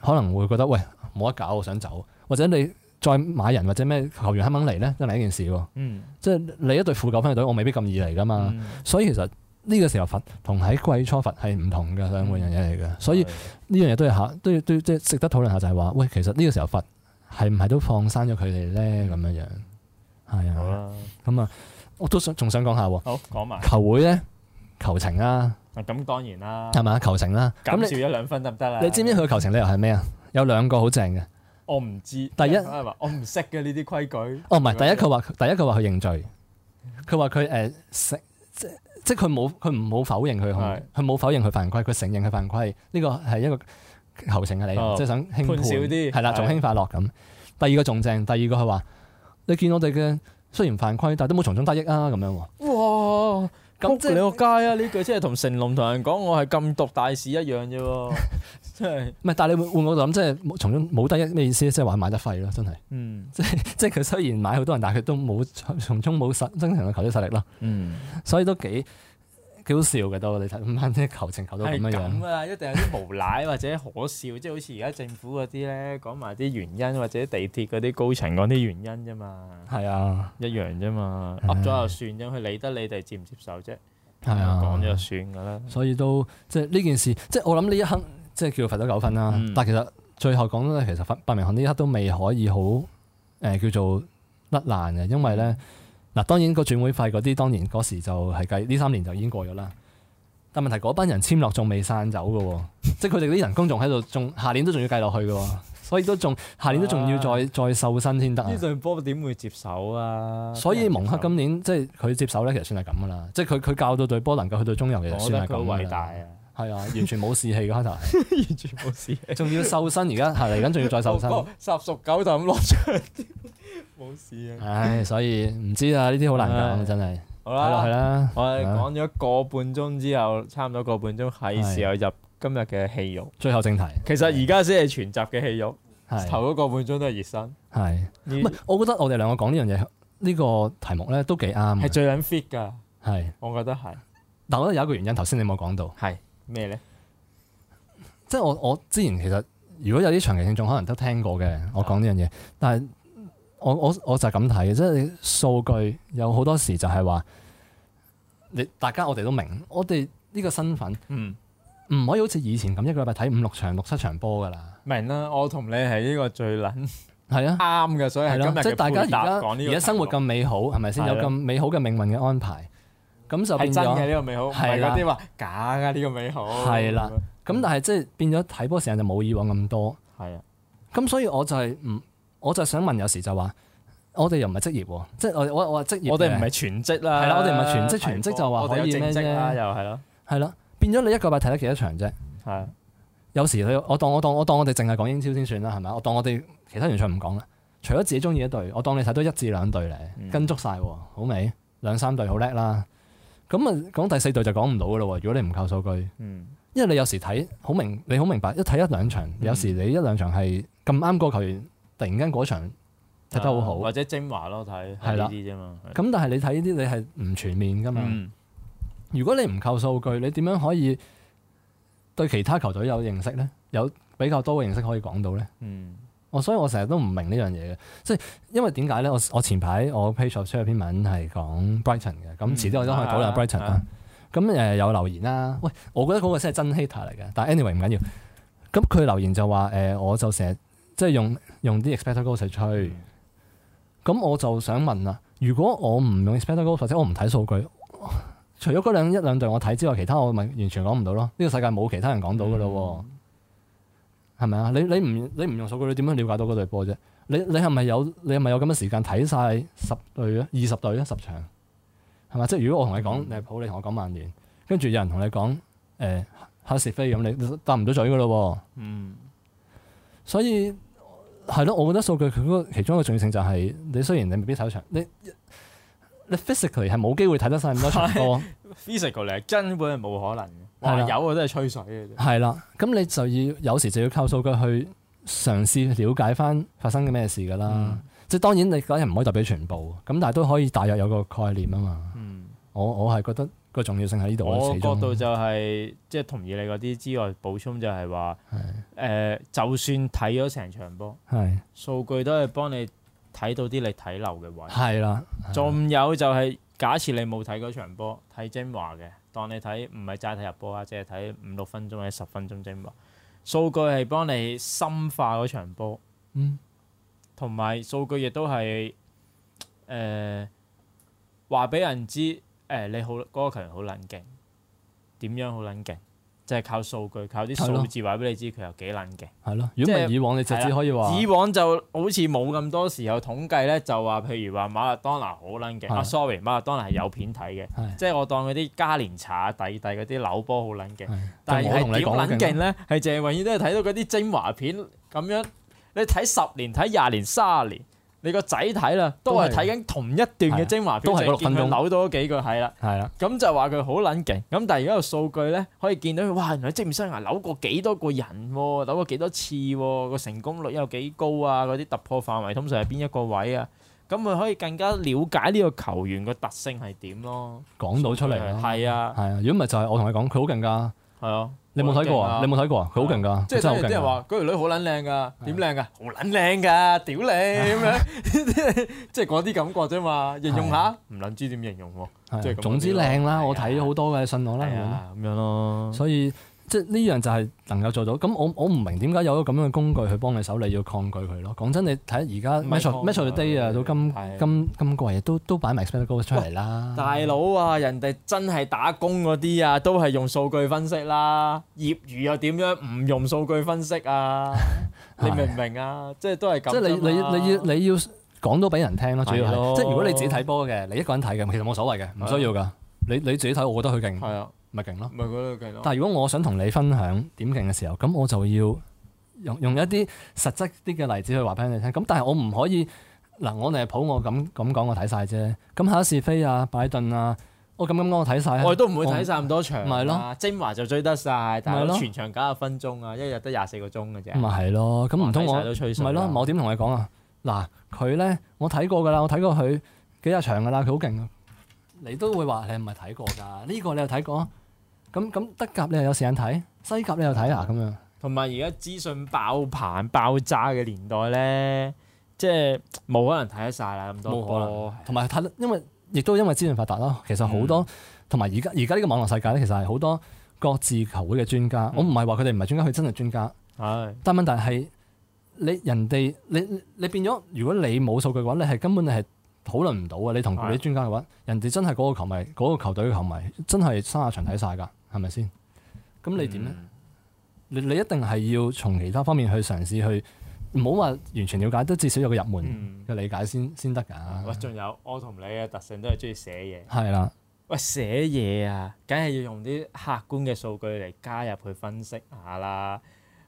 可能會覺得，喂，冇得搞，我想走，或者你再買人或者咩球員肯肯嚟呢？都係一件事喎、啊。嗯、即係你一隊副教分練隊，我未必咁易嚟噶嘛。嗯、所以其實呢個時候罰同喺季初罰係唔同嘅兩樣嘢嚟嘅。所以呢的樣嘢都要考，都要都即係值得討論下就係話，喂，其實呢個時候罰係唔係都放生咗佢哋咧咁樣樣。係啊，咁的啊，我都想仲想講下。好，講埋球會咧。求情啦，咁當然啦，係嘛？求情啦，減少咗兩分得唔得啦？你知唔知佢嘅求情理由係咩啊？有兩個好正嘅，我唔知。第一，我唔識嘅呢啲規矩。哦，唔係，第一佢話，第一佢話佢認罪。佢話佢誒承即即佢冇佢唔冇否認佢，佢冇否認佢犯規，佢承認佢犯規。呢個係一個求情嘅理由，即係想輕判少啲，係啦，仲輕快落咁。第二個仲正，第二個佢話：你見我哋嘅雖然犯規，但都冇從中得益啊，咁樣。咁你個街啊！呢句真係同成龍同人講我係禁毒大使一樣啫喎，即係唔係？ 但係你換我諗，即係從中冇得益咩意思？即係話買得廢咯，真係。嗯， 即係即係佢雖然買好多人，但係佢都冇從中冇實增強嘅球隊實力咯。嗯，所以都幾。幾好笑嘅都，你睇翻啲求情求到點樣樣。係咁啊，一定有啲無賴或者可笑， 即係好似而家政府嗰啲咧，講埋啲原因，或者地鐵嗰啲高層講啲原因啫嘛。係啊，一樣啫嘛，噏咗又算，因為佢理得你哋接唔接受啫。係啊，講咗就算噶啦。所以都即係呢件事，即係我諗呢一刻，嗯、即係叫做罰咗九分啦。嗯、但係其實最後講真其實發民行呢一刻都未可以好誒、呃、叫做甩爛嘅，因為咧。嗱，當然個轉會費嗰啲，當年嗰時就係計呢三年就已經過咗啦。但問題嗰班人簽落仲未散走嘅喎， 即係佢哋啲人工仲喺度，仲下年都仲要計落去嘅喎，所以都仲下年都仲要再、啊、再瘦身先得。呢隊波點會接手啊？所以蒙克今年即係佢接手咧，其實算係咁嘅啦，即係佢佢教到隊波能夠去到中游，其實算係咁偉大啊！係啊，完全冇士氣嘅開頭， 完全冇士氣，仲 要瘦身而家係嚟緊，仲要再瘦身，十屬九就咁落場 冇事啊！唉，所以唔知啊，呢啲好難講，真係。好啦，係啦，我哋講咗個半鐘之後，差唔多個半鐘係時候入今日嘅戲肉。最後正題，其實而家先係全集嘅戲肉，頭嗰個半鐘都係熱身。係唔係？我覺得我哋兩個講呢樣嘢，呢個題目咧都幾啱。係最緊 fit 噶。係，我覺得係。但我覺得有一個原因，頭先你冇講到，係咩咧？即係我我之前其實如果有啲長期聽眾，可能都聽過嘅，我講呢樣嘢，但係。我我我就係咁睇嘅，即係數據有好多時就係話，你大家我哋都明，我哋呢個身份，嗯，唔可以好似以前咁一個禮拜睇五六場六七場波噶啦。明啦，我同你係呢個最捻，係啊，啱嘅，所以係咯。所以、啊就是、大家而家而家生活咁美好，係咪先有咁美好嘅命運嘅安排？咁就變咗係真嘅呢、這個美好，唔係嗰啲話假噶呢、這個美好。係啦，咁但係即係變咗睇波時間，就冇以往咁多。係啊，咁所以我就係、是、唔。我就想問，有時就話我哋又唔係職業，即係我我我職業，我哋唔係全職啦。係啦，我哋唔係全職，全職就話可以咩啫，又係咯，係啦，變咗你一個禮拜睇得幾多場啫？係啦，有時你我當我當我當我哋淨係講英超先算啦，係咪？我當我哋其他聯賽唔講啦，除咗自己中意一隊，我當你睇到一至兩隊嚟，跟足晒，好未？兩三隊好叻啦，咁啊講第四隊就講唔到噶咯。如果你唔靠數據，嗯，因為你有時睇好明，你好明白，一睇一兩場，有時你一兩場係咁啱個球員。突然間嗰場踢得好好、啊，或者精華咯睇，係呢啲啫嘛。咁的的但係你睇呢啲，你係唔全面噶嘛？嗯、如果你唔靠數據，你點樣可以對其他球隊有認識咧？有比較多嘅認識可以講到咧？我、嗯、所以我成日都唔明呢樣嘢嘅，即係因為點解咧？我我前排我 page 上出咗篇文係講 Brighton 嘅，咁遲啲我都可以講下 Brighton 啦、啊。咁、啊、誒、呃、有留言啦、啊，喂，我覺得嗰個先係真 hater 嚟嘅，但 any way, 係 anyway 唔緊要。咁佢留言就話誒、呃，我就成日即係用。用啲 expected goals 嚟吹，咁我就想問啦。如果我唔用 expected goals，或者我唔睇數據，除咗嗰一兩隊我睇之外，其他我咪完全講唔到咯。呢、這個世界冇其他人講到嘅咯，係咪啊？你你唔你唔用數據，你點樣了解到嗰隊波啫？你你係咪有你係咪有咁嘅時間睇晒十隊啊、二十隊啊、十場係咪？即係如果我同你講，你好，你同我講萬年，跟住有人同你講誒黑是非咁，呃、你答唔到嘴嘅咯。嗯，所以。係咯，我覺得數據佢嗰個其中一個重要性就係你雖然你未必睇得你你 physically 係冇機會睇得晒咁多場歌，physical 嚟根本係冇可能嘅，話了有我都係吹水嘅。係啦，咁你就要有時就要靠數據去嘗試了解翻發生嘅咩事噶啦。嗯、即係當然你梗係唔可以代表全部，咁但係都可以大約有個概念啊嘛。嗯，我我係覺得。個重要性喺呢度。我嘅角度就係，係，嗯，即係同意你嗰啲之外，補充就係話誒，就算睇咗成場波，係，係，數據都係幫你睇到啲你睇漏嘅位。係啦，仲有就係假設你冇睇嗰場波，睇精華嘅，當你睇唔係齋睇入波啦，即係睇五六分鐘或者十分鐘精華。數據係幫你深化嗰場波。嗯。同埋數據亦都係誒話俾人知。誒、哎、你好，嗰、那個球員好冷靜，點樣好冷靜？就係靠數據，靠啲數字話俾你知佢有幾冷靜。係咯，如果以往你直接可以話，以往就好似冇咁多時候統計咧，就話譬如話馬拉當拿好冷靜。了啊，sorry，馬拉當拿係有片睇嘅，了即係我當嗰啲加連查啊、蒂蒂嗰啲扭波好冷靜，了但係點冷靜咧？係淨係永遠都係睇到嗰啲精華片咁樣，你睇十年、睇廿年、三十年。你個仔睇啦，都係睇緊同一段嘅精華片段，見到扭到幾句，係啦，係啦的。咁就話佢好撚勁。咁但係而家個數據咧，可以見到佢哇，原來職業生涯扭過幾多個人，扭過幾多次，個成功率有幾高啊？嗰啲突破範圍通常係邊一個位啊？咁佢 可以更加了解呢個球員個特性係點咯。講到出嚟咯，係啊，係啊的。如果唔係就係我同你講，佢好勁㗎係啊。你冇睇過啊！你冇睇過啊！佢好勁噶，即係啲人話嗰條女好撚靚噶，點靚噶？好撚靚噶，屌你咁樣，即係嗰啲感覺啫嘛，形容下唔撚知點形容喎，即係總之靚啦，我睇咗好多嘅，信我啦，咁樣咯，所以。即係呢樣就係能夠做到。咁我我唔明點解有個咁樣嘅工具去幫你手，你要抗拒佢咯？講真，你睇而家 Match of the Day 啊，到今今今個月都都擺埋出嚟啦。大佬啊，人哋真係打工嗰啲啊，都係用數據分析啦。業餘又點樣唔用數據分析啊？你明唔明啊？即係都係咁。即係你你要你要講到俾人聽咯，主要係。即係如果你自己睇波嘅，你一個人睇嘅，其實冇所謂嘅，唔需要㗎。你你自己睇，我覺得佢勁。係啊。咪勁咯！ 但係如果我想同你分享點勁嘅時候，咁我就要用用一啲實質啲嘅例子去話俾你聽。咁但係我唔可以嗱，我哋係抱我咁咁講，我睇晒啫。咁下一次飛啊，擺頓啊，我咁咁講，我睇晒。我哋都唔會睇晒咁多場。唔係我咯，精華就追得晒，但係全場九十分鐘啊，一日得廿四個鐘嘅啫。咪係咯，咁唔通我咪咯？我點同你講啊！嗱，佢咧我睇過㗎啦，我睇過佢幾廿場㗎啦，佢好勁。你都會話你唔係睇過㗎？呢個你又睇過？ 咁咁德甲你又有時間睇，西甲你有睇啊咁樣，同埋而家資訊爆棚爆炸嘅年代咧，即係冇可能睇得晒啦咁多，冇可能。同埋睇，因為亦都因為資訊發達咯，其實好多同埋而家而家呢個網絡世界咧，其實係好多各自球會嘅專家。嗯、我唔係話佢哋唔係專家，佢真係專家。係、嗯，但問題係你人哋你你，你變咗，如果你冇數據嘅話，你係根本你係討論唔到嘅。你同嗰啲專家嘅話，嗯、人哋真係嗰個球迷，嗰、嗰個球隊嘅球迷真係三下場睇晒噶。係咪先？咁你點咧？嗯、你你一定係要從其他方面去嘗試去，唔好話完全了解，都至少有個入門嘅理解先先得噶。喂、嗯，仲有我同你嘅特性都係中意寫嘢。係啦，喂，寫嘢啊，梗係要用啲客觀嘅數據嚟加入去分析下啦。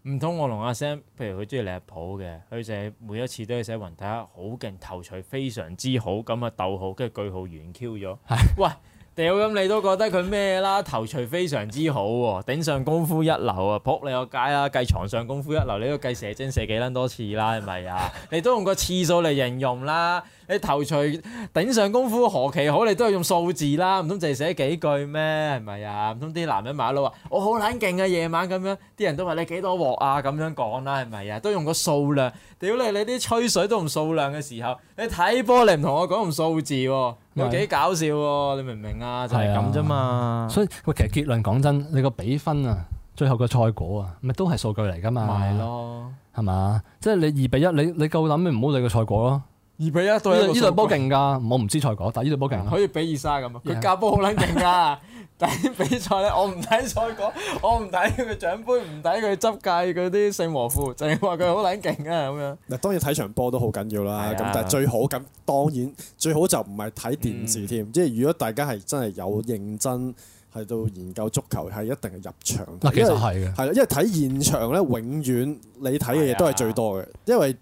唔通我同阿 Sam，譬如佢中意李阿婆嘅，佢就每一次都要寫雲梯好勁，頭緒非常之好，咁啊逗號跟住句號完 Q 咗。係的，喂。 屌咁你都覺得佢咩啦？頭槌非常之好喎、啊，頂上功夫一流啊！撲你個街啦、啊，計床上功夫一流，你都計射精射幾撚多次啦？係咪啊？ 你都用個次數嚟形容啦？你頭槌頂上功夫何其好，你都係用數字啦，唔通淨係寫幾句咩？係咪啊？唔通啲男人馬佬話我好撚勁啊，夜晚咁樣，啲人都話你幾多鑊啊咁樣講啦，係咪啊？都用個數量，屌你你啲吹水都用數量嘅時候，你睇波你唔同我講用數字喎、啊，有幾搞笑喎、啊！啊、你明唔明啊？就係咁啫嘛。所以喂，其實結論講真，你個比分啊，最後個賽果啊，咪都係數據嚟噶嘛。咪咯是、啊，係、就、嘛、是？即係你二比一，你你夠膽咪唔好理你個賽果咯、啊。二比一，對呢隊波勁噶，我唔知賽果，但係呢隊波勁可以比二三。咁。佢教波好撚勁噶，但係比賽咧，我唔睇賽果，我唔睇佢獎杯，唔睇佢執介嗰啲聖和夫，淨係話佢好撚勁啊咁樣。嗱，當然睇場波都好緊要啦，咁但係最好咁當然最好就唔係睇電視添，即係如果大家係真係有認真喺度研究足球，係一定係入場。嗱，其實係嘅，係啦，因為睇現場咧，永遠你睇嘅嘢都係最多嘅，因為。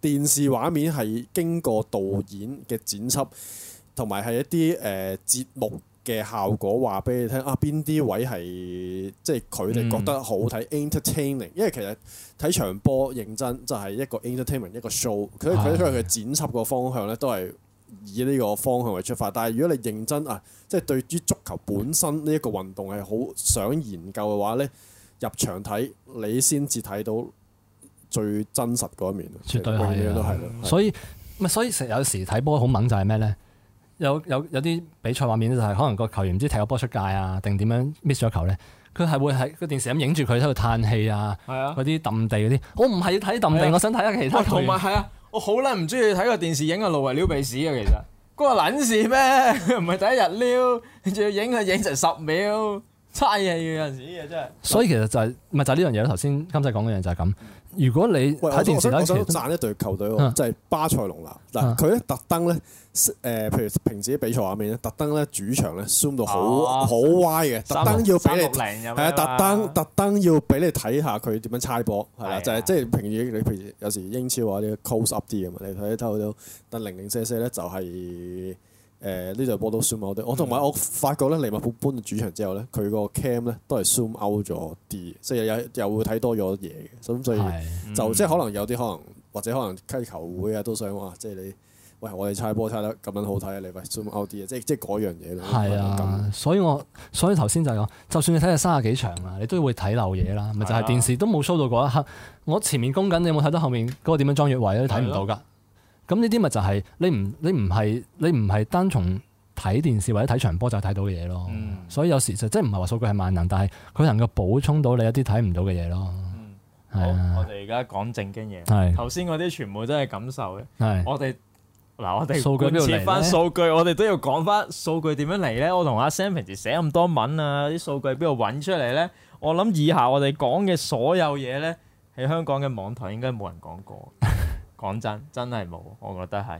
電視畫面係經過導演嘅剪輯，同埋係一啲誒節目嘅效果話俾你聽啊！邊啲位係即係佢哋覺得好睇、嗯、entertaining，因為其實睇場波認真就係、是、一個 entertainment 一個 show，佢佢因為佢剪輯個方向咧都係以呢個方向為出發，但係如果你認真啊，即、就、係、是、對於足球本身呢一個運動係好想研究嘅話咧，入場睇你先至睇到。最真實嗰一面，絕對係都係的的。所以唔所以成有時睇波好猛就係咩咧？有有有啲比賽畫面就係可能個球員唔知踢個波出界啊，定點樣 miss 咗球咧？佢係會喺個電視咁影住佢喺度嘆氣啊。係啊，嗰啲揼地嗰啲，我唔係要睇揼地，我想睇下其他。同埋啊，我好撚唔中意睇個電視影個路胃撩鼻屎嘅，其實嗰個撚事咩？唔 係第一日撩，仲要影佢影成十秒，差嘢嘅有陣時、啊、真係。 所以其實就係、是、咪就係、是、呢、就是、樣嘢咯？頭先金仔講嗰樣就係咁。如果你睇電視咧，我想讚一隊球隊喎，啊、就係巴塞隆拿。嗱，佢咧特登咧，誒、呃，譬如平時啲比賽畫面咧，特登咧主場咧 zoom 到好好歪嘅，特登要俾你睇，啊，特登特登要俾你睇下佢點樣猜波，係啦的，就係即係平時你譬如有時英超話啲 close up 啲咁嘛，你睇睇睇到，但零零舍舍咧就係、是。誒呢場波都 zoom 埋我，我同埋我發覺咧，利物浦搬到主場之後咧，佢個 cam 咧都係 zoom out 咗啲，即係又又又會睇多咗嘢嘅，咁所以就、嗯、即係可能有啲可能或者可能踢球會啊都想話，即係你喂我哋猜波猜得咁樣好睇，你喂 zoom out 啲啊，即係即係嗰樣嘢咯。係啊，所以我所以頭先就講、是，就算你睇晒三十幾場啊，你都會睇漏嘢啦，咪就係電視是、啊、都冇 show 到嗰一刻。我前面攻緊，你有冇睇到後面嗰個點樣裝越位咧？睇唔到㗎。咁呢啲咪就係你唔你唔係你唔係單從睇電視或者睇場波就睇到嘅嘢咯，嗯、所以有時就即係唔係話數據係萬能，但係佢能夠補充到你一啲睇唔到嘅嘢咯。嗯，啊、我哋而家講正經嘢，頭先嗰啲全部都係感受嘅。係。我哋嗱，我哋換算翻數據，我哋都要講翻數據點樣嚟咧。我同阿 Sam 平時寫咁多文啊，啲數據邊度揾出嚟咧？我諗以下我哋講嘅所有嘢咧，喺香港嘅網台應該冇人講過。 講真，真係冇，我覺得係。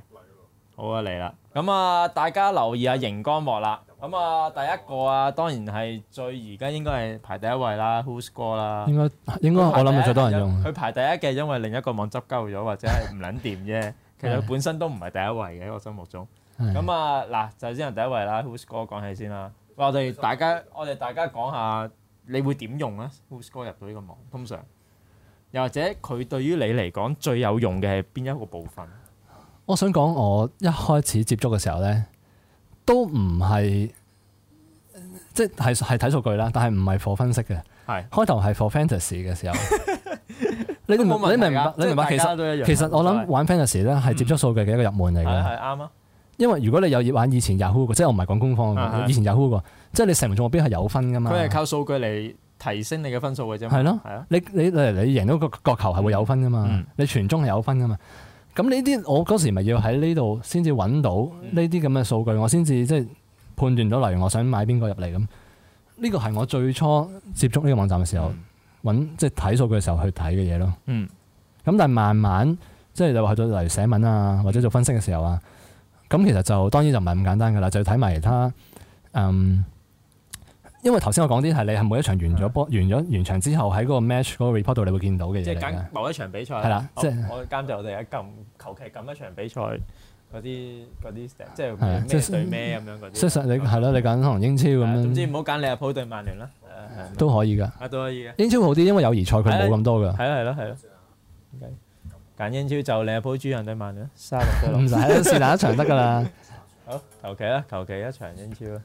好啊，嚟啦！咁、嗯、啊，大家留意下熒光幕啦。咁、嗯、啊，第一個啊，當然係最而家應該係排第一位啦。Who's 哥啦，應該應該我諗係最多人用。佢排第一嘅，一因為另一個網執鳩咗，或者係唔撚掂啫。 其實本身都唔係第一位嘅， 我心目中。咁啊、 嗯，嗱、嗯，就先係第一位啦。Who's 哥講起先啦、嗯呃。我哋大家，我哋大家講下，你會點用啊？Who's 哥入到呢個網，通常，常？又或者佢對於你嚟講最有用嘅係邊一個部分？我想講我一開始接觸嘅時候咧，都唔係即係係睇數據啦，但係唔係貨分析嘅。係開頭係 for fantasy 嘅時候，你都冇問題你明白你明白？都一樣其實其實我諗玩 fantasy 咧係接觸數據嘅一個入門嚟嘅，係啱啊。因為如果你有要玩以前 Yahoo 嘅，即係我唔係講官方嘅，以前 Yahoo 嘅的，即係你成日做邊係有分噶嘛？佢係靠數據嚟。提升你嘅分數嘅啫，係咯的的，你你你贏到個角球係會有分噶嘛。嗯、你傳中係有分噶嘛。咁呢啲我嗰時咪要喺呢度先至揾到呢啲咁嘅數據，我先至即係判斷到，例如我想買邊個入嚟咁，呢個係我最初接觸呢個網站嘅時候揾即係睇數據嘅時候去睇嘅嘢咯。咁、嗯、但係慢慢即係就去到例如寫文啊，或者做分析嘅時候啊，咁其實就當然就唔係咁簡單噶啦，就睇埋其他嗯。因為頭先我講啲係，你係每一場完咗波完咗完場之後，喺嗰個 match 嗰個 report 度你會見到嘅嘢嚟嘅。即係揀某一場比賽。係啦，即係我監製我哋一撳求其撳一場比賽嗰啲嗰啲，即係咩對咩咁樣嗰啲。事實你係咯，你揀可能英超咁樣。總之唔好揀利物浦對曼聯啦。誒誒。都可以㗎。啊，都可以嘅。英超好啲，因為友誼賽佢冇咁多㗎。係咯係咯係咯。揀英超就利物浦對曼聯，三六三六。唔使啦，試下一場得㗎啦。好，求其啦，求其一場英超啦。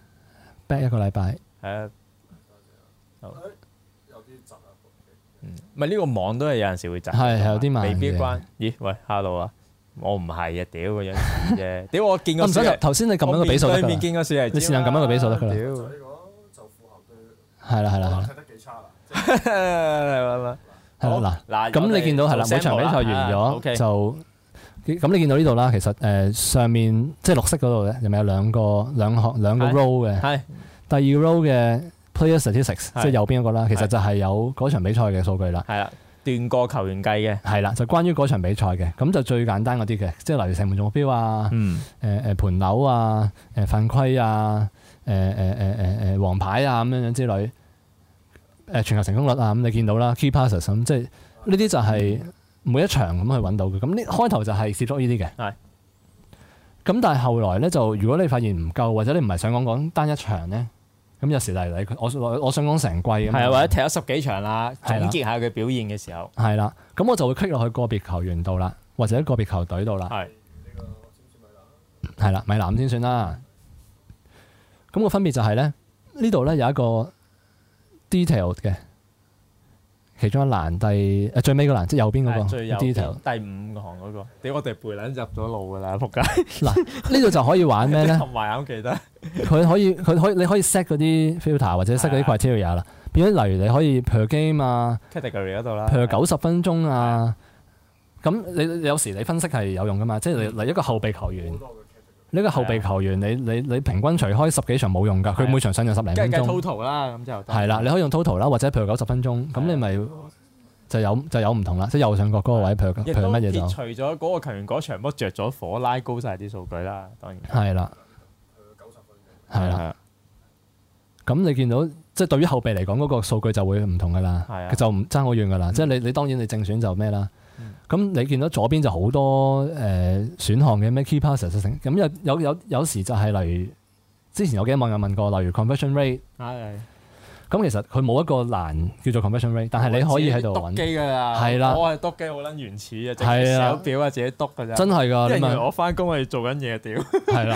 back 一個禮拜。係啊，有啲窒啊，嗯，唔係呢個網都係有陣時會窒嘅，係係有啲慢未必關。咦，喂，hello 啊，我唔係啊，屌個樣，屌我見過。我唔想頭先你撳咗個比數，你試下撳一個比數得啦。屌，就符合對。係啦係啦係啦。睇得幾差啦？係啦，嗱，咁你見到係啦，每場比賽完咗就，咁你見到呢度啦，其實誒上面即係綠色嗰度咧，有冇有兩個兩行兩個 row 嘅？係。第二 row 嘅 player statistics 的即係右邊嗰個啦，其實就係有嗰場比賽嘅數據啦。係啦，段個球員計嘅。係啦，就關於嗰場比賽嘅，咁就最簡單嗰啲嘅，即係例如射門中目標啊，誒誒盤扭啊，誒犯規啊，誒誒誒誒誒黃牌啊咁樣樣之類，誒、呃、傳球成功率啊，咁你見到啦 key passes 咁、啊，即係呢啲就係每一場咁去揾到嘅。咁呢開頭就係攝錄呢啲嘅。係的。咁但係後來咧，就如果你發現唔夠，或者你唔係想講講單一場咧。咁有時就係你，我我想講成季咁，係啊，或者踢咗十幾場啦，總結下佢表現嘅時候，係啦，咁我就會傾落去個別球員度啦，或者個別球隊度啦，係，係啦，米蘭先算啦。咁、個分別就係、係、咧，呢度咧有一個 detail 嘅。其中一欄第誒最尾個欄，即右邊嗰個，呢頭、嗰個、第五個行嗰個，畀我哋背撚入咗路㗎啦，仆街！嗱呢度就可以玩咩咧？唔係我記得，佢可以佢可以你可以 set 嗰啲 filter 或者 set 嗰啲 criteria 啦的。變咗例如你可以 per game 啊，category 嗰度啦，per 九十分鐘啊。咁的你有時你分析係有用㗎嘛？嗯、即係嚟嚟一個後備球員。呢個後備球員，你你你平均除開十幾場冇用噶，佢每場上咗十零分鐘。total 啦，咁之後。係啦，你可以用 total 啦，或者譬如九十分鐘，咁你咪就有就有唔同啦。即右上角嗰個位，譬如譬如乜嘢就。除咗嗰個球員嗰場，乜著咗火，拉高晒啲數據啦，當然。係啦。係啦係啦。咁你見到即對於後備嚟講，嗰個數據就會唔同噶啦，就唔爭好遠噶啦。即你你當然你正選就咩啦。.咁你見到左邊就好多誒選項嘅咩 keypass 特性，咁有有有有時就係例如之前有幾個網友問過，例如 conversion rate，咁其實佢冇一個難叫做 conversion rate，但係你可以喺度揾，係啦，了我係篤機好撚原始嘅，即係手表啊自己篤嘅啫，了真係噶，你問我翻工係做緊嘢屌，係啦，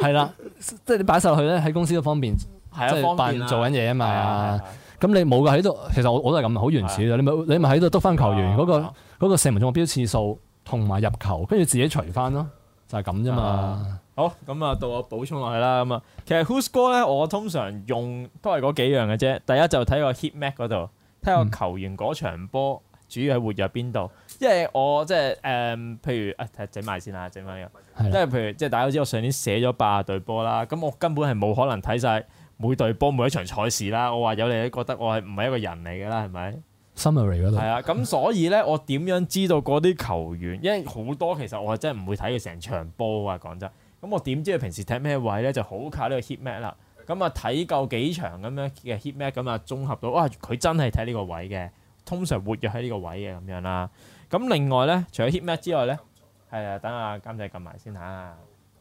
係啦，即係你擺曬落去咧喺公司都方便，即係扮做緊嘢啊嘛。咁你冇嘅喺度，其實我我都係咁，好原始嘅的。你咪你咪喺度得翻球員嗰個射門中目標次數同埋入球，跟住自己除翻咯，就係咁啫嘛。好，咁啊，到我補充落去啦。咁啊，其實 WhoScored 咧，我通常用都係嗰幾樣嘅啫。第一就睇個 heat map 嗰度，睇下個球員嗰場波主要喺活躍邊度。嗯、因為我即係誒，譬如啊，整埋先啦，整翻呢個。是的 因為譬如即係大家知，我上年寫咗八啊隊波啦，咁我根本係冇可能睇晒。每隊波每一場賽事啦，我話有你都覺得我係唔係一個人嚟嘅啦，係咪？Summary 嗰度係啊，咁所以呢， 我點樣知道嗰啲球員？因為好多其實我係真係唔會睇佢成場波啊，講真。咁我點知佢平時踢咩位呢？就好靠呢個 heat map 啦。咁啊，睇夠幾場咁樣嘅 heat map，咁啊綜合到，哇！佢真係踢呢個位嘅，通常活躍喺呢個位嘅咁樣啦。咁另外呢，除咗 heat map 之外呢，係啊，等阿監製撳埋先嚇。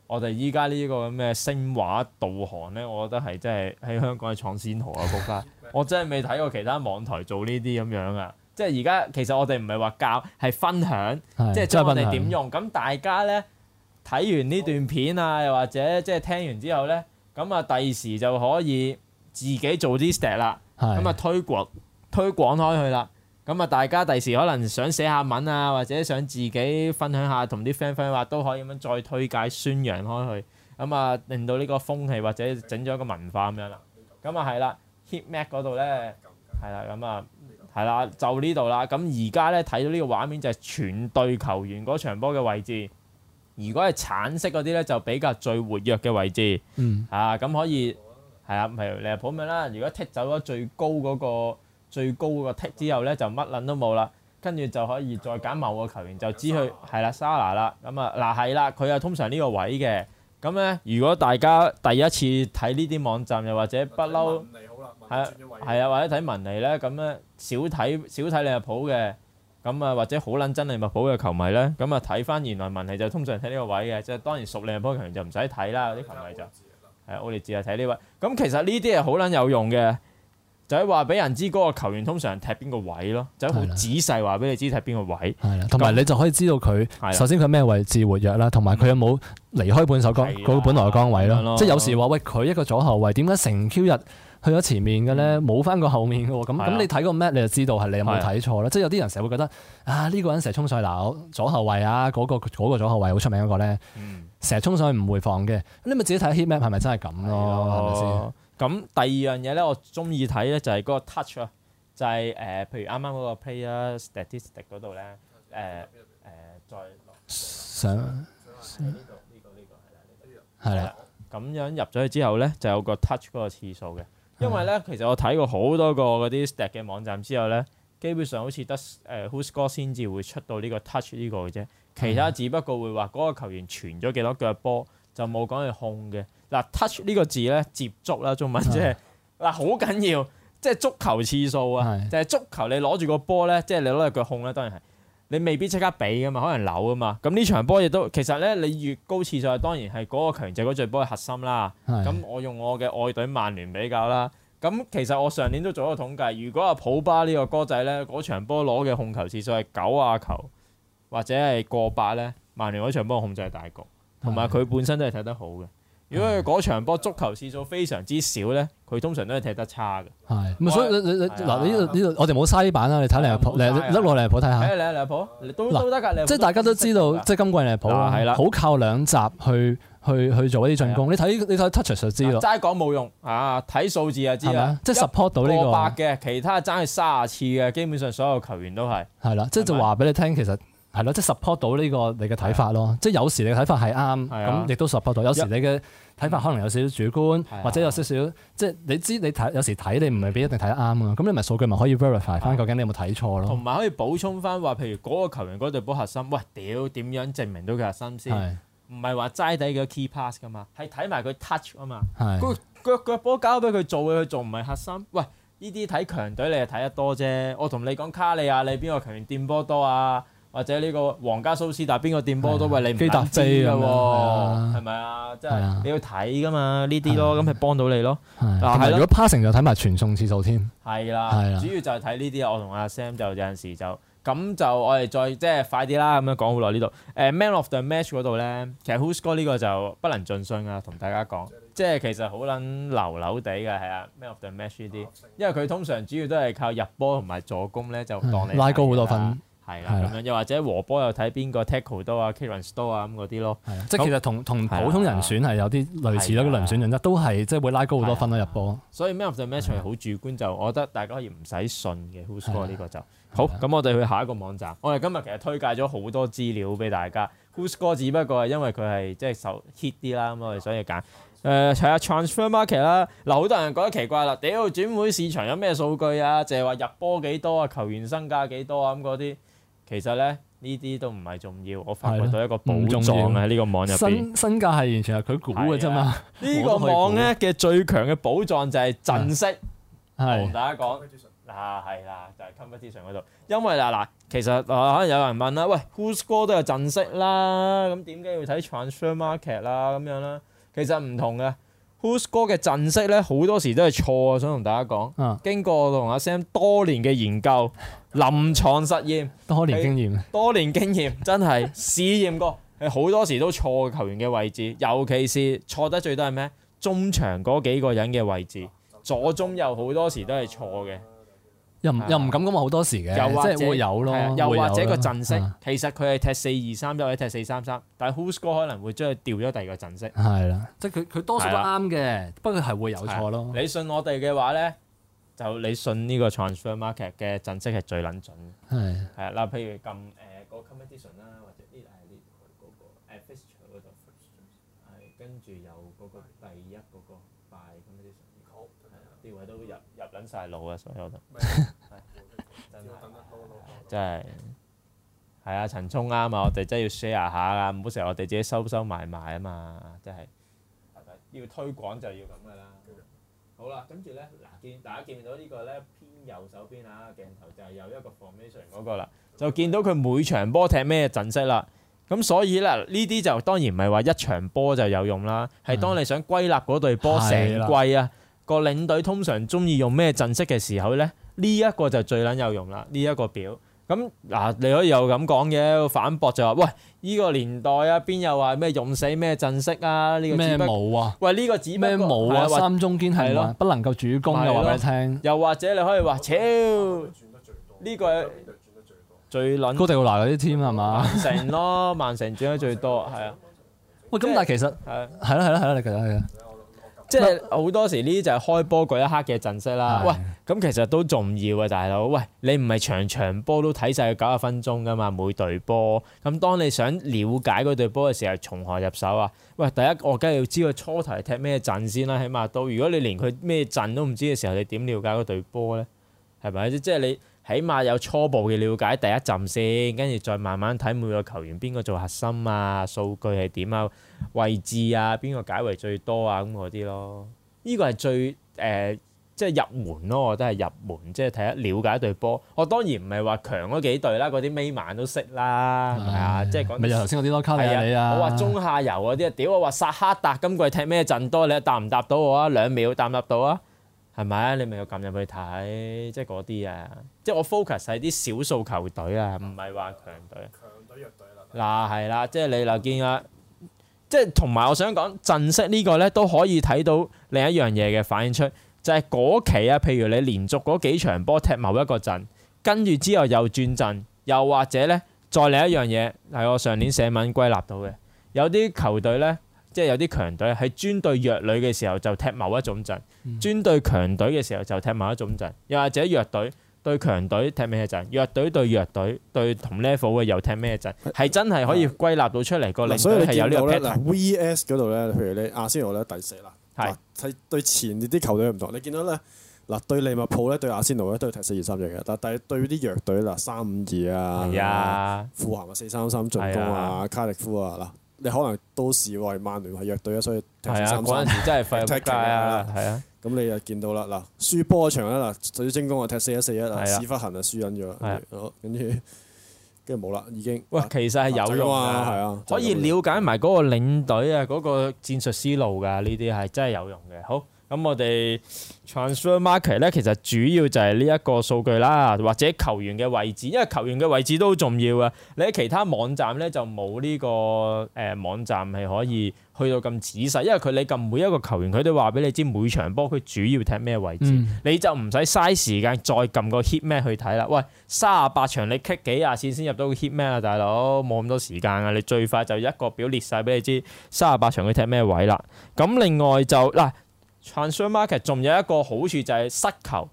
我哋依家呢個咁嘅聲畫導航咧，我覺得係真係喺香港係創先河啊！國家，我真係未睇過其他網台做呢啲咁樣啊！即係而家其實我哋唔係話教，係分享，是即係教我哋點用。咁大家咧睇完呢段片啊，又或者即係聽完之後咧，咁啊第時就可以自己做啲 stat 啦，咁啊是推廣推廣開去啦。咁啊，大家第時可能想寫下文啊，或者想自己分享下同啲 friend friend 話都可以，咁樣再推介宣揚開去，咁啊令到呢個風氣或者整咗一個文化咁樣啦。咁啊係啦，hit map 嗰度咧係啦，咁啊係啦，就呢度啦。咁而家咧睇到呢個畫面就係全隊球員嗰場波嘅位置。如果係橙色嗰啲咧，就比較最活躍嘅位置。嗯、啊，咁可以係啊，譬、嗯、如利物浦咩啦，如果剔走咗最高嗰、嗰個。最高個剔之後咧就乜撚都冇啦，跟住就可以再揀某個球員，嗯、就知佢係啦，沙拿啦，咁啊嗱係啦，佢係通常呢個位嘅，咁咧如果大家第一次睇呢啲網站，又或者不嬲，係啊，係啊的，或者睇文尼咧，咁咧少睇少睇利物浦嘅，咁啊或者好撚憎利物浦嘅球迷咧，咁啊睇翻原來文尼就通常睇呢個位嘅，即係當然熟利物浦球員就唔使睇啦，啲對球迷就係我哋只係睇呢位，咁其實呢啲係好撚有用嘅。就係話俾人知嗰個球員通常踢邊個位咯，就係好仔細話俾你知踢邊個位，同埋你就可以知道佢首先佢咩位置活躍啦，同埋佢有冇離開半首崗本來嘅崗位咯。即係有時話喂佢一個左後位，點解成 Q 日去咗前面嘅咧？冇返個後面嘅喎。咁咁你睇個 match 你就知道係你有冇睇錯啦。即係有啲人成日會覺得啊呢個人成日衝上嗱左後位啊，嗰個嗰個左後位好出名嗰個咧，成日衝上去唔回防嘅。你咪自己睇 heat map 係咪真係咁咯？係咪先？咁第二樣嘢咧，我中意睇咧就係嗰個 touch 啊，就係、是、誒、呃，譬如啱啱嗰個 player statistic 嗰度咧，誒、呃、誒、呃、再落上，係啦上，咁上樣入咗去之後咧，就有個 touch 嗰個次數嘅，因為咧的其實我睇過好多個嗰啲 stat 嘅網站之後咧，基本上好似得誒 WhoScored 先至會出到呢個 touch 呢個嘅啫，其他只不過會話嗰個球員傳咗幾多腳波。就冇講係控嘅嗱、啊，touch 呢個字咧，接觸啦，中文即係嗱，好緊是的、啊、要，即、就、係、是、足球次數啊，是的 就係足球你攞住個波咧，即、就、係、是、你攞住腳控咧，當然係你未必即刻俾噶嘛，可能扭啊嘛，咁呢場波亦都其實咧，你越高次數，當然係嗰個強制嗰場波嘅核心啦。咁是的 我用我嘅愛隊曼聯比較啦，咁其實我上年都做咗個統計，如果阿普巴個歌呢個哥仔咧嗰場波攞嘅控球次數係九啊球或者係過百咧，曼聯嗰場波控制大局。同埋佢本身都係踢得好嘅。如果嗰場波足球次數非常之少咧，佢通常都係踢得差嘅。係。所以嗱，呢度呢度我哋冇嘥啲板啦。你睇利物浦嚟，甩落利物浦睇下。係嚟利物浦，都都得㗎。即係大家都知道，即係今季利物浦係啦，好靠兩集去去去做啲進攻。你睇你睇 touch 就知咯。齋講冇用啊！睇數字就知啦。即係 support 到呢、呢個。嘅，其他爭係三十次嘅，基本上所有球員都係。係啦，即係就話、是、俾你聽，其實。係咯，即係 support 到呢個你嘅睇法咯。的即係有時你嘅睇法係啱咁，亦都 support 到。有時你嘅睇法可能有少少主觀，的或者有少少即係你知你睇有時睇你唔係俾一定睇得啱啊。咁你咪數據咪可以 verify 翻究竟你有冇睇錯咯。同埋可以補充翻話，譬如嗰個球員嗰隊波核心，喂屌點樣證明到佢核心先？唔係話齋底嘅 key pass 噶嘛，係睇埋佢 touch 啊嘛。佢腳腳波交俾佢做嘅，佢仲唔係核心？喂的，呢啲睇強隊你係睇得多啫。我同你講，卡利亞你邊個球員掂波多啊？或者呢個皇家蘇斯達邊個掂波都餵你唔知嘅喎，係咪啊？即係你要睇噶嘛，呢啲咯，咁係幫到你咯。如果 passing 就睇埋傳送次數添？係啦，主要就係睇呢啲我同阿 Sam 就有陣時就咁就我哋再即係快啲啦咁樣講好耐呢度。誒，Man of the Match 嗰度咧，其實 Who Score 呢個就不能盡信啊，同大家講。即係其實好撚流流地嘅係啊，Man of the Match 呢啲，因為佢通常主要都係靠入波同埋助攻咧，就當你拉高好多分。係啦，咁樣又或者和波又睇邊個 tackle 好多啊 Kieran 多啊咁嗰啲咯，那即係其實同同普通人選係有啲類似咯，輪的選人得都係即係會拉高好多分咯的入波球。所以 Man of the Match 係好主觀，就的我覺得大家可以唔使信嘅。WhoScored 呢個就的好。咁的我哋去下一個網站。我哋今日其實推介咗好多資料俾大家。WhoScored 只不過係因為佢係即係受 hit 啲啦，咁我哋所以揀誒係啊 Transfer Market 啦。嗱，好多人覺得奇怪啦，屌轉會市場有咩數據啊？就係話入波幾多啊，球員身價幾多啊咁嗰啲。其實咧，呢啲都唔係重要，我發掘到一個寶藏喺呢個網入邊。身身價係完全係佢估嘅啫嘛。呢的 個網咧嘅最強嘅寶藏就係陣式。係的，同大家講嗱，係啦的、啊，就係 competition 嗰度。因為嗱嗱，其實可能有人問啦，喂，WhoScored 都有陣式啦，咁點解要睇 transfer market 啦咁樣啦。其實唔同嘅 WhoScored 嘅陣式咧，好多時都係錯啊！想同大家講，經過我同阿 Sam 多年嘅研究。臨床實驗多年經驗，多年經驗真係試驗過，係好多時都錯球員嘅位置，尤其是錯得最多係咩？中場嗰幾個人嘅位置，左中右好多時都係錯嘅，又又唔敢咁話好多時嘅，又或者會有咯，又或者個陣式其實佢係踢四二三一或者踢四三三，但係 Whoscored 可能會將佢調咗第二個陣式，係啦，即係佢佢多數都啱嘅，不過係會有錯咯。你信我哋嘅話咧？就你信呢個 transfer market 嘅陣式係最撚準嘅，係啊的，嗱，譬如撳誒、呃那個 competition 啦，或者呢係呢個誒 feature 嗰度，係跟住由嗰個第一嗰個快 competition，係啊，啲位都入入撚晒腦啊，所有都真係，係啊，陳聰啱啊，我哋真係要 share 下噶，唔好成日我哋自己收收埋埋啊嘛，即、就、係、是、的要推廣就要咁噶啦。好啦，跟住咧，嗱見，大家見到呢個咧，偏右手邊啊，鏡頭就係有一個 formation 嗰個啦，就見到佢每場波踢咩陣式啦。咁所以咧，呢啲就當然唔係話一場波就有用啦，係、嗯、當你想歸納嗰隊波成季啊，個的領隊通常中意用咩陣式嘅時候咧，呢、這、一個就最撚有用啦，呢、這、一個表。咁嗱，你可以又咁講嘅反駁就話：喂，依個年代啊，邊有話咩用死咩陣式啊？呢個咩冇啊？喂，呢個指咩冇啊？三中堅係咯，不能夠主攻嘅話俾你聽。又或者你可以話：超，呢個最撚，哥迪奧拿嗰啲 team 係嘛？曼城咯，曼城轉得最多，係啊。喂，咁但係其實係啦，係啦，係啦，你其實係啦。即係好多時呢啲就係開波嗰一刻嘅陣式啦。是的 喂，咁其實都重要啊，大佬。喂，你唔係場場波都睇晒佢九十分鐘噶嘛？每隊波。咁當你想了解嗰隊波嘅時候，從何入手啊？喂，第一我梗係要知佢初頭踢咩陣先啦。起碼到如果你連佢咩陣都唔知嘅時候，你點了解嗰隊波咧？係咪？即係你。起碼有初步嘅了解第一陣先，跟住再慢慢睇每個球員邊個做核心啊，數據係點啊，位置啊，邊個解圍最多啊咁嗰啲咯。呢、這個係最誒，即、呃、係、就是、入門咯，我都係入門，即係睇了解一隊波。我當然唔係話強嗰幾隊啦，嗰啲尾曼都識啦，係、哎、啊，即係講咪就頭先嗰啲咯，卡尼裏啊，啊啊我話中下游嗰啲啊，屌我話薩克達今季踢咩陣多，你答唔答到我啊？兩秒答唔答到啊？打係咪啊？你咪要撳入去睇，即係嗰啲啊！即係我 focus 喺啲少數球隊啊，唔係話強隊。強隊弱隊啦。嗱係啦，即係你嗱見啊，即係同埋我想講陣式呢個咧，都可以睇到另一樣嘢嘅反映出，就係嗰期啊，譬如你連續嗰幾場波踢某一個陣，跟住之後又轉陣，又或者咧，再另一樣嘢係我上年寫文歸納到嘅，有啲球隊咧。即係有啲強隊係專對弱隊嘅時候就踢某一種陣，嗯、專對強隊嘅時候就踢某一種陣，又或者弱隊對強隊踢咩陣，弱隊對弱隊對同 level 嘅又踢咩陣，係是 真係可以歸納到出嚟個理論。所以你有啦，嗱，VS 嗰度咧，譬如你亞仙奴咧第四啦，係對是 前啲球隊唔同。你見到咧嗱，對利物浦咧，對亞仙奴咧都要踢四二三一嘅，但係對啲弱隊嗱，三五二啊，富咸嘅四三三進攻啊，卡、啊、力夫啊嗱。啊你可能都是聯為曼聯係弱隊啊，所以係啊，嗰陣時真係費解啊。係啊 ，咁你又見到啦，嗱，輸波一場啦，嗱，水晶宮啊踢四一四一啊，屎忽痕啊輸緊咗，係啊對了，跟住跟住冇啦，已經。喂，其實係有用啊，係、就、啊、是，可以了解埋嗰個領隊啊，嗰、那個戰術思路噶，呢啲係真係有用嘅。好。咁我哋 transfer market 咧，其實主要就係呢一個數據啦，或者球員嘅位置，因為球員嘅位置都好重要啊。你喺其他網站咧就冇呢、這個誒、呃、網站係可以去到咁仔細，因為佢你撳每一個球員，佢都話俾你知每場波佢主要踢咩位置，嗯、你就唔使嘥時間再撳個 hit 咩去睇啦。喂，三啊八場你 cut 幾啊線先入到個 hit 咩啊？大佬冇咁多時間啊！你最快就一個表列晒俾你知三啊八場佢踢咩位啦。咁另外就嗱。啊 Transfer market 仲有一個好處就係失球，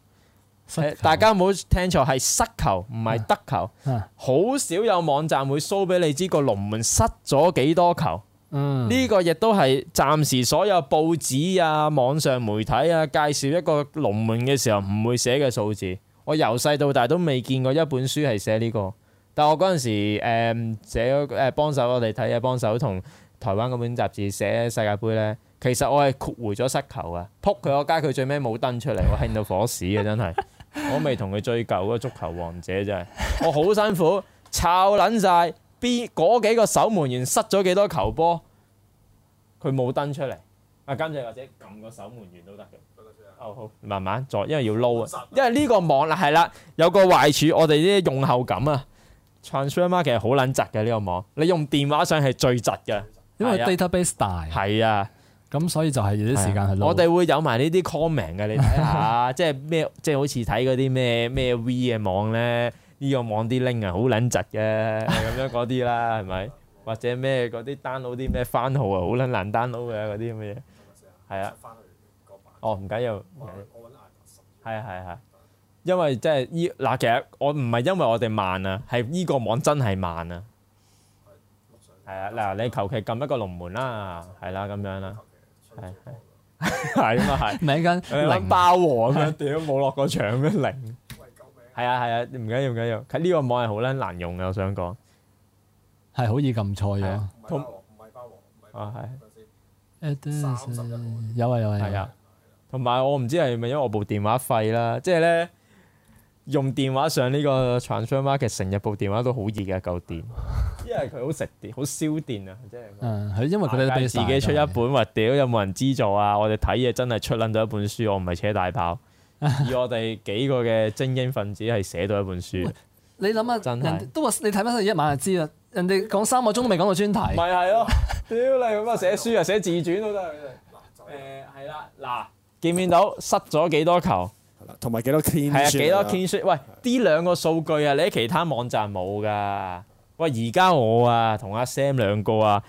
大家唔好聽錯係失球，唔係得球。好、啊啊、少有網站會 show 俾你知個龍門失咗幾多球。呢、嗯、個亦都係暫時所有報紙啊、網上媒體啊介紹一個龍門嘅時候唔會寫嘅數字。我由細到大都未見過一本書係寫呢、呢個。但我嗰陣時誒寫誒幫手，我哋睇下幫手同台灣嗰本雜誌寫世界盃呢。其實我係闊回咗失球啊！撲佢個街，佢最尾冇登出嚟， 我興到火屎啊！真係，我未同佢追究嗰 足球王者真係，我好辛苦，抄撚晒 B 嗰幾個守門員失咗幾多球波，佢冇登出嚟。啊，監製或者撳個守門員都得嘅。 哦，好，慢慢再，因為要撈啊，因為呢個網啦，係啦，有個壞處，我哋啲用後感啊 Transfermarkt 其實好撚窒、這、嘅呢個網，你用電話上係最窒嘅，因為 database 大。係啊。 咁所以就係要啲時間去攞、啊，我哋會有埋呢啲 comment 嘅，你睇下， 即係咩，即係好似睇嗰啲咩咩 V 嘅網咧，呢、呢個網啲 link 啊好撚雜嘅，係咁 樣嗰啲啦，係咪？ 或者咩嗰啲 download 啲咩番號啊，好撚難 download 嘅嗰啲咁嘅嘢，係 啊，哦，唔緊要，係 啊係啊係，因為即係呢。嗱，其實我唔係因為我哋慢，慢 啊，係呢個網真係慢啊，係啊嗱，你求其撳一個龍門啦，係啦咁樣啦。係，係啊嘛，係。咪等緊零包和咁樣，屌冇落過場咩零？係啊係啊，唔緊要唔緊要。睇呢個網係好撚難用嘅我想講。係好易撳菜錯嘅。同唔係包和？啊係。哦、有啊有啊，有啊的。係啊。同埋我唔知係咪因為我部電話廢啦，即係咧。用電話上呢個 transfer market，成日部電話都好熱嘅，夠電，因為佢好食電，好燒電啊，即係。因為佢哋自己出一本話屌 有冇人資助啊？我哋睇嘢真係出撚到一本書，我唔係扯大炮， 而我哋幾個嘅精英分子係寫到一本書。你諗啊，真係的都話你睇翻一晚就知啦。人哋講三個鐘都未講到專題，咪係咯？屌你咁啊，寫書啊，寫自傳都得嘅。誒、呃，係啦，嗱，見面到失咗幾多球？同埋幾多天書？係啊，幾多天書？喂，呢兩個數據啊，你喺其他網站冇㗎。喂，而家我啊，同阿 Sam 兩個啊，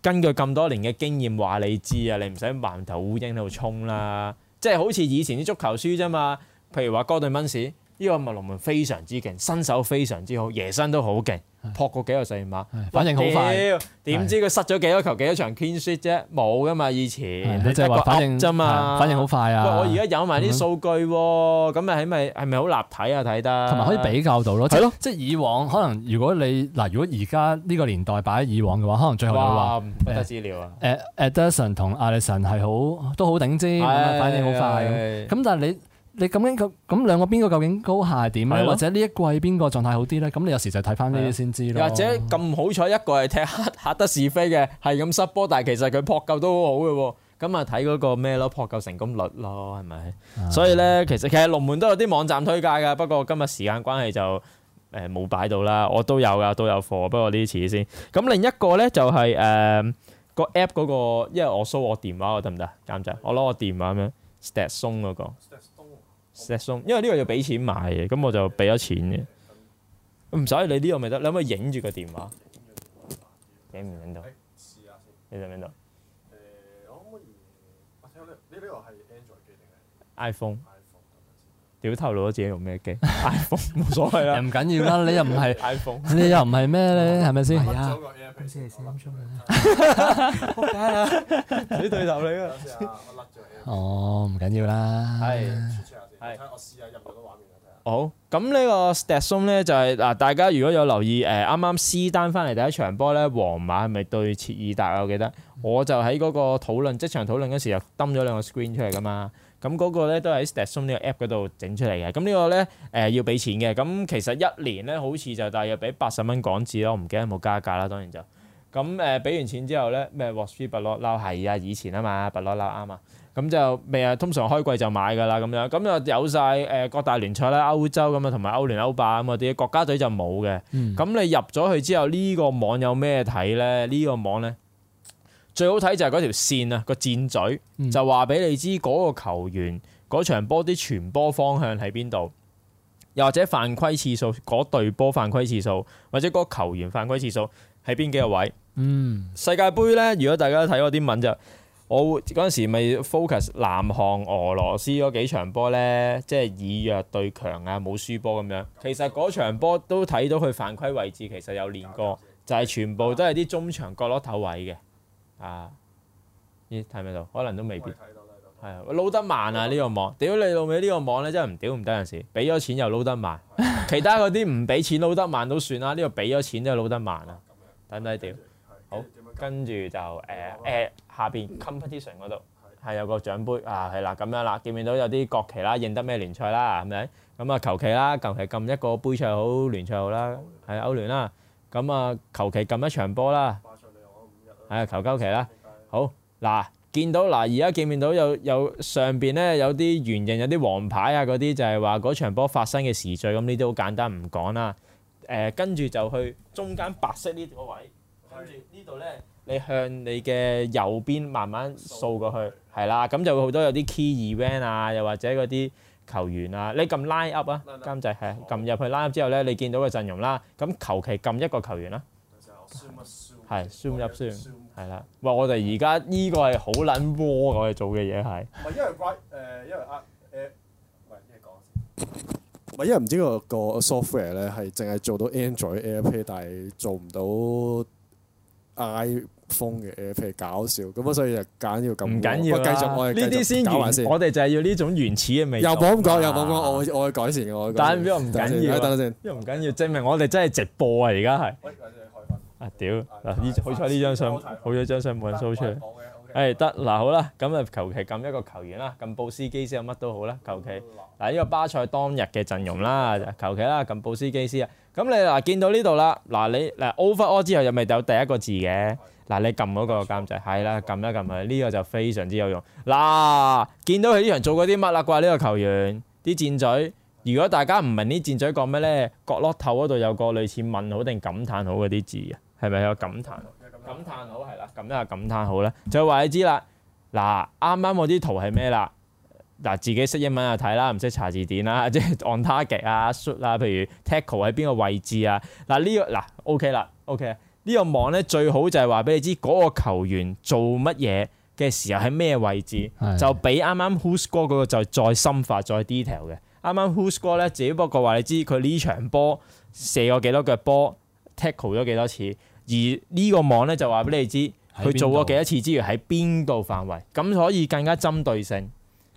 根據咁多年嘅經驗話你知啊，你唔使盲頭烏蠅喺度衝啦。即係好似以前啲足球書啫嘛。譬如話哥對蚊士。呢個物龍門非常之勁，身手非常之好，夜身都好勁，撲過幾個細馬，反應好快。點知佢失咗幾多球、幾多場 clean sheet 啫？冇噶嘛，以前即係話反應啫嘛，反應好快啊！我而家有埋啲數據喎，咁咪係咪係咪好立體啊？睇得同埋可以比較到咯，即係以往可能如果你嗱，如果而家呢個年代擺喺以往嘅話，可能最後你話唔得資料啊？誒 Ederson 同 Alisson 係好都好頂尖，反應好快。咁但係你。你究竟咁咁兩個邊個究竟高下係點咧？或者呢一季邊個狀態好啲咧？咁你有時就睇翻呢啲先知咯。或者咁好彩一個係踢黑黑得是非嘅，係咁失波，但係其實佢撲救都好好嘅喎。咁啊睇嗰個咩咯？撲救成功率咯，係咪？所以咧，其實其實龍門都有啲網站推介嘅，不過今日時間關係就誒冇擺到啦。我都有噶，都有貨，不過呢啲遲先。咁另一個咧就係誒個 app 嗰個，因為我 show 我電話啊得唔得？啱唔啱？我攞我電話咁樣，statson 嗰個。set song，因為呢個要俾錢買嘅，咁我就俾咗錢嘅。唔使你呢個咪得，你可唔可以影住個電話？影唔影到？試下先。你影唔影到？誒，我可唔可以？我睇下你你呢個係 Android 機定係 iPhone？iPhone。等陣先。屌，透露咗自己用咩機？iPhone，冇所謂啦。唔緊要啦，你又唔係 iPhone，你又唔係咩咧？係咪先？係啊。做個嘢，平時 send 出去啦。點解啊？啲對頭嚟㗎。等陣先啊，我甩咗佢啊。哦，唔緊要啦。係。係，是我試下入埋個畫面睇下。好，咁呢個 Statsum 咧就係、是、嗱，大家如果有留意誒，啱啱 C 單翻嚟第一場波咧，皇馬係咪對切爾達啊？我記得，我就喺嗰個討論、嗯、即場討論嗰時又登咗兩個 screen 出嚟噶嘛。咁嗰 個咧都係 Statsum 呢個 app 嗰度整出嚟嘅。咁呢個咧誒要俾錢嘅。咁其實一年咧好似就大約俾八十蚊港紙咯，我唔記得有冇加價啦，當然就。咁誒俾完錢之後咧，咩 Watch Football Now 係啊，以前啊嘛 Football Now 啱啊。But now, but now, right, now, 咁就未啊？通常開季就買噶啦，咁樣咁就有晒誒各大聯賽啦，歐洲咁啊，同埋歐聯、歐霸咁啊，啲國家隊就冇嘅。咁、嗯、你入咗去之後，呢、呢個網有咩睇呢？呢、呢個網呢，最好睇就係嗰條綫啊，嗰個箭嘴就話俾你知嗰個球員嗰場波啲傳波方向喺邊度，又或者犯規次數，嗰隊波犯規次數，或者嗰個球員犯規次數喺邊幾個位。嗯，世界杯呢，如果大家睇嗰啲文就。我會嗰陣時咪 focus 南韓俄羅斯嗰幾場波呢，即係以弱對強啊，冇輸波咁樣。其實嗰場波都睇到佢犯規位置，其實有練過，就係全部都係啲中場角落頭位嘅。啊，咦，睇唔睇到？可能都未必睇到啦。都係啊，撈得慢啊！呢個網屌你老味，呢個網呢真係唔屌唔得，有陣時俾咗錢又撈得慢。其他嗰啲唔俾錢撈得慢都算啦，呢個俾咗錢都撈得慢啊，等低屌！好，跟住就誒誒。下邊 competition 嗰度係有個獎盃啊，係啦咁樣啦，見唔見到有啲國旗啦，認得咩聯賽啦，係咪？咁啊求其啦，求其撳一個杯賽好聯賽好啦，係歐聯啦。咁啊求其撳一場波啦，係啊求鳩其啦。好嗱，見到嗱，而家見唔見到有有上邊咧有啲圓形有啲黃牌啊嗰啲，就係話嗰場波發生嘅時序，咁呢啲好簡單唔講啦。誒，跟住就去中間白色呢個位，跟住呢度咧。你向你嘅右邊慢慢掃過去，係啦，咁就會好多有啲 key event 啊，又或者嗰啲球員啊，你撳 line up 啊，監制係撳入去 line up 之後咧，你見到個陣容啦。咁求其撳一個球員啦，啊，係 zoom 入算，o 係啦。哇、啊！我哋而家呢個係好撚魔我哋做嘅嘢係。因為誒、呃，因為啊誒，唔係先講先。唔係因為唔知個個 software 咧係淨係做到 Android app，但係做唔到。iPhone 嘅譬如搞笑咁啊，所以就揀要咁。唔緊要繼續我哋呢啲先原始。我哋就係要呢種原始嘅味。又講講又講講，我我去改善我。等邊個唔緊要？等陣先，邊個唔緊要？證明我哋真係直播啊！而家係。啊屌！啊呢好彩呢張相，好彩張相冇人 show 出嚟。誒得嗱好啦，咁啊求其撳一個球員啦，撳布斯基先啊，乜都好啦，求其嗱呢個巴塞當日嘅陣容啦，求其啦撳布斯基先啊。咁你嗱見到呢度啦，嗱你嗱 overall 之後又咪有第一個字嘅，嗱你撳嗰個監制係啦，撳的一撳啦，呢 個就非常之有用。嗱，見到佢呢場做過啲乜啦啩？呢、呢個球員啲箭嘴，如果大家唔明啲箭嘴講咩咧，角落頭嗰度有個類似問好定感嘆好嗰啲字嘅，係咪有感嘆？感嘆，感嘆好，係啦，撳一下感嘆好啦，就話你知啦。嗱，啱啱我啲圖係咩啦？嗱，自己識英文就睇啦，唔識查字典啦，即係 on target 啊，shoot 啊，譬如 tackle 喺邊個位置啊？嗱、這、呢個嗱、啊、OK 啦，OK 呢、這個網咧最好就係話俾你知嗰、那個球員做乜嘢嘅時候喺咩位置，的就比啱啱 WhoScored 嗰個就再深化再 detail 嘅。啱啱 WhoScored 咧，只不過話你知佢呢場波射過幾多腳波，tackle 咗幾多次，而呢個網咧就話俾你知佢做過幾多次之餘喺邊度範圍，咁可以更加針對性。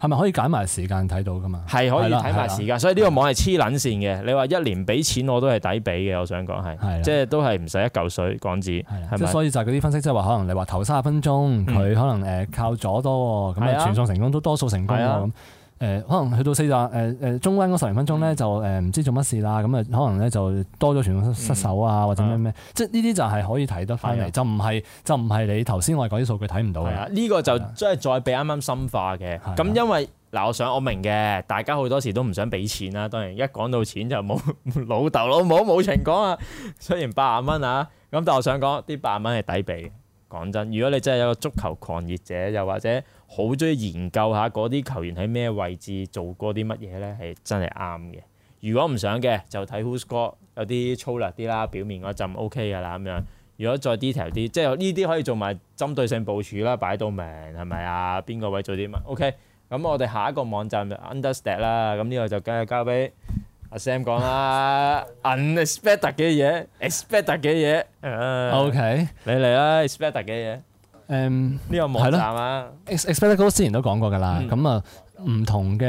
係咪可以揀埋時間睇到噶嘛？係可以睇埋時間，所以呢個網係黐捻線嘅。你話一年俾錢我都係抵俾嘅，我想講係，即係都係唔使一嚿水港紙。係係所以就係嗰啲分析，即係話可能你話頭三十分鐘，佢可能誒靠咗多，咁啊傳送成功都多數成功咁。誒、呃、可能去到四十，誒、呃、誒中間嗰十零分鐘咧就誒唔知做乜事啦，咁啊、嗯、可能咧就多咗全部失手啊或者咩咩，嗯嗯、即係呢啲就係可以睇得翻嚟、嗯，就唔係就唔係你頭先我哋啲數據睇唔到嘅。呢、嗯嗯嗯、個就即係再俾啱啱深化嘅。咁、嗯、因為嗱、嗯，我想我明嘅，大家好多時都唔想俾錢啦。當然一講到錢就冇 老豆老母冇情講啊。雖然八十蚊啊，咁但我想講啲八十蚊係抵俾，講真。如果你真係有個足球狂熱者，又或者，好中意研究下嗰啲球員喺咩位置做過啲乜嘢咧，係真係啱嘅。如果唔想嘅，就睇 Who Score 有啲粗略啲啦，表面嗰陣 OK 噶啦咁樣。如果再 detail 啲，即係呢啲可以做埋針對性部署啦，擺到明係咪啊？邊個位做啲乜？OK。咁我哋下一個網站就 Understat 啦，咁呢個就梗係交俾阿 Sam 講啦。Unexpected 嘅嘢，Expected 嘅嘢。OK，你嚟啦，Expected 嘅嘢。誒呢個網站啊了，Expect Goals 之前都講過㗎啦。咁啊、嗯，唔、嗯、同嘅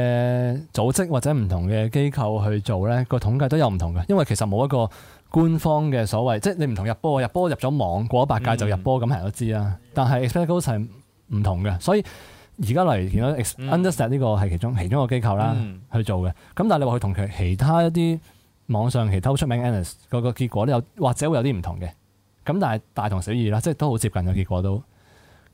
組織或者唔同嘅機構去做咧，個統計都有唔同嘅。因為其實冇一個官方嘅所謂，即係你唔同入波，入波入咗網過咗八屆就入波，咁係、嗯、都知啦。但係 Expect Goals 係唔同嘅，所以而家嚟見到 Understat 呢個係其中其中一個機構啦去做嘅。咁但係你話佢同佢其他一啲網上其他好出名 Analyst 嗰個結果咧，有或者會有啲唔同嘅。咁但係大同小異啦，即係都好接近嘅結果都。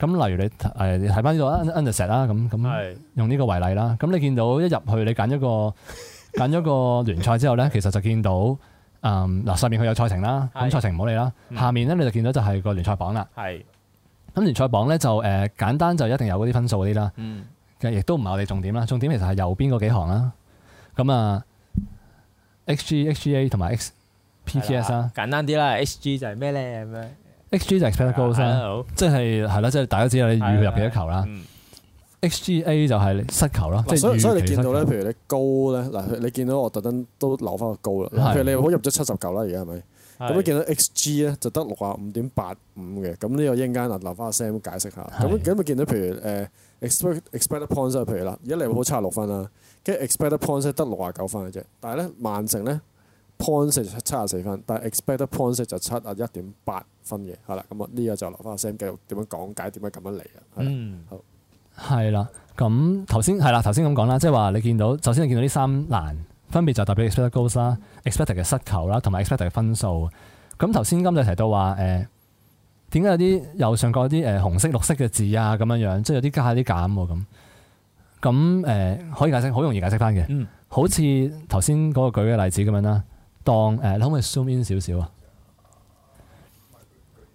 咁例如你誒睇翻呢個 underset 啦，咁咁用呢個為例啦。咁是的 你見到一入去，你揀咗個揀 一個聯賽之後咧，其實就見到嗯嗱上面佢有賽程啦，咁是的 賽程唔好理啦。下面咧你就見到就係個聯賽榜啦。係咁是的 聯賽榜咧就誒簡單就一定有嗰啲分數嗰啲啦。是的 嗯，亦都唔係我哋重點啦。重點其實係右邊嗰幾行啦。咁啊，XG XGA 同埋 XPTS 啦，簡單啲啦。XG 就係咩咧？XG 就 expect goals 啦 Yeah,，即係係啦，即係大家知道你預入幾多球啦。Yeah, yeah, yeah, yeah. XGA 就係失球啦，所以所以你見到咧，譬如你高咧，嗱你見到我特登都留翻個高啦。譬如你好入咗七十九啦，而家係咪？咁你見到 XG 咧就得六啊五點八五嘅，咁呢個一陣間嗱留翻阿 Sam 解釋下。咁咁咪見到譬如誒、呃、expect expect points 咧，譬如啦，而家利物浦七十六分啦，跟住 expect points 得六啊九分嘅啫。但係咧，曼城咧。point 就七十四分，但係 expected point 就七十一點八分嘅，係、嗯、啦，咁啊呢個就留翻阿 Sam 繼續點樣講解點解咁樣嚟啊？好，係啦、嗯，咁頭先係啦，頭先咁講啦，即係話你見到首先你見到呢三欄分別就代表 expected goals 啦 expected 嘅失球啦，同埋 expected 嘅分數。咁頭先今日提到話誒，點、呃、解有啲右上角啲誒紅色、綠色嘅字啊咁樣樣，即係有啲加有減，、哦、有啲減咁。咁、呃、誒可以解釋，好容易解釋翻嘅，嗯、好似頭先嗰個舉嘅例子咁樣啦。當誒，你可唔可以 zoom in 少少啊？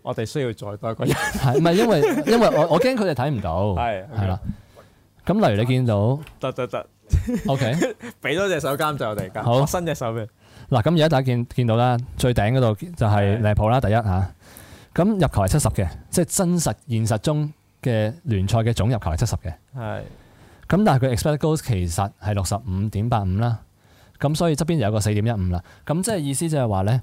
我哋需要再多一個人，係唔係因為因為我我驚佢哋睇唔到，係係啦。咁例如你見到，得得得，OK，俾多隻手監就我哋㗎，好伸隻手咩？嗱，咁而家大家見見到啦，最頂嗰度就係利物浦啦，第一嚇。咁入球係七十嘅，即係真實現實中嘅聯賽嘅總入球係七十嘅，係。咁但係佢 expected goals 其實係六十五點八五啦。咁所以側邊有個四點一五啦，咁即係意思就係話咧，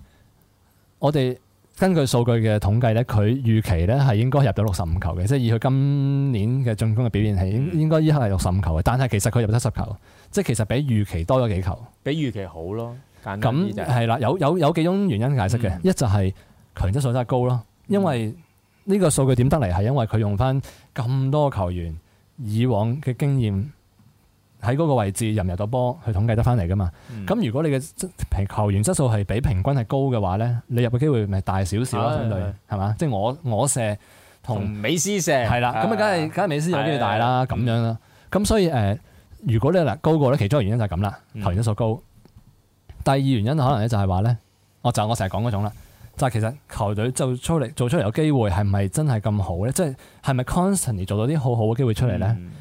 我哋根據數據嘅統計咧，佢預期咧係應該入到六十五球嘅，即係以佢今年嘅進攻嘅表現係應應該依刻係六十五球嘅，但係其實佢入咗七十球，即係其實比預期多咗幾球，比預期好咯。簡單，咁係啦，有有有幾種原因解釋嘅，嗯、一就係強質素質高咯，因為呢個數據點得嚟係因為佢用翻咁多球員以往嘅經驗，喺嗰個位置入唔入到波，去統計得翻嚟噶嘛？咁、嗯、如果你嘅球員質素係比平均係高嘅話咧，你入嘅機會咪大少少咯？相對係嘛？哎、呀吧即係我我射同，同美斯射係、嗯、啦，咁啊，梗係梗係美斯有機會大啦，咁、哎、呀樣啦。咁、嗯、所以誒、呃，如果你嗱高過咧，其中一個原因就係咁啦，球員質素高。嗯、第二原因可能咧就係話咧，我就我成日講嗰種啦，就係、是、其實球隊做出嚟做出嚟有機會係唔係真係咁好咧？即、就、係、是、係咪 constantly 做到啲好好嘅機會出嚟咧？嗯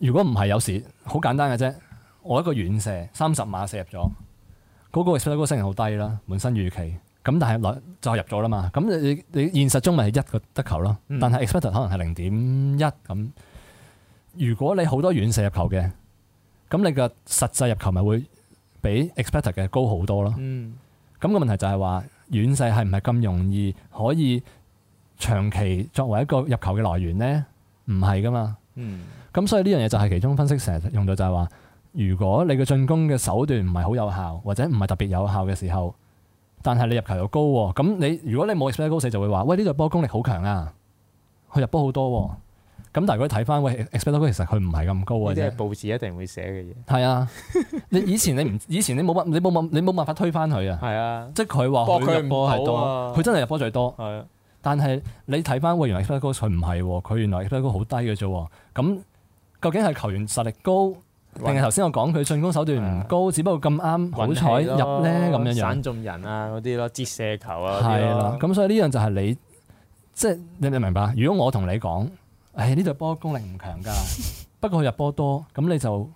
如果唔係，有時好簡單嘅啫。我一個遠射三十碼射入咗，嗰個聲好低啦，滿身預期，咁但係入就入咗啦嘛。咁你你你現實中咪係一個得球咯？但係 expected 可能係零點一咁。如果你好多遠射入球嘅，咁你嘅實際入球咪會比 expected 嘅高好多咯。咁個問題就係話遠射係唔係咁容易可以長期作為一個入球嘅來源咧？唔係噶嘛。嗯咁所以呢樣嘢就係其中分析成日用到，就係話，如果你嘅進攻嘅手段唔係好有效，或者唔係特別有效嘅時候，但係你入球又高、啊，咁你如果你冇 expect goal 就會話，喂呢隊波功力好強啊，佢入波好多、啊，咁、嗯、但係如果睇翻，喂 expect goal 其實佢唔係咁高啊，即係報紙一定會寫嘅嘢。係啊， 你以前你唔以前你冇你冇你冇辦法推翻佢啊。係啊，即係佢話佢入波係多，佢真係入波最多。係啊，但係你睇翻，喂原來 expect goal 佢唔係，佢原來 expect goal 好低嘅、啊、啫，咁。究竟係球員實力高，定係頭先我講佢進攻手段唔高？的只不過咁啱好彩入呢？咁樣樣散中人啊嗰啲咯，折射球啊係啦。咁所以呢樣就係你即係、就是、你明唔明白？如果我同你講，誒呢隊波功力唔強噶， 不過佢入波多，咁你就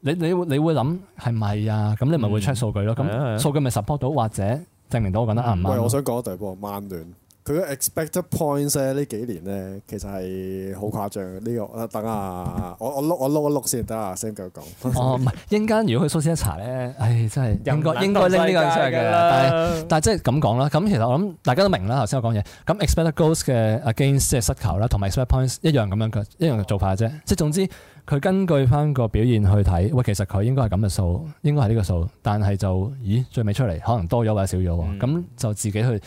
你你你會諗係咪啊？咁你咪會 check 數據咯。咁數、嗯、據咪 support 到或者證明到我講得啱唔啱？喂，我想講一隊波慢亂。佢 expected points 呢幾年咧，其實係好誇張。呢、呢個等啊，我我 look 我 look 一碌先，OK 先。但阿 Sam 繼續講。講哦，唔係英間，如果去首先一查咧，唉、哎，真係應該應該拎呢個出嚟嘅。但係但係即係咁講啦。咁其實我諗大家都明啦。頭先我講嘢。咁 expected goals 嘅 against 即係失球啦，同埋 expected points 一樣咁樣嘅一樣做法啫。哦、即係總之佢根據翻個表現去睇。喂，其實佢應該係咁嘅數，應該係呢個數。但係就咦最尾出嚟可能多咗或者少咗喎。咁、嗯、就自己去。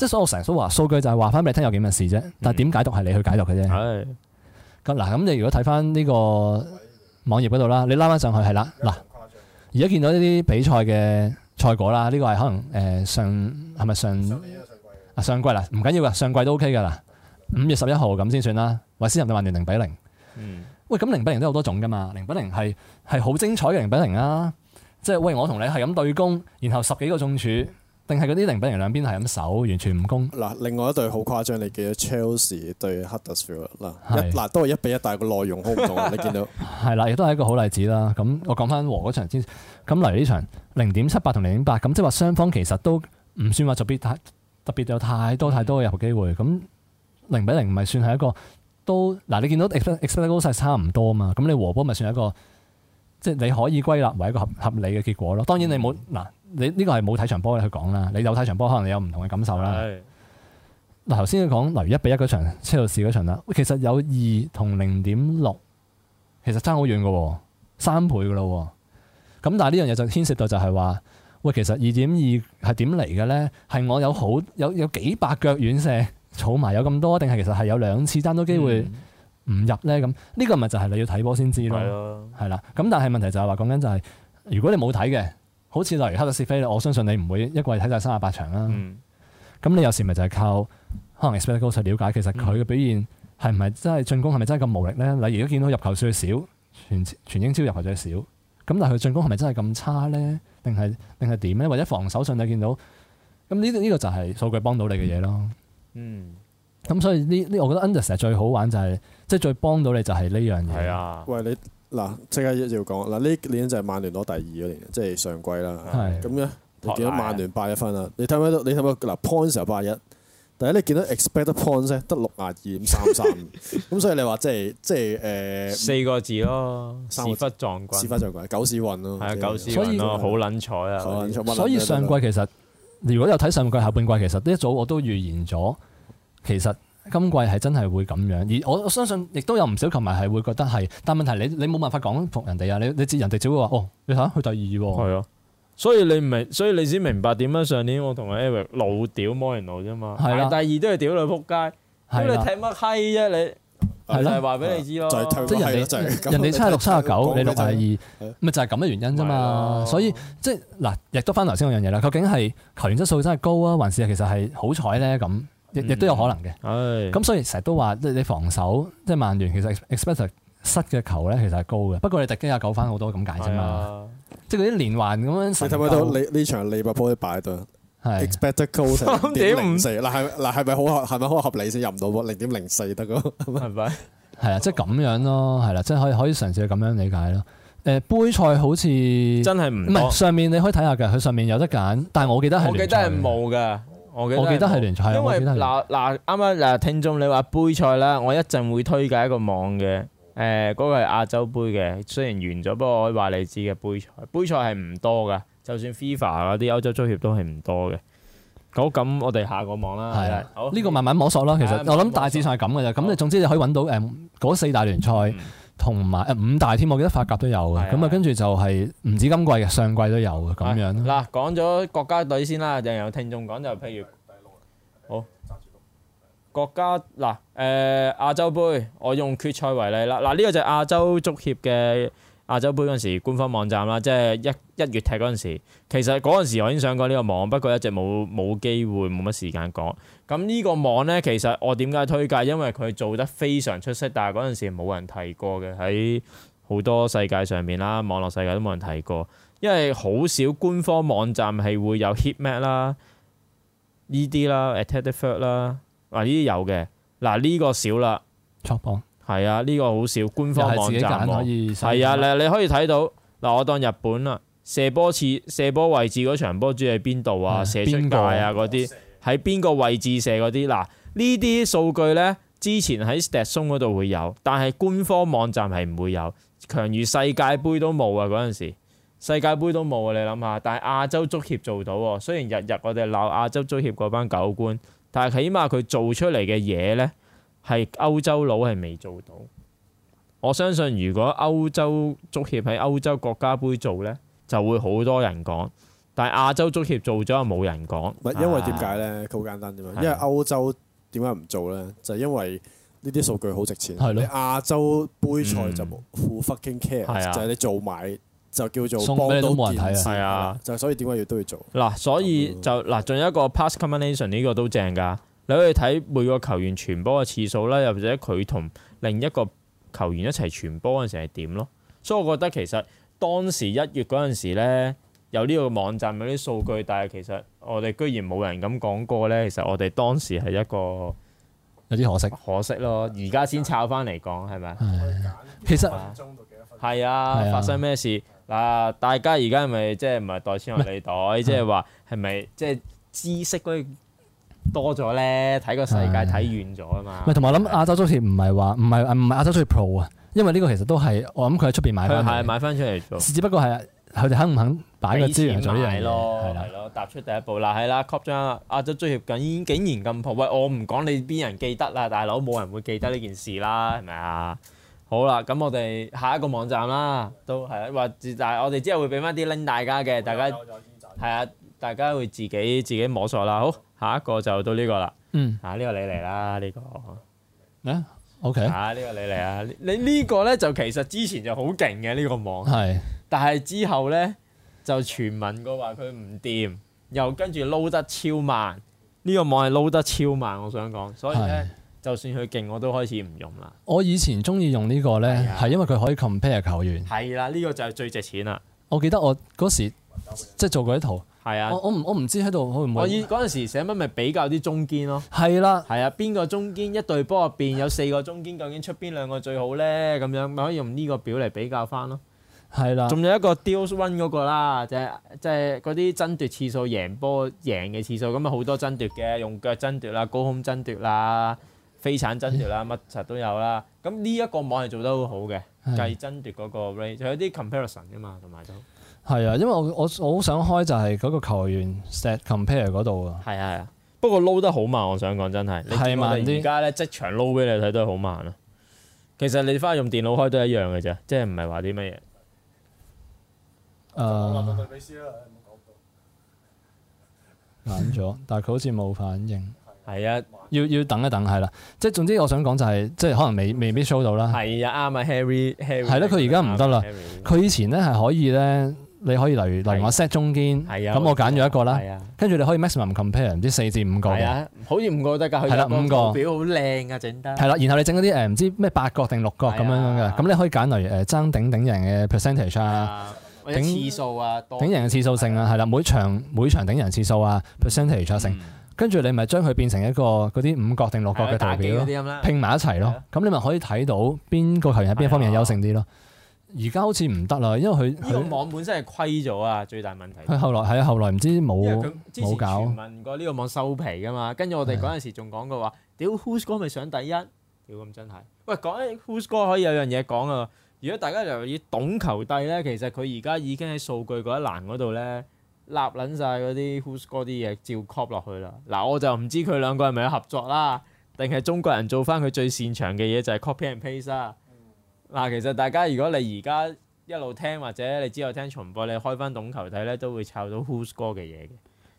即係所以我成日都話，數據就係話翻俾你聽有幾件事啫，但係點解讀係你去解讀嘅啫。咁嗱、嗯，咁你如果睇翻呢個網頁嗰度啦，你拉翻上去係啦嗱，而家見到呢啲比賽嘅賽果啦，呢、這個係可能誒、呃、上係咪上上季啊，上季啦，唔緊要噶，上季都 OK 噶啦。五月十一號咁先算啦，維先人哋曼聯零比零。嗯、啊就是，喂，咁零比零都有好多種噶嘛，零比零係係好精彩嘅零比零啦。即係喂我同你係咁對攻，然後十幾個中柱。嗯定係嗰啲零比零兩邊係咁守，完全唔攻。嗱，另外一隊好誇張，你記得 Chelsea 對 Huddersfield 啦，嗱都係一比一大，但係個內容好唔同。 你見到係啦，亦都係一個好例子啦。咁我講翻和嗰場先，咁嚟呢場零點七八同零點八，咁即係話雙方其實都唔算話特別太特別有太多太多嘅入球機會。咁零比零唔係算係一個都嗱，你見到 expect expect 高曬差唔多嘛？咁你和波咪算一個，即係你可以歸納為一個合合理嘅結果咯。當然你冇嗱。嗯你呢個係冇睇場波咧去講啦，你有睇場波，可能你有唔同嘅感受啦。係。嗱，頭先講例如一比一嗰場車路士嗰場啦，其實有二同零點六，其實差好遠嘅喎，三倍嘅啦喎。咁但係呢樣嘢就牽涉到就係話，喂，其實二點二係點嚟嘅咧？係我有好有有幾百腳遠射，儲埋有咁多，定係其實係有兩次爭到機會唔入咧？咁呢、嗯、個咪就係你要睇波先知咯。係啦的。咁但係問題就係話講緊就係、是，如果你冇睇嘅。好似例如黑咗是非我相信你唔會一季睇晒三十八場啦。咁、嗯、你有時咪就係靠可能 e x p e i t 高去了解，其實佢嘅表現係唔係真係、嗯、進攻係咪真係咁無力咧？例如如果見到入球最少，全全英超入球最少，咁但係佢進攻係咪真係咁差咧？定係定係點咧？或者防守上你見到咁呢？呢個就係數據幫到你嘅嘢咯，嗯。嗯。咁所以呢呢，我覺得 under 成日最好玩就係即係最幫到你就係呢樣嘢。係啊。餵你。嗱，即刻要講嗱，呢年就係曼聯攞第二嗰年，即係上季啦。咁咧，你見到曼聯八一分啦，你睇唔睇到？你睇唔到嗱？Points 又八一，但係你見到 Expected Points 得六啊二點三三，咁所以你話即係即係誒，四個字咯，屎忽撞棍，屎忽撞棍，狗屎運咯，係啊，狗屎運咯，好撚彩啊！好撚彩，所以上季其實，如果有睇上季下半季，其實一早我都預言咗，其實。今季係真係會咁樣，而我相信亦都有唔少球迷係會覺得係，但問題你你冇辦法講服人哋啊！你你人哋只會話哦，你睇下佢第二係咯，所以你唔明，所以你先明白點樣？上年我同阿 Eric 老屌莫言諾啫嘛，係啦，第二都係屌女仆街，咁你踢乜閪啫你？係啦，話俾你知咯，即係人哋人哋七十六七十九，你六十二，咪就係咁嘅原因啫嘛。所以即係嗱，亦都翻頭先嗰樣嘢啦。究竟係球員質素真係高啊，還是其實係好彩咧咁？亦都有可能嘅，咁、嗯、所以成日都話，即係你防守，即係曼聯，其實 expecter 失嘅球咧，其實係高嘅。不過你迪加又救翻好多咁解啫嘛，哎、呀即係嗰啲連環咁樣。你睇唔睇到呢呢場利物浦啲擺對？expecter 高零點五四，嗱係咪好係咪好合理先入唔到喎？零點零四得個係咪？係 啊，即係咁樣咯，係啦，即係可以可以嘗試咁樣理解咯。誒、呃，杯賽好似真係唔唔係上面你可以睇下嘅，佢上面有得揀，但係我記得係我記得係冇㗎。我記得係聯賽，因為嗱嗱啱啱嗱聽眾你話杯賽啦，我一陣會，會推介一個網嘅，誒、呃、嗰、那個係亞洲杯嘅，雖然完咗，不過我話你知嘅杯賽，杯賽係唔多㗎，就算 FIFA 嗰啲歐洲足協都係唔多嘅。咁我哋下個網啦，係啦、啊，呢好個慢慢摸索啦。啊、其實我諗大致上係咁嘅啫。咁、啊、你總之你可以揾到誒嗰、嗯、四大聯賽。嗯同埋誒五大添，我記得法甲都有嘅，咁啊跟住就係唔止今季嘅，上季都有嘅咁樣。嗱、啊，講咗國家隊先啦，就由聽眾講就譬如好國家嗱誒、啊呃、亞洲杯，我用決賽為例啦。嗱、啊、呢、啊呢個就係亞洲足協嘅亞洲杯嗰陣時官方網站啦，即、就、係、是、一一月踢嗰陣時，其實嗰陣時我已經上過呢個網，不過一直冇冇機會冇乜時間講。咁呢個網呢，其實我點解推介？因為佢做得非常出色，但係嗰陣時冇人提過嘅。喺好多世界上面啦，網絡世界都冇人提過，因為好少官方網站係會有 heat map 啦、呢啲啦、attacking third 啦，嗱呢啲有嘅。嗱、這、呢個少啦，錯榜係啊，呢、這個好少官方網站可喎。係啊，啊你，你可以睇到嗱、啊，我當日本啦，射波次射，射波位置嗰場波主要喺邊度啊？射邊界啊嗰啲。喺邊個位置射嗰啲？嗱，呢啲數據呢，之前喺 Statson 嗰度會有，但係官方網站係唔會有。強如世界盃都冇啊，嗰陣時世界盃都冇啊，你諗下。但係亞洲足協做到喎啊，雖然日日我哋鬧亞洲足協嗰班狗官，但係起碼佢做出嚟嘅嘢呢，係歐洲佬係未做到。我相信如果歐洲足協喺歐洲國家杯做呢，就會好多人講。但係亞洲足協做咗又冇人講，唔係因為點解咧？佢好、啊、簡單啫嘛，是的 因為歐洲點解唔做咧？就係、因為呢啲數據好值錢，是的 你亞洲杯賽就冇 fucking care，就你做埋就叫做幫送咩都冇人睇啊！就所以點解要都要做嗱、啊？所以就嗱，仲、啊、有一個 pass combination 呢個都正噶，你可以睇每個球員傳波嘅次數啦，又或者佢同另一個球員一齊傳波嗰時係點咯。所以我覺得其實當時一月嗰陣時咧。有呢個網站嗰啲數據，但係其實我哋居然冇人咁講過咧。其實我哋當時係一個有啲可惜，可惜咯。而家先炒翻嚟講係咪？其實係啊。發生咩事嗱？係啊。大家而家係咪即係唔係袋錢入你袋？即係話係咪即係知識多咗咧？睇個世界睇遠咗啊嘛。同埋諗亞洲足球唔係話唔係唔係亞洲足球 Pro 啊？因為呢個其實都係我諗佢喺出邊買翻嚟，買翻出嚟做。只不過係。佢哋肯唔肯擺個資源在呢？係咯，係咯，的踏出第一步啦，係啦，Cop 張阿周追熱緊，竟然咁破喂！我唔講你邊人記得啦，大佬冇人會記得呢件事啦，係咪啊？好啦，咁我哋下一個網站啦，嗯、都係，或者但係我哋之後會俾翻啲拎大家嘅，大家係啊，大家會自己自己摸索啦。好，下一個就到呢個啦。嗯，啊呢、呢個你嚟啦，呢、呢個 okay。啊 OK，啊呢個你嚟啊，你、呢、呢個咧就、呢個、其實之前就好勁嘅呢個網係。但係之後咧，就傳聞過話佢唔掂，又跟住撈得超慢。呢個網係撈得超慢，我想講。所以咧，的就算佢勁，我都開始唔用啦。我以前中意用呢個咧，係的因為佢可以 compare 球員。係啦，呢個就係最值錢啦。我記得我嗰時即係做過啲圖。係啊的。我唔我唔知喺度，我唔會，會。我以嗰陣時寫乜咪比較啲中堅咯。係啦的。係啊，邊個中堅一隊波入邊有四個中堅，究竟出邊兩個最好咧？咁樣咪可以用呢個表嚟比較翻咯。係啦，仲有一個 Duels Won 嗰個啦，即係即係嗰啲爭奪次數贏波贏嘅次數，咁啊好多爭奪嘅，用腳爭奪啦，高空爭奪啦，飛鏟爭奪啦，乜柒 都有啦。咁呢一個網係做得好好嘅，的計爭奪嗰個 rate，仲有啲 comparison 㗎嘛，同埋都係啊，因為我我我好想開就係嗰個球員 stat compare 嗰度啊。係啊，不過 load 得好慢，我想講真係，你知唔知而家咧即場 load 俾你睇都係好慢啊？其實你翻去用電腦開都係一樣嘅啫，即係唔係話啲乜嘢。誒揀咗，但係佢好似冇反應。係啊，要要等一等係啦。即係總之，我想講就係，即係可能未未必 show 到啦。係啊，啱啊，Harry。Harry 係咯，佢而家唔得啦。佢以前咧係可以咧，你可以例如例如我 set 中間，咁我揀咗一個啦，跟住你可以 maximum compare 唔知四至五個嘅，好似五個得㗎，係啦，五個表好靚啊，整得係啦。然後你整嗰啲誒唔知咩八角定六角咁樣樣嘅，咁你可以揀嚟，例如誒爭頂頂型嘅 percentage 啊。次數啊，頂人嘅次數性啊，係啦，每場每場頂人次數啊，percentage 啊，性，跟住你咪將佢變成一個嗰啲五角定六角嘅圖表咯，拼埋一齊咯，咁你咪可以睇到邊個球員喺邊方面優勝啲咯。而家好似唔得啦，因為佢呢個網本身係虧咗啊，最大問題。佢後來係後來唔知冇冇搞。問過呢個網收皮噶嘛？跟住我哋嗰陣時仲講過話，屌 Who’s 哥咪上第一，屌咁真係。喂，講 Who’s 哥可以有樣嘢講啊。如果大家留意懂球帝咧，其實佢而家已經喺數據嗰一欄嗰度咧，立撚晒嗰啲 Who's 哥啲嘢照 cop 落去啦。嗱，我就唔知佢兩個係咪有合作啦，定係中國人做翻佢最擅長嘅嘢就係 copy and paste 啦？嗱、嗯，其實大家如果你而家一路聽或者你之後聽重播，你開翻懂球帝咧，都會抄到 Who's 哥嘅嘢嘅。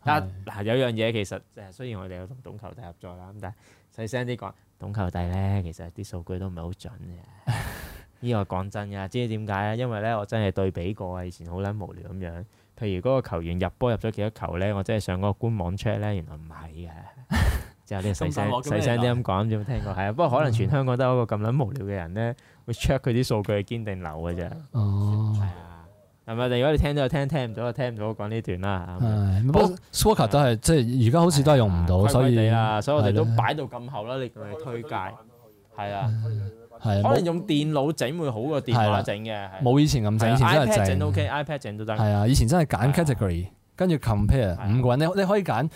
但嗱的有樣嘢其實誒，雖然我哋有同懂球帝合作啦，咁但細聲啲講，懂球帝咧其實啲數據都唔係好準嘅。 呢個講真㗎，知唔知點解咧？因為咧，我真係對比過啊！以前好撚無聊咁樣，譬如嗰個球員入波入咗幾多球咧，我真係上嗰個官網 check 咧，原來唔係嘅。即係啲細聲細聲啲咁講，有冇聽過？係啊，不過可能全香港得我一個咁撚無聊嘅人咧，會 check 佢啲數據係堅定流嘅啫。哦，係啊，係咪？如果你聽咗就聽，聽唔到就聽唔到，我講呢段啦。不過 Soccer 都係即係而家好似都係用唔到，所以你啊，所以我哋都擺到咁後啦。你仲係推介？係啊。係，可能用電腦整會好過電腦整嘅。冇以前咁整，以前真係整。iPad 整 OK，iPad 整都得。係啊，以前真係揀 category，跟住 compare 五個人，你你可以揀。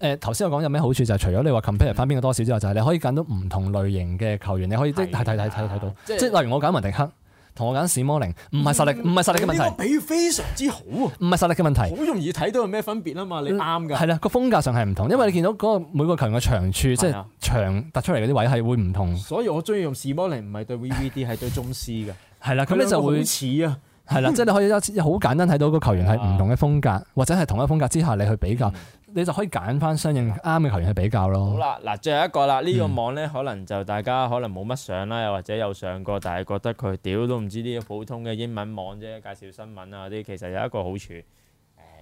誒，頭先我講有咩好處就係除咗你話 compare 翻邊個多少之外，就係你可以揀到唔同類型嘅球員，你可以即係睇睇睇睇到。即係例如我揀文迪克，同我揀史摩寧，唔係實力，唔係、嗯、實力嘅問題。呢個比非常之好喎，唔係實力嘅問題。好容易睇到有咩分別啊嘛，你啱㗎。係啦，個風格上係唔同，因為你見到嗰每個球員嘅長處，即係的長突出嚟嗰啲位係會唔同。所以我中意用史摩寧，唔係對 VVD，係 對中斯嘅。係啦，咁咧就會似啊。係啦，即係你可以一好簡單睇到個球員係唔同嘅風格，的或者係同一風格之下你去比較。你就可以揀翻相應啱嘅球員去比較咯。好啦，嗱，最後一個啦，呢個網咧可能就大家可能冇乜上啦，又或者有上過，但係覺得佢屌都唔知啲普通嘅英文網啫，介紹新聞啊啲。其實有一個好處，誒，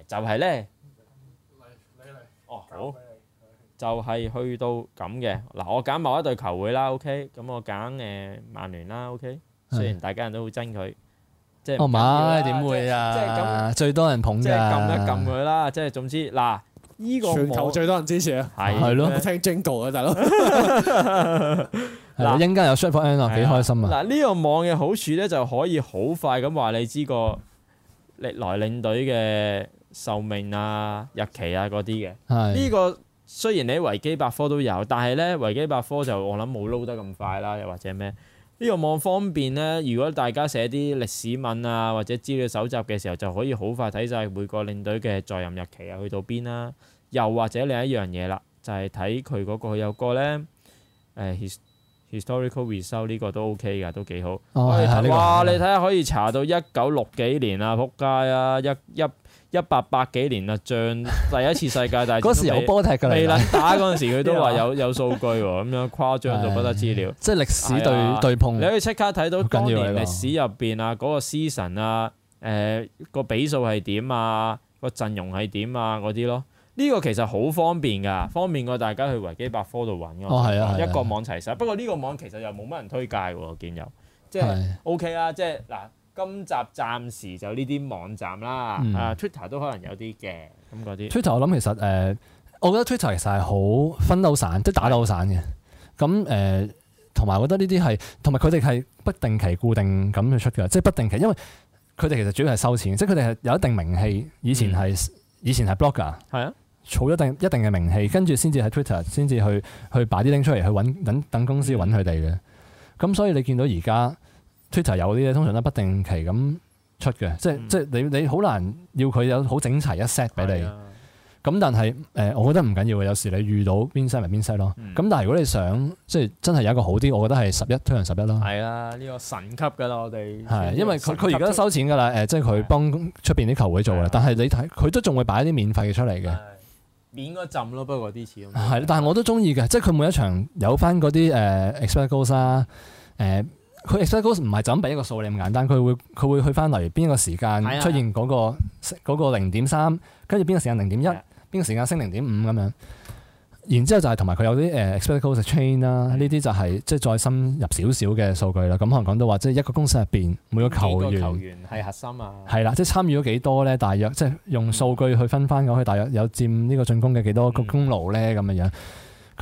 就係咧，嚟嚟嚟，哦好，就係去到咁嘅嗱，我揀某一隊球會啦，OK，咁我揀誒曼聯啦，OK，雖然大家人都好憎佢，即係唔緊要啦，點會啊？即係咁最多人捧嘅，即係撳一撳佢啦，即係總之嗱。呢個網最多人支持啊！係咯的，聽 Jingle 啊大佬，係啊的，英家 有 Shuffle N 啊，幾開心啊！嗱，呢個網嘅好處咧，就可以好快咁話你知個歷來領隊嘅壽命啊、日期啊嗰啲嘅。呢的、這個雖然你維基百科都有，但係咧維基百科就我諗冇 load 得咁快啦，又或者咩？呢、這個網方便咧，如果大家寫啲歷史文啊，或者資料搜集嘅時候，就可以好快睇晒每個領隊嘅在任日期啊，去到邊啦。又或者另一樣嘢啦，就係睇佢嗰個有個咧，誒、呃、historical result 呢個都 OK 噶，都幾好。哇！你睇下可以查到一九六幾年啊，撲街啊，一一一八八幾年啊，像第一次世界大戰嗰 時有波踢㗎啦，打嗰陣 時佢都話有 有數據喎，咁樣誇張到不得之了，即係歷史對、哎、呀對碰。你可以即刻睇到近年歷史入邊啊，嗰、嗰個 season 啊，誒、呃嗰個比數係點啊，嗰個陣容係點啊嗰啲咯。那個呢個其實好方便噶，方便過大家去維基百科度揾㗎一個網齊晒，啊、不過呢個網其實又冇乜人推介喎。見有即係 OK 啦，即係嗱、啊 okay，今集暫時就呢啲網站啦。Twitter 都可能有啲嘅咁嗰啲。Twitter 我諗其實誒、呃，我覺得 Twitter 其實係好分得散，即係打得散嘅。咁、嗯、誒，同埋我覺得呢啲係，同埋佢哋係不定期固定咁去出㗎，即係不定期，因為佢哋其實主要係收錢，即係佢哋係有一定名氣。以前係、嗯、以前係 Blogger，啊。儲一定一定嘅名氣，跟住先至喺 Twitter 先至去去擺啲拎出嚟，去揾等公司揾佢哋嘅。咁所以你見到而家 Twitter 有啲嘢，通常都不定期咁出嘅，即、嗯、即你你好難要佢有好整齊一 set 俾你。咁、啊、但係誒、呃，我覺得唔緊要嘅，有時你遇到邊 set 咪邊 set 咯。咁、嗯、但係如果你想即真係有一個好啲，我覺得係十一推上十一咯。係啊，呢、呢個神級噶啦，我哋係、啊、因為佢佢而家收錢噶啦，誒即係佢幫出邊啲球會做嘅。啊、但係你睇佢都仲會擺啲免費嘅出嚟嘅。是啊免嗰浸咯，不過嗰啲錢。係、啊，但係我都中意嘅，即係佢每一場有翻嗰啲誒 exchanges 啦，佢 e x c h a n g e 唔係就咁俾一個數你咁簡單，佢、呃呃、會佢會去翻例如邊一個時間出現嗰、那個零點三，跟住邊個時間零點的一，邊個時間升零點五咁樣。然之後就係同埋佢有啲誒 expected goals chain 啦，呢啲就係即係再深入少少嘅數據啦。咁、嗯、可能講到話，即係一個公司入邊每個球員係核心啊，係啦，即係參與咗幾多咧？大約即係用數據去分翻講，佢大約有佔個進呢個進攻嘅幾多個功勞咧，咁嘅、嗯、樣。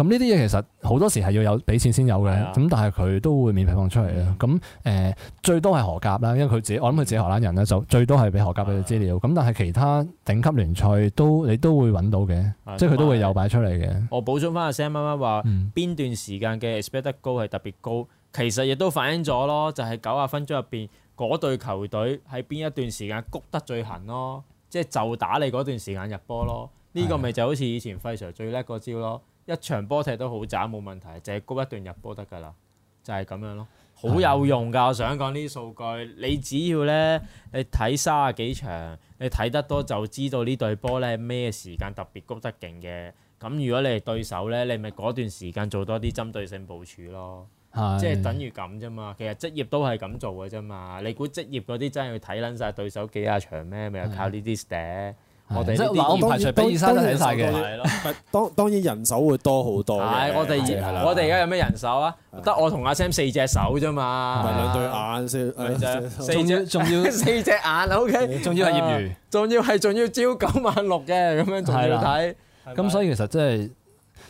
咁呢啲嘢其實好多時係要有俾錢先有嘅，咁但係佢都會免費放出嚟嘅。咁誒最多係荷甲啦，因為佢自己我諗佢自己荷蘭人咧，就最多係俾荷甲嘅資料。咁但係其他頂級聯賽都你都會揾到嘅，即係佢都會有擺出嚟嘅。我補充翻阿 Sam 啱啱話邊段時間嘅 expect goal 係特別高，其實亦都反映咗咯，就係九十分鐘入邊嗰隊球隊喺邊一段時間谷得最行咯，即係就打你嗰段時間入波咯。呢個咪就好似以前費 sir 最叻嗰招咯。一場波踢得好渣冇問題，淨係高一段入波得㗎啦，就係、是、咁樣咯，好有用㗎。是的 我想講呢啲數據，你只要咧，你睇三廿幾場，你睇得多就知道對呢隊波咧咩時間特別高得勁嘅。咁如果你係對手咧，你咪嗰段時間做多啲針對性部署咯，是的 即係等於咁啫嘛。其實職業都係咁做㗎啫嘛。你估職業嗰啲真係要睇撚晒對手幾廿場咩？咪又靠呢啲 stat 我哋啲嘢排除，俾醫生睇曬嘅。係咯，當當然人手會多好多。我哋我哋而家有咩人手啊？得我同阿 Sam 四隻手啫嘛。係兩對眼先，四隻，四隻，四隻眼。O K。仲要係業餘。仲要係仲要朝九晚六嘅咁樣仲要睇。咁所以其實即係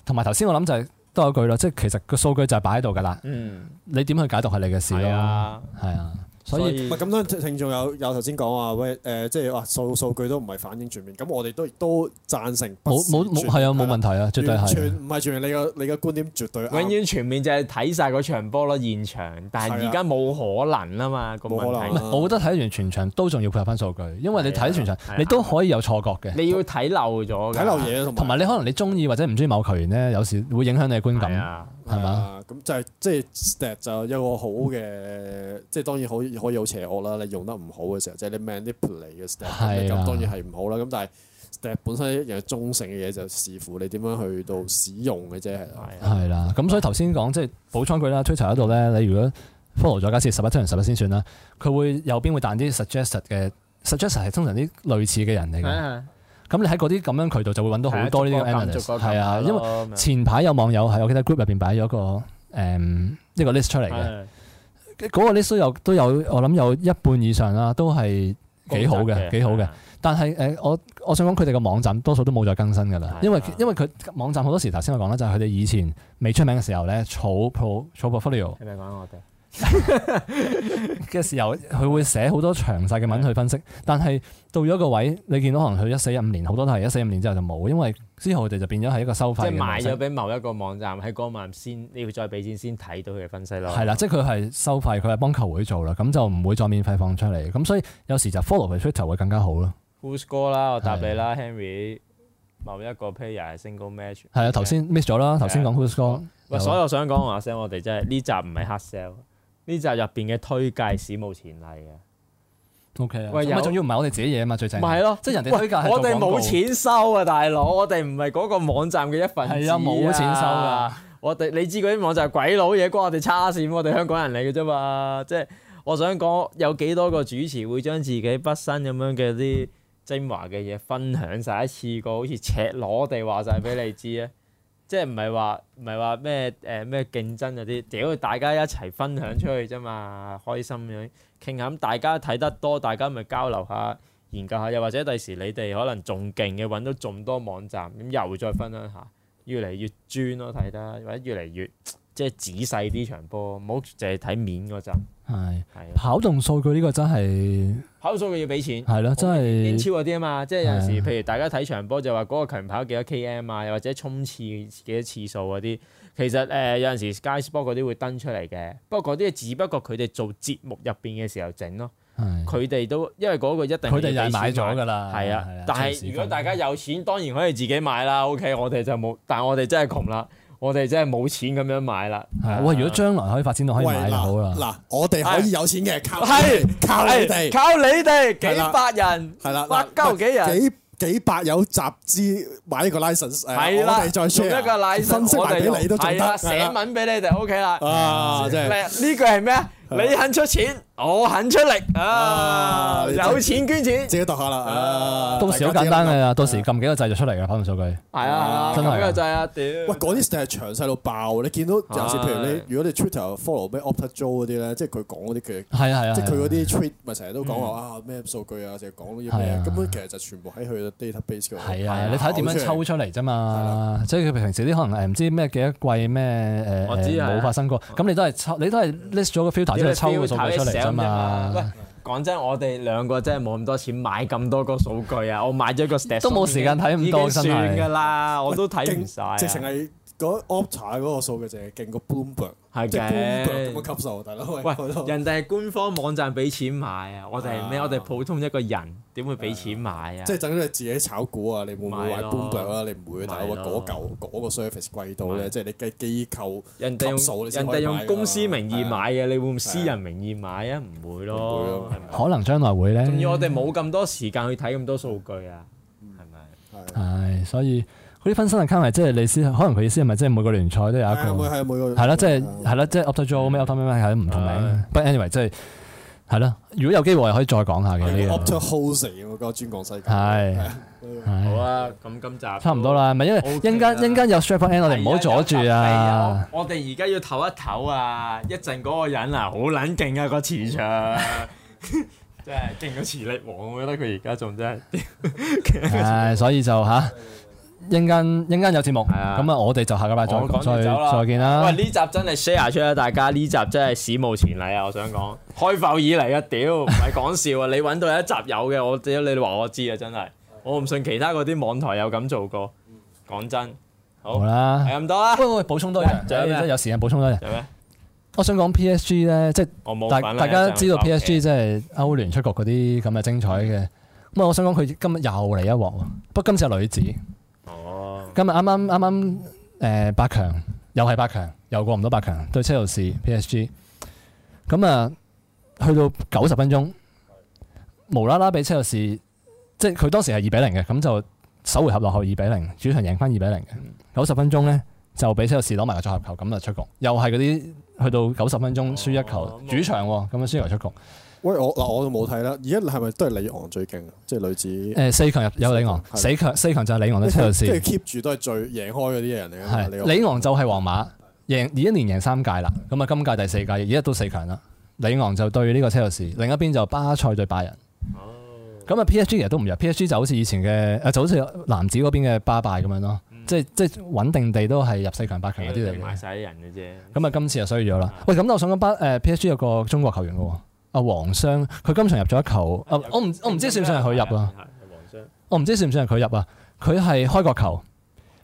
同埋頭先我諗就係多一句啦，即係其實個數據就係擺喺度㗎啦。嗯。你點去解讀係你嘅事啦。係啊。所以咁多聽眾有有頭先講話喂，誒、呃，即係話、啊、數數據都唔係反映全面。咁我哋都都贊成冇冇冇係啊，冇問題啊，絕對係。唔係全，全你嘅你個觀點絕對永遠全，全面就係睇晒嗰場波咯，現場。但係而家冇可能啊嘛，冇可能。唔係，我覺得睇完全場都仲要配合返數據，因為你睇全場，你都可以有錯覺嘅。你要睇漏咗睇漏嘢，同埋有你可能你中意或者唔中意某球員咧，有時會影響你嘅觀感。係嘛？咁、啊、就係即係 stat 就一個好嘅，嗯、即係當然可以可以好邪惡啦。你用得唔好嘅時候，即、就、係、是、你 manipulate 嘅 stat 咁、啊，當然係唔好啦。咁但係 stat 本身一樣中性嘅嘢，就視乎你點樣去到使用嘅啫，係、啊。係啦、啊。咁所以頭先講即係補充佢啦，Twitter 嗰度咧，你如果 follow 再加次十一 t 人十一先算啦。佢會右邊會彈啲 suggest 嘅，suggest 係通常啲類似嘅人嚟嘅。咁你喺嗰啲咁樣渠道就會揾到好多呢啲 analyst 係啊，因為前排有網友喺我記得 group 入邊擺咗個誒一、嗯這個 list 出嚟嘅，嗰的個 list 都有，都有我諗有一半以上啦，都係幾好嘅，幾好嘅。的但係誒、呃，我我想講佢哋個網站多數都冇再更新噶啦的，因為因為佢網站好多時頭先我講啦，就係佢哋以前未出名嘅時候咧，草 pro 草 portfolio。係咪講我哋？嘅 時候，佢會寫好多詳細嘅文去分析，的但係到咗一個位，你見到可能佢一四一五年好多都係一四一五年之後就冇，因為之後我哋就變咗係一個收費，即係賣咗俾某一個網站喺嗰晚先，你要再俾錢先睇到佢嘅分析咯。係啦的，即係佢係收費，佢係幫球會做啦，咁就唔會再免費放出嚟。咁所以有時就 follow 佢 Twitter 會更加好咯。WhoScored 啦，我答你啦的，Henry。某一個 player 係 single match 的。係啊 Okay, yeah,，頭先 miss 咗啦，頭先講 WhoScored。喂，所有我想講話聲， 我哋真係呢集唔係黑 sell。呢集入邊嘅推介史無前例嘅，O K 啊，okay、了喂，仲要唔係我哋自己嘢啊嘛？有最正，唔係咯，即係人哋推介，我哋冇錢收啊，大佬，我哋唔係嗰個網站嘅一份、啊嗯啊，我啊，冇錢收㗎，我哋你知嗰啲網站鬼佬嘢，關我哋叉線，我哋香港人嚟嘅啫嘛，即係我想講有幾多個主持會將自己畢生咁樣嘅啲精華嘅嘢分享晒一次過，好似赤裸地話晒俾你知啊！ 即係唔係話唔係話咩誒咩競爭嗰啲，屌大家一齊分享出去啫嘛，開心咁樣傾下大家睇得多，大家咪交流下研究下，又或者第時你哋可能仲勁嘅揾到仲多網站，咁又再分享下，越嚟越專咯睇得，或者越嚟越。即係仔細啲場波，唔好淨係睇面嗰陣。係是的跑動數據呢個真係跑數據要俾錢，係咯，真係英超嗰啲啊嘛。的即係有陣時，譬如大家睇場波就話嗰個強跑幾多 km 啊，又或者衝刺幾多次數嗰啲，其實誒有陣時 Sky Sports 嗰啲會登出嚟嘅。不過嗰啲只不過佢哋做節目入邊嘅時候整咯。佢哋的都因為嗰個一定佢哋就買咗㗎啦。係啊，但係如果大家有錢，當然可以自己買啦。OK，我哋就冇，但係我哋真係窮啦。 我哋真係冇錢咁樣買啦，係啊！喂！如果將來可以發展到可以買就好啦。嗱，我哋可以有錢嘅，靠係靠你哋，靠你哋幾百人係啦，百鳩幾人幾幾百有集資買呢個 license？係啦，我再送一個 license，分析埋俾你都仲得，寫文俾你哋，OK 啦。啊，真係呢句係咩啊？你肯出錢？我肯出力啊！有錢捐錢，自己度下啦。到時都好簡單㗎啦，到時撳幾個掣就出嚟㗎，可能數據。係啊，真係幾個掣啊！喂，嗰啲成係詳細到爆，你見到尤其譬如你，如果你 Twitter follow 咩 OptaJoe 嗰啲咧，即係佢講嗰啲嘅，啊係啊，即係佢嗰啲 tweet 咪成日都講話啊咩數據啊，成日講呢啲嘢，根本其實就全部喺佢 database 度。啊，你睇下點樣抽出嚟啫嘛？即係佢平時啲可能係唔知咩幾多季咩誒冇發生過，咁你都係抽，你都係 list 咗個 filter 之後抽個數據出嚟。啫嘛，喂，講真，我哋兩個真係冇咁多錢買咁多個數據啊！我買咗個 stat，都冇時間睇咁多，真係算㗎啦，我都睇唔晒。啊！嗰 Opta 嗰個數據就係勁過 Bloomberg，係嘅咁嘅級數，大佬喂，人哋係官方網站俾錢買啊，我哋咩？我哋普通一個人點會俾錢買啊？即係等於自己炒股啊？你會唔會買 Bloomberg 啊？你唔會，但大佬，嗰嚿嗰個 service 貴到咧，即係你機機構人哋人哋用公司名義買嘅，你會唔會私人名義買啊？唔會咯，可能將來會咧。仲要我哋冇咁多時間去睇咁多數據啊，係咪？係，所以。嗰啲分身嘅 account 即係你先，可能佢意思係咪即係每個聯賽都有一個？係係每個係啦，即係係啦，即係 Opta 咩 Opta 咩咩係唔同名。But anyway，即係係啦。如果有機會，可以再講下嘅呢啲。Opta hose 嚟，我講專講西。係係好啦，咁今集差唔多啦。唔因為陣間陣間有 shaper end 我哋唔好阻住啊！我哋而家要唞一唞啊！一陣嗰個人啊，好撚勁啊！個磁場，即係勁個磁力王，我覺得佢而家仲真係，誒，所以就吓。陣間陣間有節目，咁啊，我哋就下個禮拜再講再見啦。喂，呢集真係 share 出啦，大家呢集真係史無前例啊！我想講開埠以嚟啊，屌唔係講笑啊！你搵到一集有嘅，我只要你話我知啊，真係我唔信其他嗰啲網台有咁做過。講真，好啦，係咁多啦。喂喂，補充多人，有時間補充多人。有咩？我想講 P S G 咧，即係大大家知道 P S G 即係歐聯出局嗰啲咁嘅精彩嘅。咁啊，我想講佢今日又嚟一鑊，不過今次係女子。今日啱啱啱啱，誒八強又係八強，又過唔到八強對車路士 P S G。咁啊，去到九十分鐘，無啦啦俾車路士，即係佢當時係二比零嘅，咁就首回合落後二比零，主場贏翻二比零嘅。九十分鐘咧就俾車路士攞埋個組合球，咁就出局。又係嗰啲去到九十分鐘輸一球，啊嗯、主場咁、哦、樣就輸球出局。喂，我嗱我都冇睇啦。而家係咪都係李昂最勁？即係女子誒，四強入有李昂，四強四強就係李昂咧，車路士。跟住 keep 住都係最贏開嗰啲嘢人嚟嘅。李昂就係皇馬贏，而家連贏三屆啦。咁啊，今屆第四屆，而家都四強啦。李昂就對呢個車路士，另一邊就巴塞對拜仁。哦。咁啊，P S G 其實都唔入，P S G 就好似以前嘅就好似男子嗰邊嘅巴拜咁樣咯，即係即係穩定地都係入四強八強嗰啲嚟。買晒人嘅啫。咁啊，今次就衰咗啦。喂，咁我想講巴誒，P S G 有個中國球員嘅。阿黃雙，佢今場入咗一球，啊，我唔我唔知算唔算係佢入啊？係，黃雙，我唔知算唔算係佢入啊？佢係開個球，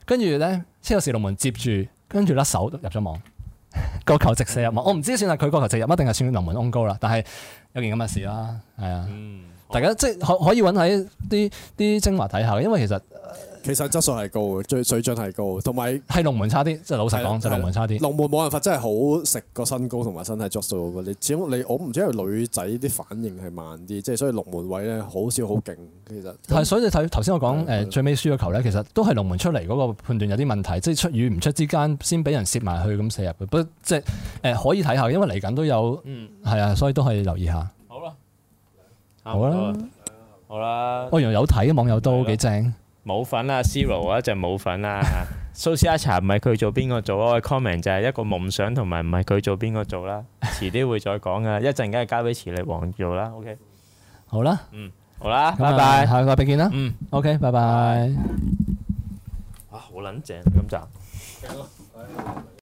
跟住咧，先有射龍門接住，跟住甩手入咗網，個球直射入網。我唔知算係佢個球直入，一定係算龍門翁高啦。但係有件咁嘅事啦，係啊，啊嗯、大家即係可可以揾喺啲啲精華睇下，因為其實。其實質素係高嘅，最水準係高，同埋係龍門差啲。即係老實講，就龍門差啲。龍門冇辦法，真係好食個身高同埋身體質素。你只要你，我唔知係女仔啲反應係慢啲，即係所以龍門位咧好少好勁。其實係，所以你睇頭先我講誒，最尾輸個球咧，其實都係龍門出嚟嗰個判斷有啲問題，即係出與唔出之間先俾人攝埋去咁射入去。不過即係誒可以睇下，因為嚟緊都有，係啊，所以都係留意下。好啦，好啦，好啦。我原來有睇，網友都幾正。冇份啦，C 羅啊就冇份啦，蘇斯阿查唔係佢做邊個做啊？我嘅 comment 就係一個夢想同埋唔係佢做邊個做啦，遲啲會再講噶，一陣間交俾磁力王做啦，OK，好啦，嗯，好啦，拜拜，下個禮拜見啦，嗯，OK，拜拜，啊，好撚正今集。